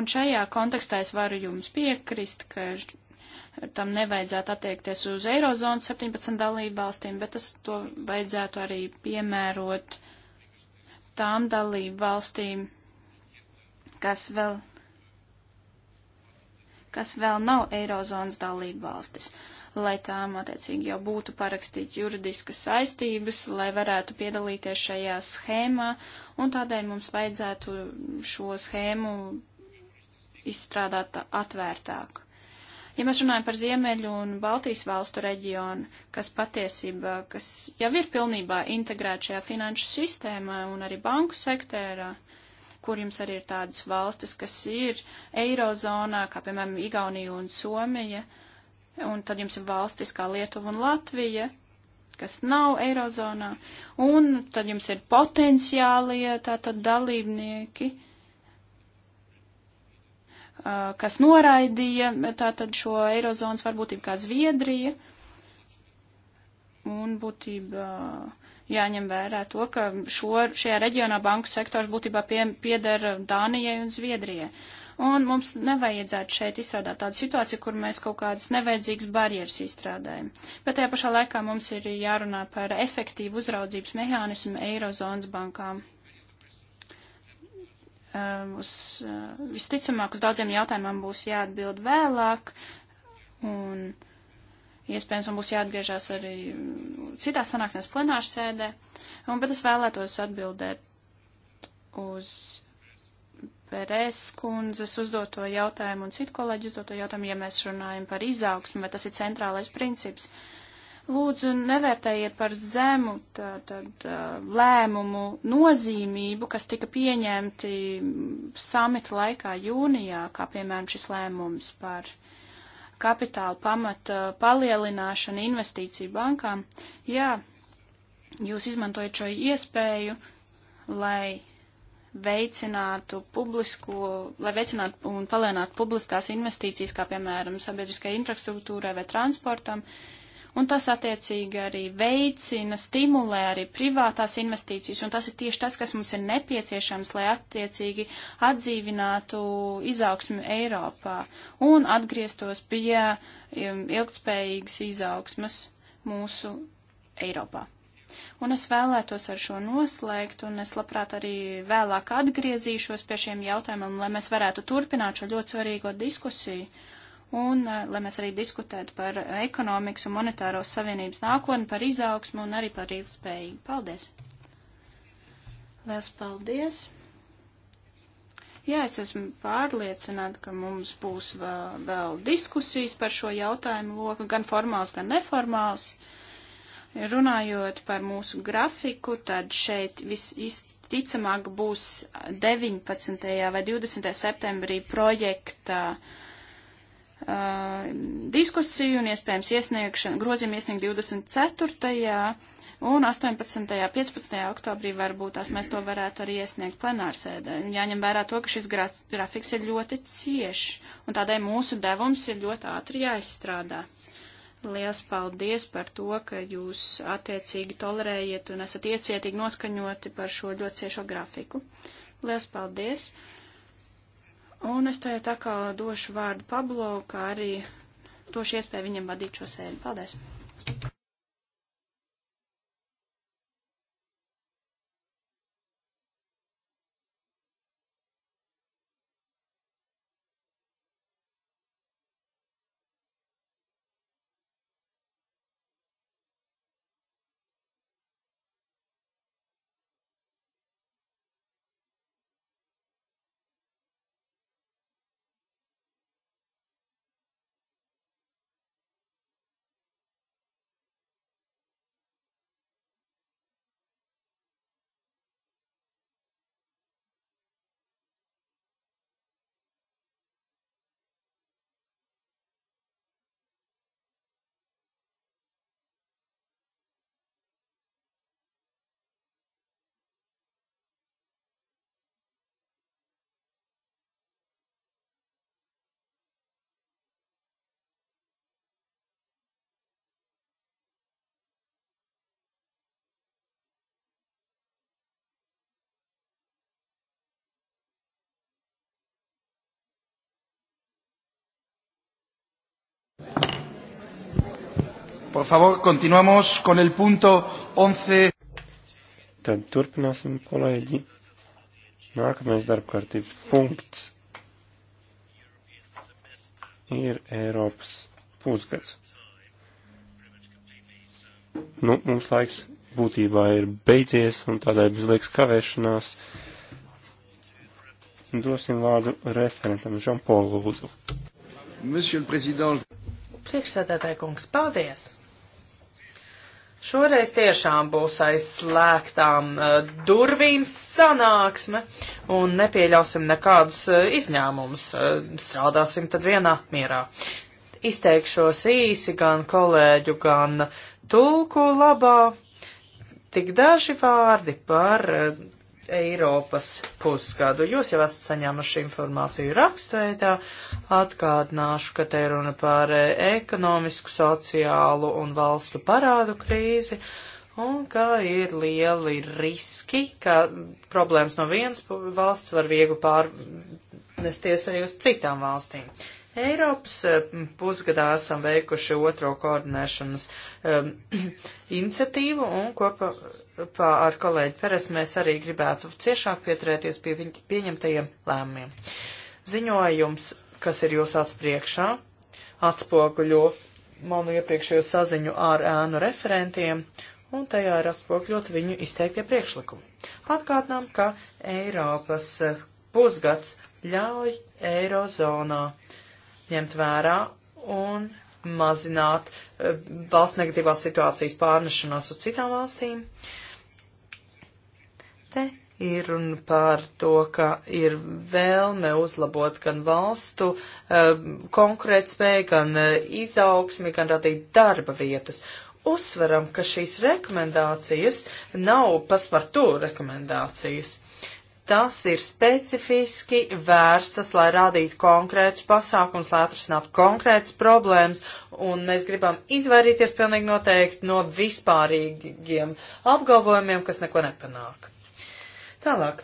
Speaker 3: Un šajā kontekstā es varu jums piekrist, ka tam nevajadzētu attiekties uz Eirozonas 17 dalību valstīm, bet tas to vajadzētu arī piemērot tām dalību valstīm, kas vēl, kas vēl nav Eirozonas dalību valstis lai tām attiecīgi jau būtu parakstīts juridiskas saistības, lai varētu piedalīties šajā schēmā, un tādēļ mums vajadzētu šo schēmu izstrādāt atvērtāk. Ja mēs runājam par Ziemeļu un Baltijas valstu reģionu, kas patiesībā, kas jau ir pilnībā integrēta šajā finanšu sistēmā un arī banku sektērā, kur jums arī ir tādas valstis, kas ir eirozonā, kā piemēram Igaunija un Somija, uh, un tad jums ir valstis kā Lietuva un Latvija, kas nav Eirozonā, un tad jums ir potenciālie tātad dalībnieki, kas noraidīja tātad šo Eirozonas varbūtību kā Zviedrija, un būtībā jāņem vērā to, ka šo, šajā reģionā banku sektors būtībā pie, pieder Dānijai un Zviedrijai. Uh, un mums nevajadzētu šeit izstrādāt tādu situāciju, kur mēs kaut kādas nevajadzīgas barjeras izstrādājam. Bet tajā pašā laikā mums ir jārunā par efektīvu uzraudzības mehānismu Eirozonas bankām. Um, uz, uh, visticamāk, uz daudziem jautājumiem būs jāatbild vēlāk, un iespējams, man būs jāatgriežas arī citās sanāksmēs plenārsēdē, un, bet es vēlētos atbildēt uz Pērēs kundzes uzdoto jautājumu un citu kolēģi uzdoto jautājumu, ja mēs runājam par izaugsmu, vai tas ir centrālais princips. Lūdzu, nevērtējiet par zemu tātad, lēmumu nozīmību, kas tika pieņemti samita laikā jūnijā, kā piemēram šis lēmums par kapitāla pamata palielināšanu investīciju bankām. Jā, jūs izmantojat šo iespēju, lai veicinātu publisko, lai veicinātu un palielinātu publiskās investīcijas, kā piemēram sabiedriskai infrastruktūrai vai transportam, un tas attiecīgi arī veicina, stimulē arī privātās investīcijas, un tas ir tieši tas, kas mums ir nepieciešams, lai attiecīgi atdzīvinātu izaugsmi Eiropā un atgrieztos pie um, ilgtspējīgas izaugsmas mūsu Eiropā. Un es vēlētos ar šo noslēgt, un es labprāt arī vēlāk atgriezīšos pie šiem jautājumiem, lai mēs varētu turpināt šo ļoti svarīgo diskusiju. Un, eh, lai mēs arī diskutētu par ekonomikas un monetāro savienības nākotni, par izaugsmu un arī par ilgspējību. Paldies! Lielas paldies! Jā, es esmu pārliecināta, ka mums būs vēl, vēl diskusijas par šo jautājumu loku, gan formāls, gan neformāls. Runājot par mūsu grafiku, tad šeit visticamāk būs 19. vai 20. septembrī projekta uh, diskusija un iespējams iesniegšana, grozījuma iesniegt 24. un 18. 15. oktobrī varbūt tās mēs to varētu arī iesniegt plenārsēdē. Jāņem vērā to, ka šis grafiks ir ļoti cieši un tādēļ mūsu devums ir ļoti ātri jāizstrādā. Liels paldies par to, ka jūs attiecīgi tolerējiet un esat iecietīgi noskaņoti par šo ļoti ciešo grafiku. Liels paldies! Un es tagad atkal došu vārdu Pablo, kā arī došu iespēju viņam vadīt šo sēdi. Paldies!
Speaker 1: Por favor, continuamos con el punto 11. Tad turpināsim, kolēģi. Nākamais darbkārtības punkts ir Eiropas pusgads. Nu, mums laiks būtībā ir beidzies, un tādēļ bez liekas kavēšanās dosim vārdu referentam Žampolu Lūzu.
Speaker 2: Priekšsēdētāji kungs, paldies! Šoreiz tiešām būs aizslēgtām uh, durvīm sanāksme un nepieļausim nekādus uh, izņēmumus. Uh, strādāsim tad vienā mierā. Izteikšos īsi gan kolēģu, gan tulku labā. Tik daži vārdi par uh, Eiropas pusgadu. Jūs jau esat saņēmuši informāciju rakstveidā. Atgādināšu, ka te runa par e, ekonomisku, sociālu un valstu parādu krīzi un ka ir lieli riski, ka problēmas no vienas valsts var viegli pārnesties arī uz citām valstīm. Eiropas e, pusgadā esam veikuši otro koordinēšanas um, iniciatīvu un kopā kopā ar kolēģi Peres mēs arī gribētu ciešāk pieturēties pie viņa pieņemtajiem lēmumiem. Ziņojums, kas ir jūs atspriekšā, atspoguļo manu iepriekšējo saziņu ar ēnu referentiem, un tajā ir atspokļot viņu izteiktie priekšlikumi. Atkārtinām, ka Eiropas eh, pusgads ļauj Eirozonā ņemt vērā un mazināt eh, valsts negatīvās situācijas pārnešanos uz citām valstīm. Uh, Te ir runa par to, ka ir vēlme uzlabot gan valstu eh, konkurētspēju, gan eh, izaugsmi, gan radīt darba vietas. Uzsveram, ka šīs rekomendācijas nav paspartu rekomendācijas. Tas ir specifiski vērstas, lai rādītu konkrētus pasākums, lai atrisinātu konkrētas problēmas, un mēs gribam izvairīties pilnīgi noteikti no vispārīgiem apgalvojumiem, kas neko nepanāk. Tālāk.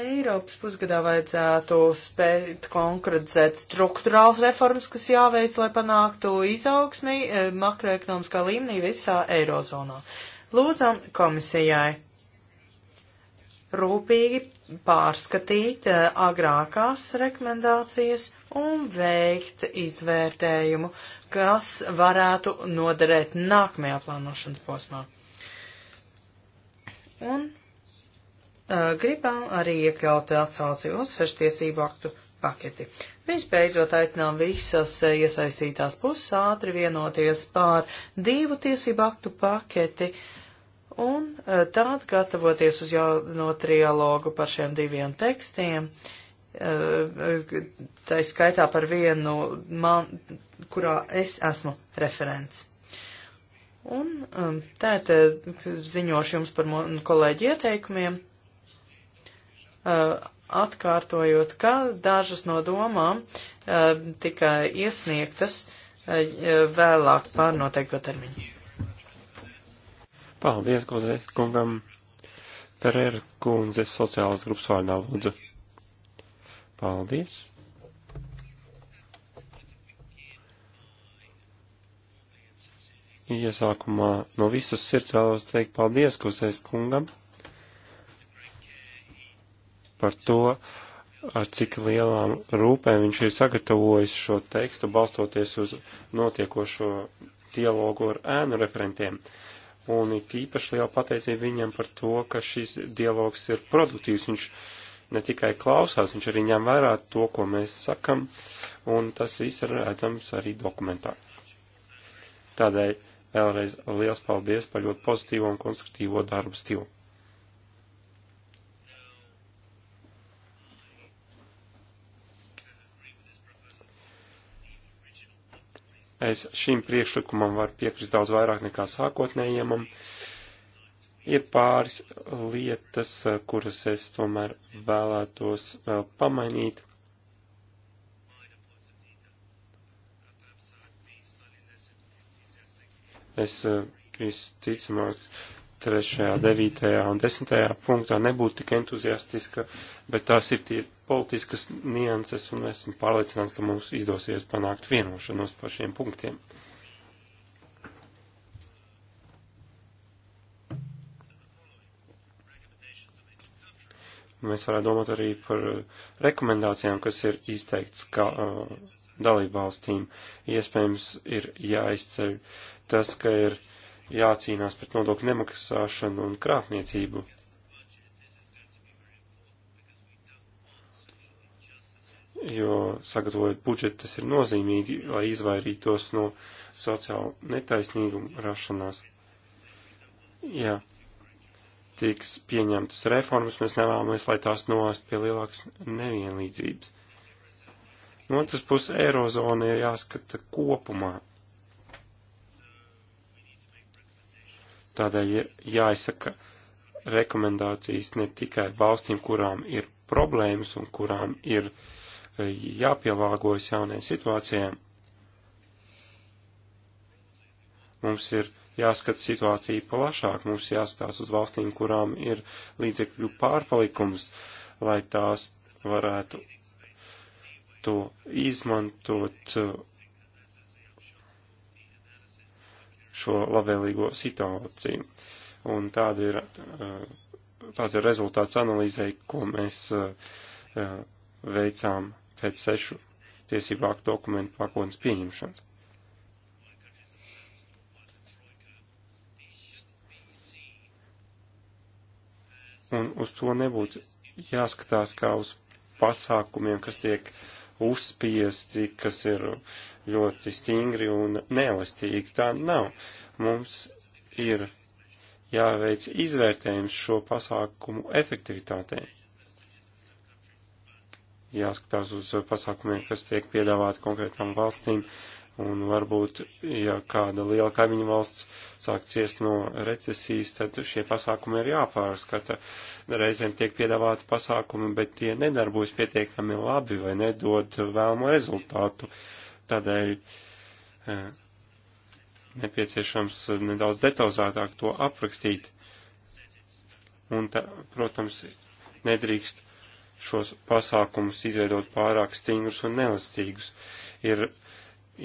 Speaker 2: Eiropas pusgadā vajadzētu spēt konkretizēt struktūrāls reformas, kas jāveic, lai panāktu izaugsmī eh, makroekonomiskā līmenī visā Eirozonā. Lūdzam komisijai rūpīgi pārskatīt eh, agrākās rekomendācijas un veikt izvērtējumu, kas varētu noderēt nākamajā plānošanas posmā. Un Eh, gribam arī iekļaut atsauci uz seštiesību aktu paketi. Visbeidzot, aicinām visas eh, iesaistītās puses ātri vienoties pār divu tiesību aktu paketi un eh, tād gatavoties uz jauno trialogu par šiem diviem tekstiem, tā skaitā par vienu, man, kurā es esmu referents. Un tātad ziņošu jums par kolēģi ieteikumiem Uh, atkārtojot, ka dažas no domām uh, tika iesniegtas uh, vēlāk pār noteikto termiņu.
Speaker 1: Paldies, Gozē, kungam. Ferēra kundze sociālas grupas vārdā lūdzu. Paldies. Iesākumā no visas sirds vēlos teikt paldies Gozēs kungam par to, ar cik lielām rūpēm viņš ir sagatavojis šo tekstu, balstoties uz notiekošo dialogu ar ēnu referentiem. Un ir tīpaši liela pateicība viņam par to, ka šis dialogs ir produktīvs. Viņš ne tikai klausās, viņš arī ņem vērā to, ko mēs sakam, un tas viss ir redzams arī dokumentā. Tādēļ vēlreiz liels paldies par ļoti pozitīvo un konstruktīvo darbu stilu. Es šim priekšlikumam varu piekrist daudz vairāk nekā sākotnējamam. Ir pāris lietas, kuras es tomēr vēlētos vēl pamainīt. Es eh, visticamāk 3., 9. un 10. punktā nebūtu tik entuziastiska, bet tās ir tie politiskas nianses, un esmu pārliecināts, ka mums izdosies panākt vienošanos par šiem punktiem. Mēs varētu domāt arī par rekomendācijām, kas ir izteikts kā uh, dalībvalstīm. Iespējams, ir jāizceļ tas, ka ir uh, jācīnās pret nodokļu nemaksāšanu un krāpniecību. Jo sagatavojot budžetu, tas ir nozīmīgi, lai izvairītos no sociāla netaisnīguma rašanās. Jā, tiks pieņemtas reformas, mēs nevēlamies, lai tās novāst pie lielākas nevienlīdzības. No otras puses, Eirozona ir jāskata kopumā, Tādēļ ir jāizsaka rekomendācijas ne tikai valstīm, kurām ir problēmas un kurām ir e, jāpielāgojas jaunajām situācijām. Mums ir jāskata situācija plašāk, mums jāstās uz valstīm, kurām ir līdzekļu pārpalikums, lai tās varētu to izmantot šo labvēlīgo situāciju. Un tāda ir, eh, tāds ir rezultāts analīzei, ko mēs eh, eh, veicām pēc sešu tiesību aktu dokumentu pakotnes pieņemšanas. Un uz to nebūtu jāskatās kā uz pasākumiem, kas tiek uzspiesti, kas ir uh, ļoti stingri un neelastīgi. Tā nav. Mums ir jāveic izvērtējums šo pasākumu efektivitātei. Jāskatās uz pasākumiem, kas tiek piedāvāti konkrētām valstīm, un varbūt, ja kāda liela kaimiņu valsts sāk ciest no recesijas, tad šie pasākumi ir jāpārskata. Reizēm tiek piedāvāti pasākumi, bet tie nedarbojas pietiekami labi vai nedod vēlamo rezultātu. Uh, Tādēļ eh, nepieciešams nedaudz detalizētāk to aprakstīt. Un, tā, protams, nedrīkst šos pasākumus izveidot pārāk stingrus un nelastīgus. Ir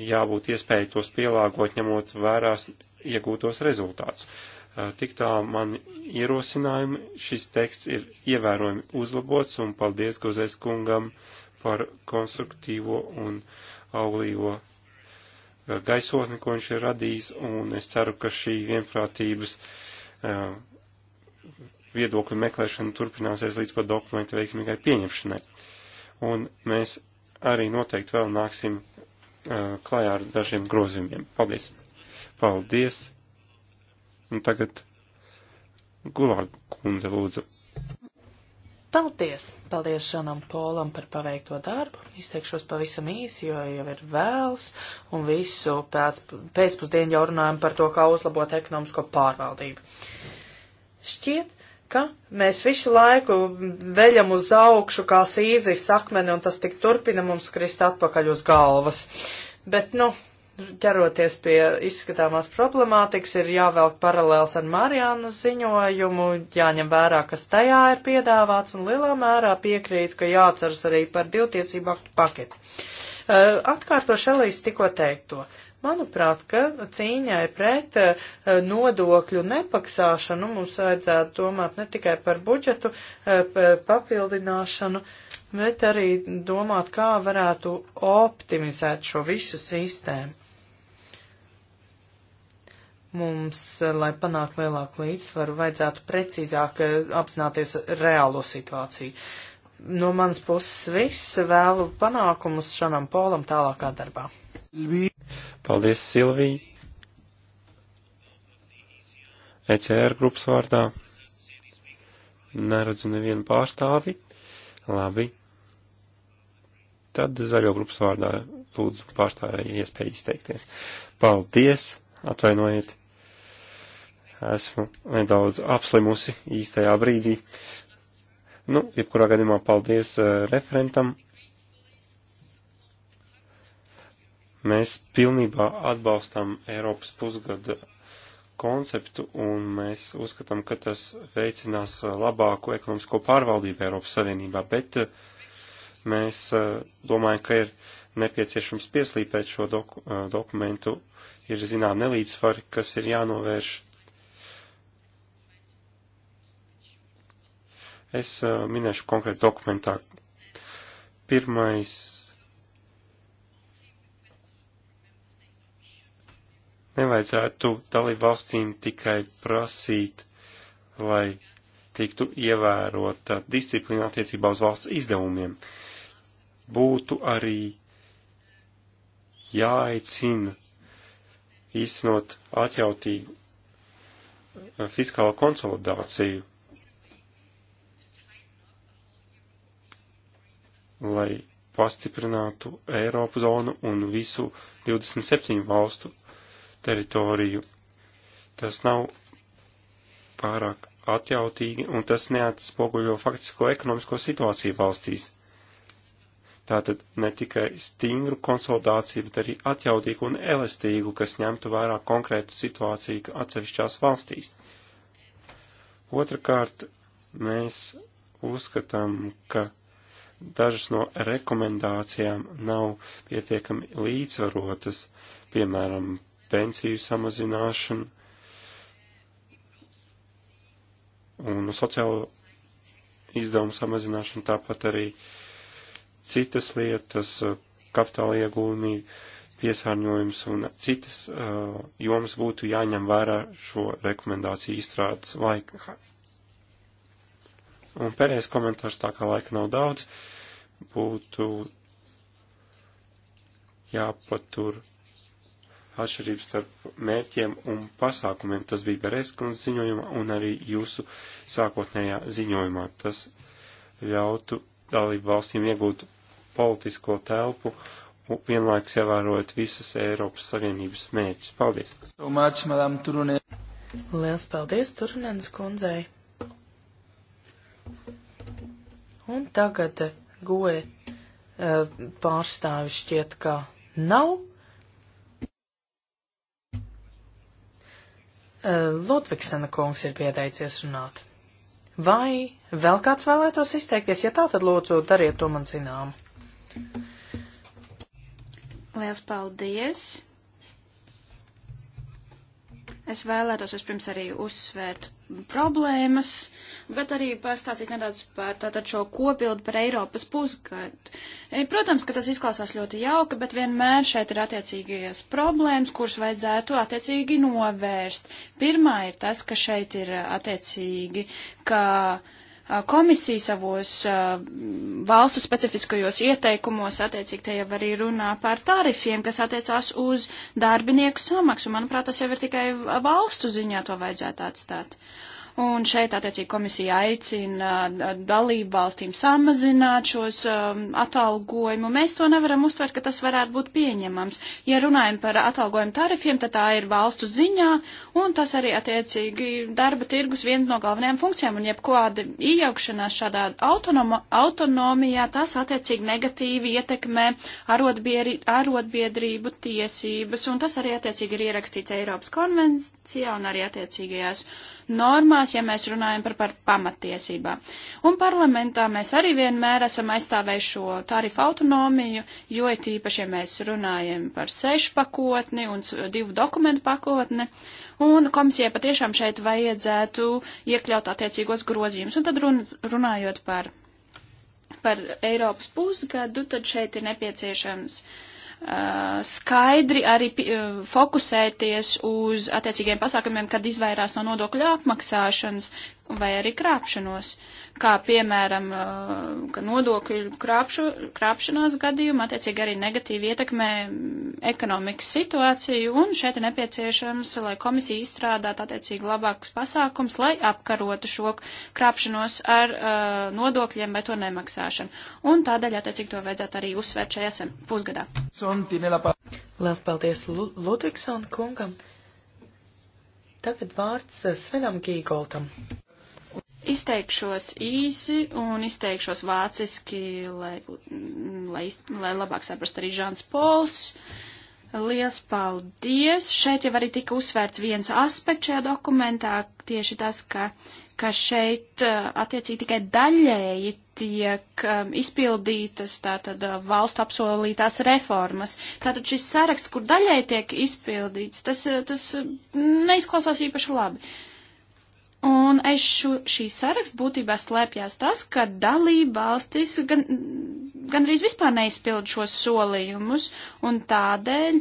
Speaker 1: jābūt iespēja tos pielāgot, ņemot vērās iegūtos rezultātus. Eh, tik tā man ierosinājumi, šis teksts ir ievērojami uzlabots un paldies Gozēs kungam par konstruktīvo un uh, auglīgo uh, gaisotni, ko viņš ir radījis, un es ceru, ka šī vienprātības uh, viedokļu meklēšana turpināsies līdz pat dokumentu veiksmīgai pieņemšanai. Un mēs arī noteikti vēl nāksim uh, klājā ar dažiem grozījumiem. Paldies! Paldies! Un tagad Gulāga kundze lūdzu.
Speaker 2: Paldies! Paldies Šanam Polam par paveikto darbu. Izteikšos pavisam īsi, jo jau ir vēls, un visu pēc, pēcpusdienu jau runājam par to, kā uzlabot ekonomisko pārvaldību. Šķiet, ka mēs visu laiku veļam uz augšu kā sīzīs akmeni, un tas tik turpina mums krist atpakaļ uz galvas. Bet, nu, ķeroties pie izskatāmās problemātikas, ir jāvelk paralēls ar Marijānas ziņojumu, jāņem vērā, kas tajā ir piedāvāts, un lielā mērā piekrīt, ka jāatceras arī par divtiesību aktu paketi. Atkārtošu Elīs tikko teikto. Manuprāt, ka cīņai pret nodokļu nepaksāšanu mums vajadzētu domāt ne tikai par budžetu papildināšanu, bet arī domāt, kā varētu optimizēt šo visu sistēmu mums, eh, lai panāktu lielāku līdzsvaru, vajadzētu precīzāk eh, apzināties reālo situāciju. No manas puses viss vēlu panākumus šanam polam tālākā darbā.
Speaker 1: Paldies, Silvija! ECR grupas vārdā. Neredzu nevienu pārstāvi. Labi. Tad zaļo grupas vārdā lūdzu pārstāvēju iespēju izteikties. Paldies! Atvainojiet! esmu nedaudz apslimusi īstajā brīdī. Nu, jebkurā gadījumā paldies uh, referentam. Mēs pilnībā atbalstam Eiropas pusgada konceptu un mēs uzskatām, ka tas veicinās eh, labāku ekonomisko pārvaldību Eiropas Savienībā, bet uh, mēs uh, domājam, ka ir nepieciešams pieslīpēt šo doku, dokumentu, ir zinām nelīdzsvari, kas ir jānovērš Es uh, minēšu konkrēti dokumentā. Pirmais. Nevajadzētu dalību valstīm tikai prasīt, lai tiktu ievērota disciplīna attiecībā uz valsts izdevumiem. Būtu arī jāaicina īstenot atjautību eh, fiskālo konsolidāciju lai pastiprinātu Eiropu zonu un visu 27 valstu teritoriju. Tas nav pārāk atjautīgi, un tas neatspoguļo faktisko ekonomisko situāciju valstīs. Tātad ne tikai stingru konsolidāciju, bet arī atjautīgu un elastīgu, kas ņemtu vērā konkrētu situāciju atsevišķās valstīs. Otrakārt, mēs uzskatām, ka dažas no rekomendācijām nav pietiekami līdzvarotas, piemēram, pensiju samazināšana un sociālo izdevumu samazināšana, tāpat arī citas lietas, kapitāla iegūmi, piesārņojums un citas uh, jomas būtu jāņem vērā šo rekomendāciju izstrādes laikā. Un pēdējais komentārs, tā kā laika nav daudz, uh, būtu jāpatur atšķirības starp mērķiem un pasākumiem. Tas bija Bereskundas ziņojumā un arī jūsu sākotnējā ziņojumā. Tas ļautu dalību valstīm iegūt politisko telpu, vienlaikus ievērojot visas Eiropas Savienības mērķus. Paldies!
Speaker 2: Liels paldies Turunenes kundzei! Un tagad goe eh, pārstāvi šķiet, ka nav. Eh, Lodvigsena kungs ir pieteicies runāt. Vai vēl kāds vēlētos izteikties? Ja tā, tad lūdzu, dariet to man zinām.
Speaker 3: Liels paldies! Es vēlētos vispirms arī uzsvērt problēmas, uh, bet arī pastāstīt nedaudz par tātad šo kopildu par Eiropas pusgadu. E, protams, ka tas izklausās ļoti jauka, bet vienmēr šeit ir attiecīgajās problēmas, kuras vajadzētu attiecīgi novērst. Pirmā ir tas, ka šeit ir attiecīgi, ka komisija savos uh, valstu specifiskajos ieteikumos, attiecīgi te jau arī runā par tarifiem, kas attiecās uz darbinieku samaksu. Manuprāt, tas jau ir tikai valstu ziņā to vajadzētu atstāt. Uh, Un šeit, attiecīgi, komisija aicina dalību valstīm samazināt šos um, atalgojumu. Mēs to nevaram uztvert, ka tas varētu būt pieņemams. Ja runājam par atalgojumu tarifiem, tad tā ir valstu ziņā, un tas arī, attiecīgi, darba tirgus viena no galvenajām funkcijām, un jebkāda iejaukšanās šādā autonoma, autonomijā, tas, attiecīgi, negatīvi ietekmē arotbiedrību tiesības, un tas arī, attiecīgi, ir ierakstīts Eiropas konvencijā un arī attiecīgajās normās jomās, ja mēs runājam par, par pamatiesībām. Un parlamentā mēs arī vienmēr esam aizstāvējuši šo tarifu autonomiju, jo it īpaši, ja mēs runājam par sešu pakotni un divu dokumentu pakotni, un komisijai patiešām šeit vajadzētu iekļaut attiecīgos grozījumus. Un tad run, runājot par, par Eiropas pusgadu, tad šeit ir nepieciešams uh, Uh, skaidri arī uh, fokusēties uz attiecīgiem pasākumiem, kad izvairās no nodokļu apmaksāšanas, vai arī krāpšanos, kā piemēram uh, nodokļu krāpšu, krāpšanās gadījumā, attiecīgi arī negatīvi ietekmē mm, ekonomikas situāciju, un šeit ir nepieciešams, lai komisija izstrādātu attiecīgi labākus pasākums, lai apkarotu šo krāpšanos ar uh, nodokļiem vai to nemaksāšanu. Un tādēļ, attiecīgi, to vajadzētu arī uzsvērt šajā pusgadā.
Speaker 2: Lielas paldies Ludvigsona kungam! Tagad vārds uh, Svenam Gīgoltam.
Speaker 3: Izteikšos īsi un izteikšos vāciski, lai, lai, lai labāk saprast arī Žāns Pols. Liels paldies! Šeit jau arī tika uzsvērts viens aspekts šajā dokumentā, tieši tas, ka, ka šeit uh, attiecīgi tikai daļēji tiek um, izpildītas tātad uh, valstu apsolītās reformas. Tātad šis saraksts, kur daļai tiek izpildīts, tas, uh, tas neizklausās īpaši labi. Uh, Un aiz šo, šī saraksta būtībā slēpjas tas, ka dalība valstis gan, gandrīz vispār neizpild šos solījumus, un tādēļ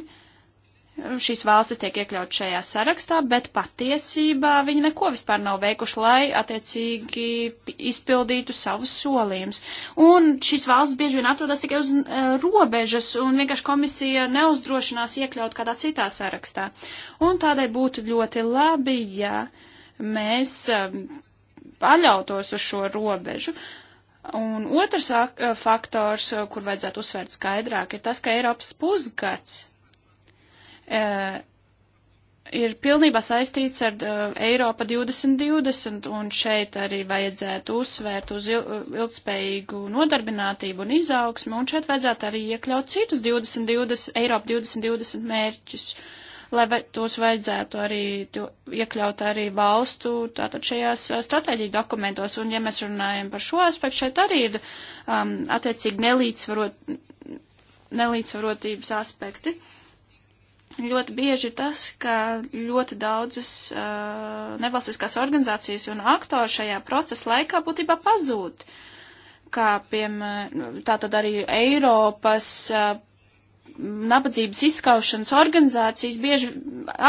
Speaker 3: šīs valstis tiek iekļaut šajā sarakstā, bet patiesībā viņi neko vispār nav veikuši, lai attiecīgi izpildītu savus solījumus. Un šīs valstis bieži vien atrodas tikai uz uh, robežas, un vienkārši komisija neuzdrošinās iekļaut kādā citā sarakstā. Un tādēļ būtu ļoti labi, ja. Uh, mēs um, paļautos uz šo robežu. Un otrs uh, faktors, uh, kur vajadzētu uzsvērt skaidrāk, ir tas, ka Eiropas pusgads e, ir pilnībā saistīts ar e, Eiropa 2020, un šeit arī vajadzētu uzsvērt uz il, ilgspējīgu nodarbinātību un izaugsmu, un šeit vajadzētu arī iekļaut citus 2020, Eiropa 2020 mērķus. E, lai tos vajadzētu arī to iekļaut arī valstu tātad šajās stratēģiju dokumentos. Un ja mēs runājam par šo aspektu, šeit arī ir um, attiecīgi nelīdzvarot, nelīdzvarotības aspekti. Ļoti bieži ir tas, ka ļoti daudzas uh, nevalstiskās organizācijas un aktori šajā procesa laikā būtībā pazūd. Kā, piemēram, nu, tā tad arī Eiropas uh, nabadzības izskaušanas organizācijas bieži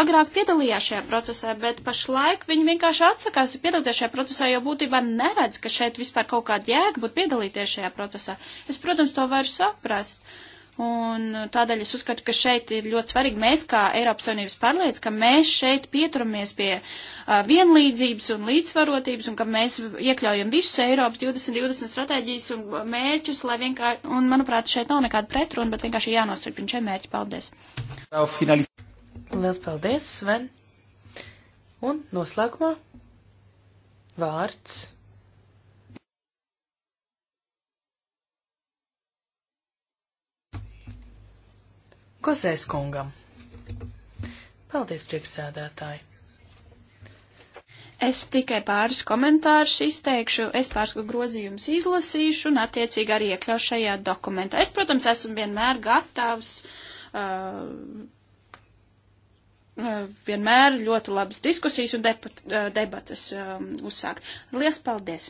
Speaker 3: agrāk piedalījās šajā procesā, bet pašlaik viņi vienkārši atsakās piedalīties šajā procesā, jo būtībā neredz, ka šeit vispār kaut kāda jēga būtu piedalīties šajā procesā. Es, protams, to varu saprast. Un tādēļ es uzskatu, ka šeit ir ļoti svarīgi mēs, kā Eiropas Savienības pārliec, ka mēs šeit pieturamies pie uh, vienlīdzības un līdzsvarotības un ka mēs iekļaujam visus Eiropas 2020 stratēģijas un mērķus, lai vienkārši, un manuprāt, šeit nav nekāda pretruna, bet vienkārši jānostiprina šie mērķi. Paldies! Liels paldies, Sven! Un noslēgumā vārds.
Speaker 2: Kosēs kungam. Paldies,
Speaker 3: priekšsēdētāji. Es tikai pāris komentārus izteikšu, es pāris grozījumus izlasīšu un attiecīgi arī iekļaušu šajā dokumentā. Es, protams, esmu vienmēr gatavs. Uh, uh vienmēr ļoti labas diskusijas un debat, uh, debatas um, uzsākt. Lielas paldies!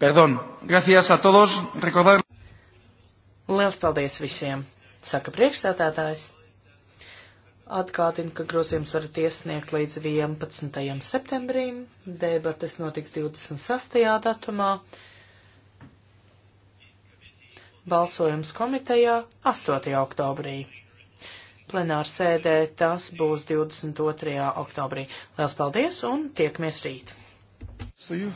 Speaker 2: Perdon, gracias a todos, recordar. Lielas paldies visiem, saka priekšstādātājs. Atgādinu, ka grozījums varat iesniegt līdz 11. septembrim, debates notiks 26. datumā, balsojums komitejā 8. oktobrī. Plenāra sēdē tas būs 22. oktobrī. Lielas paldies un tiekamies rīt! See you.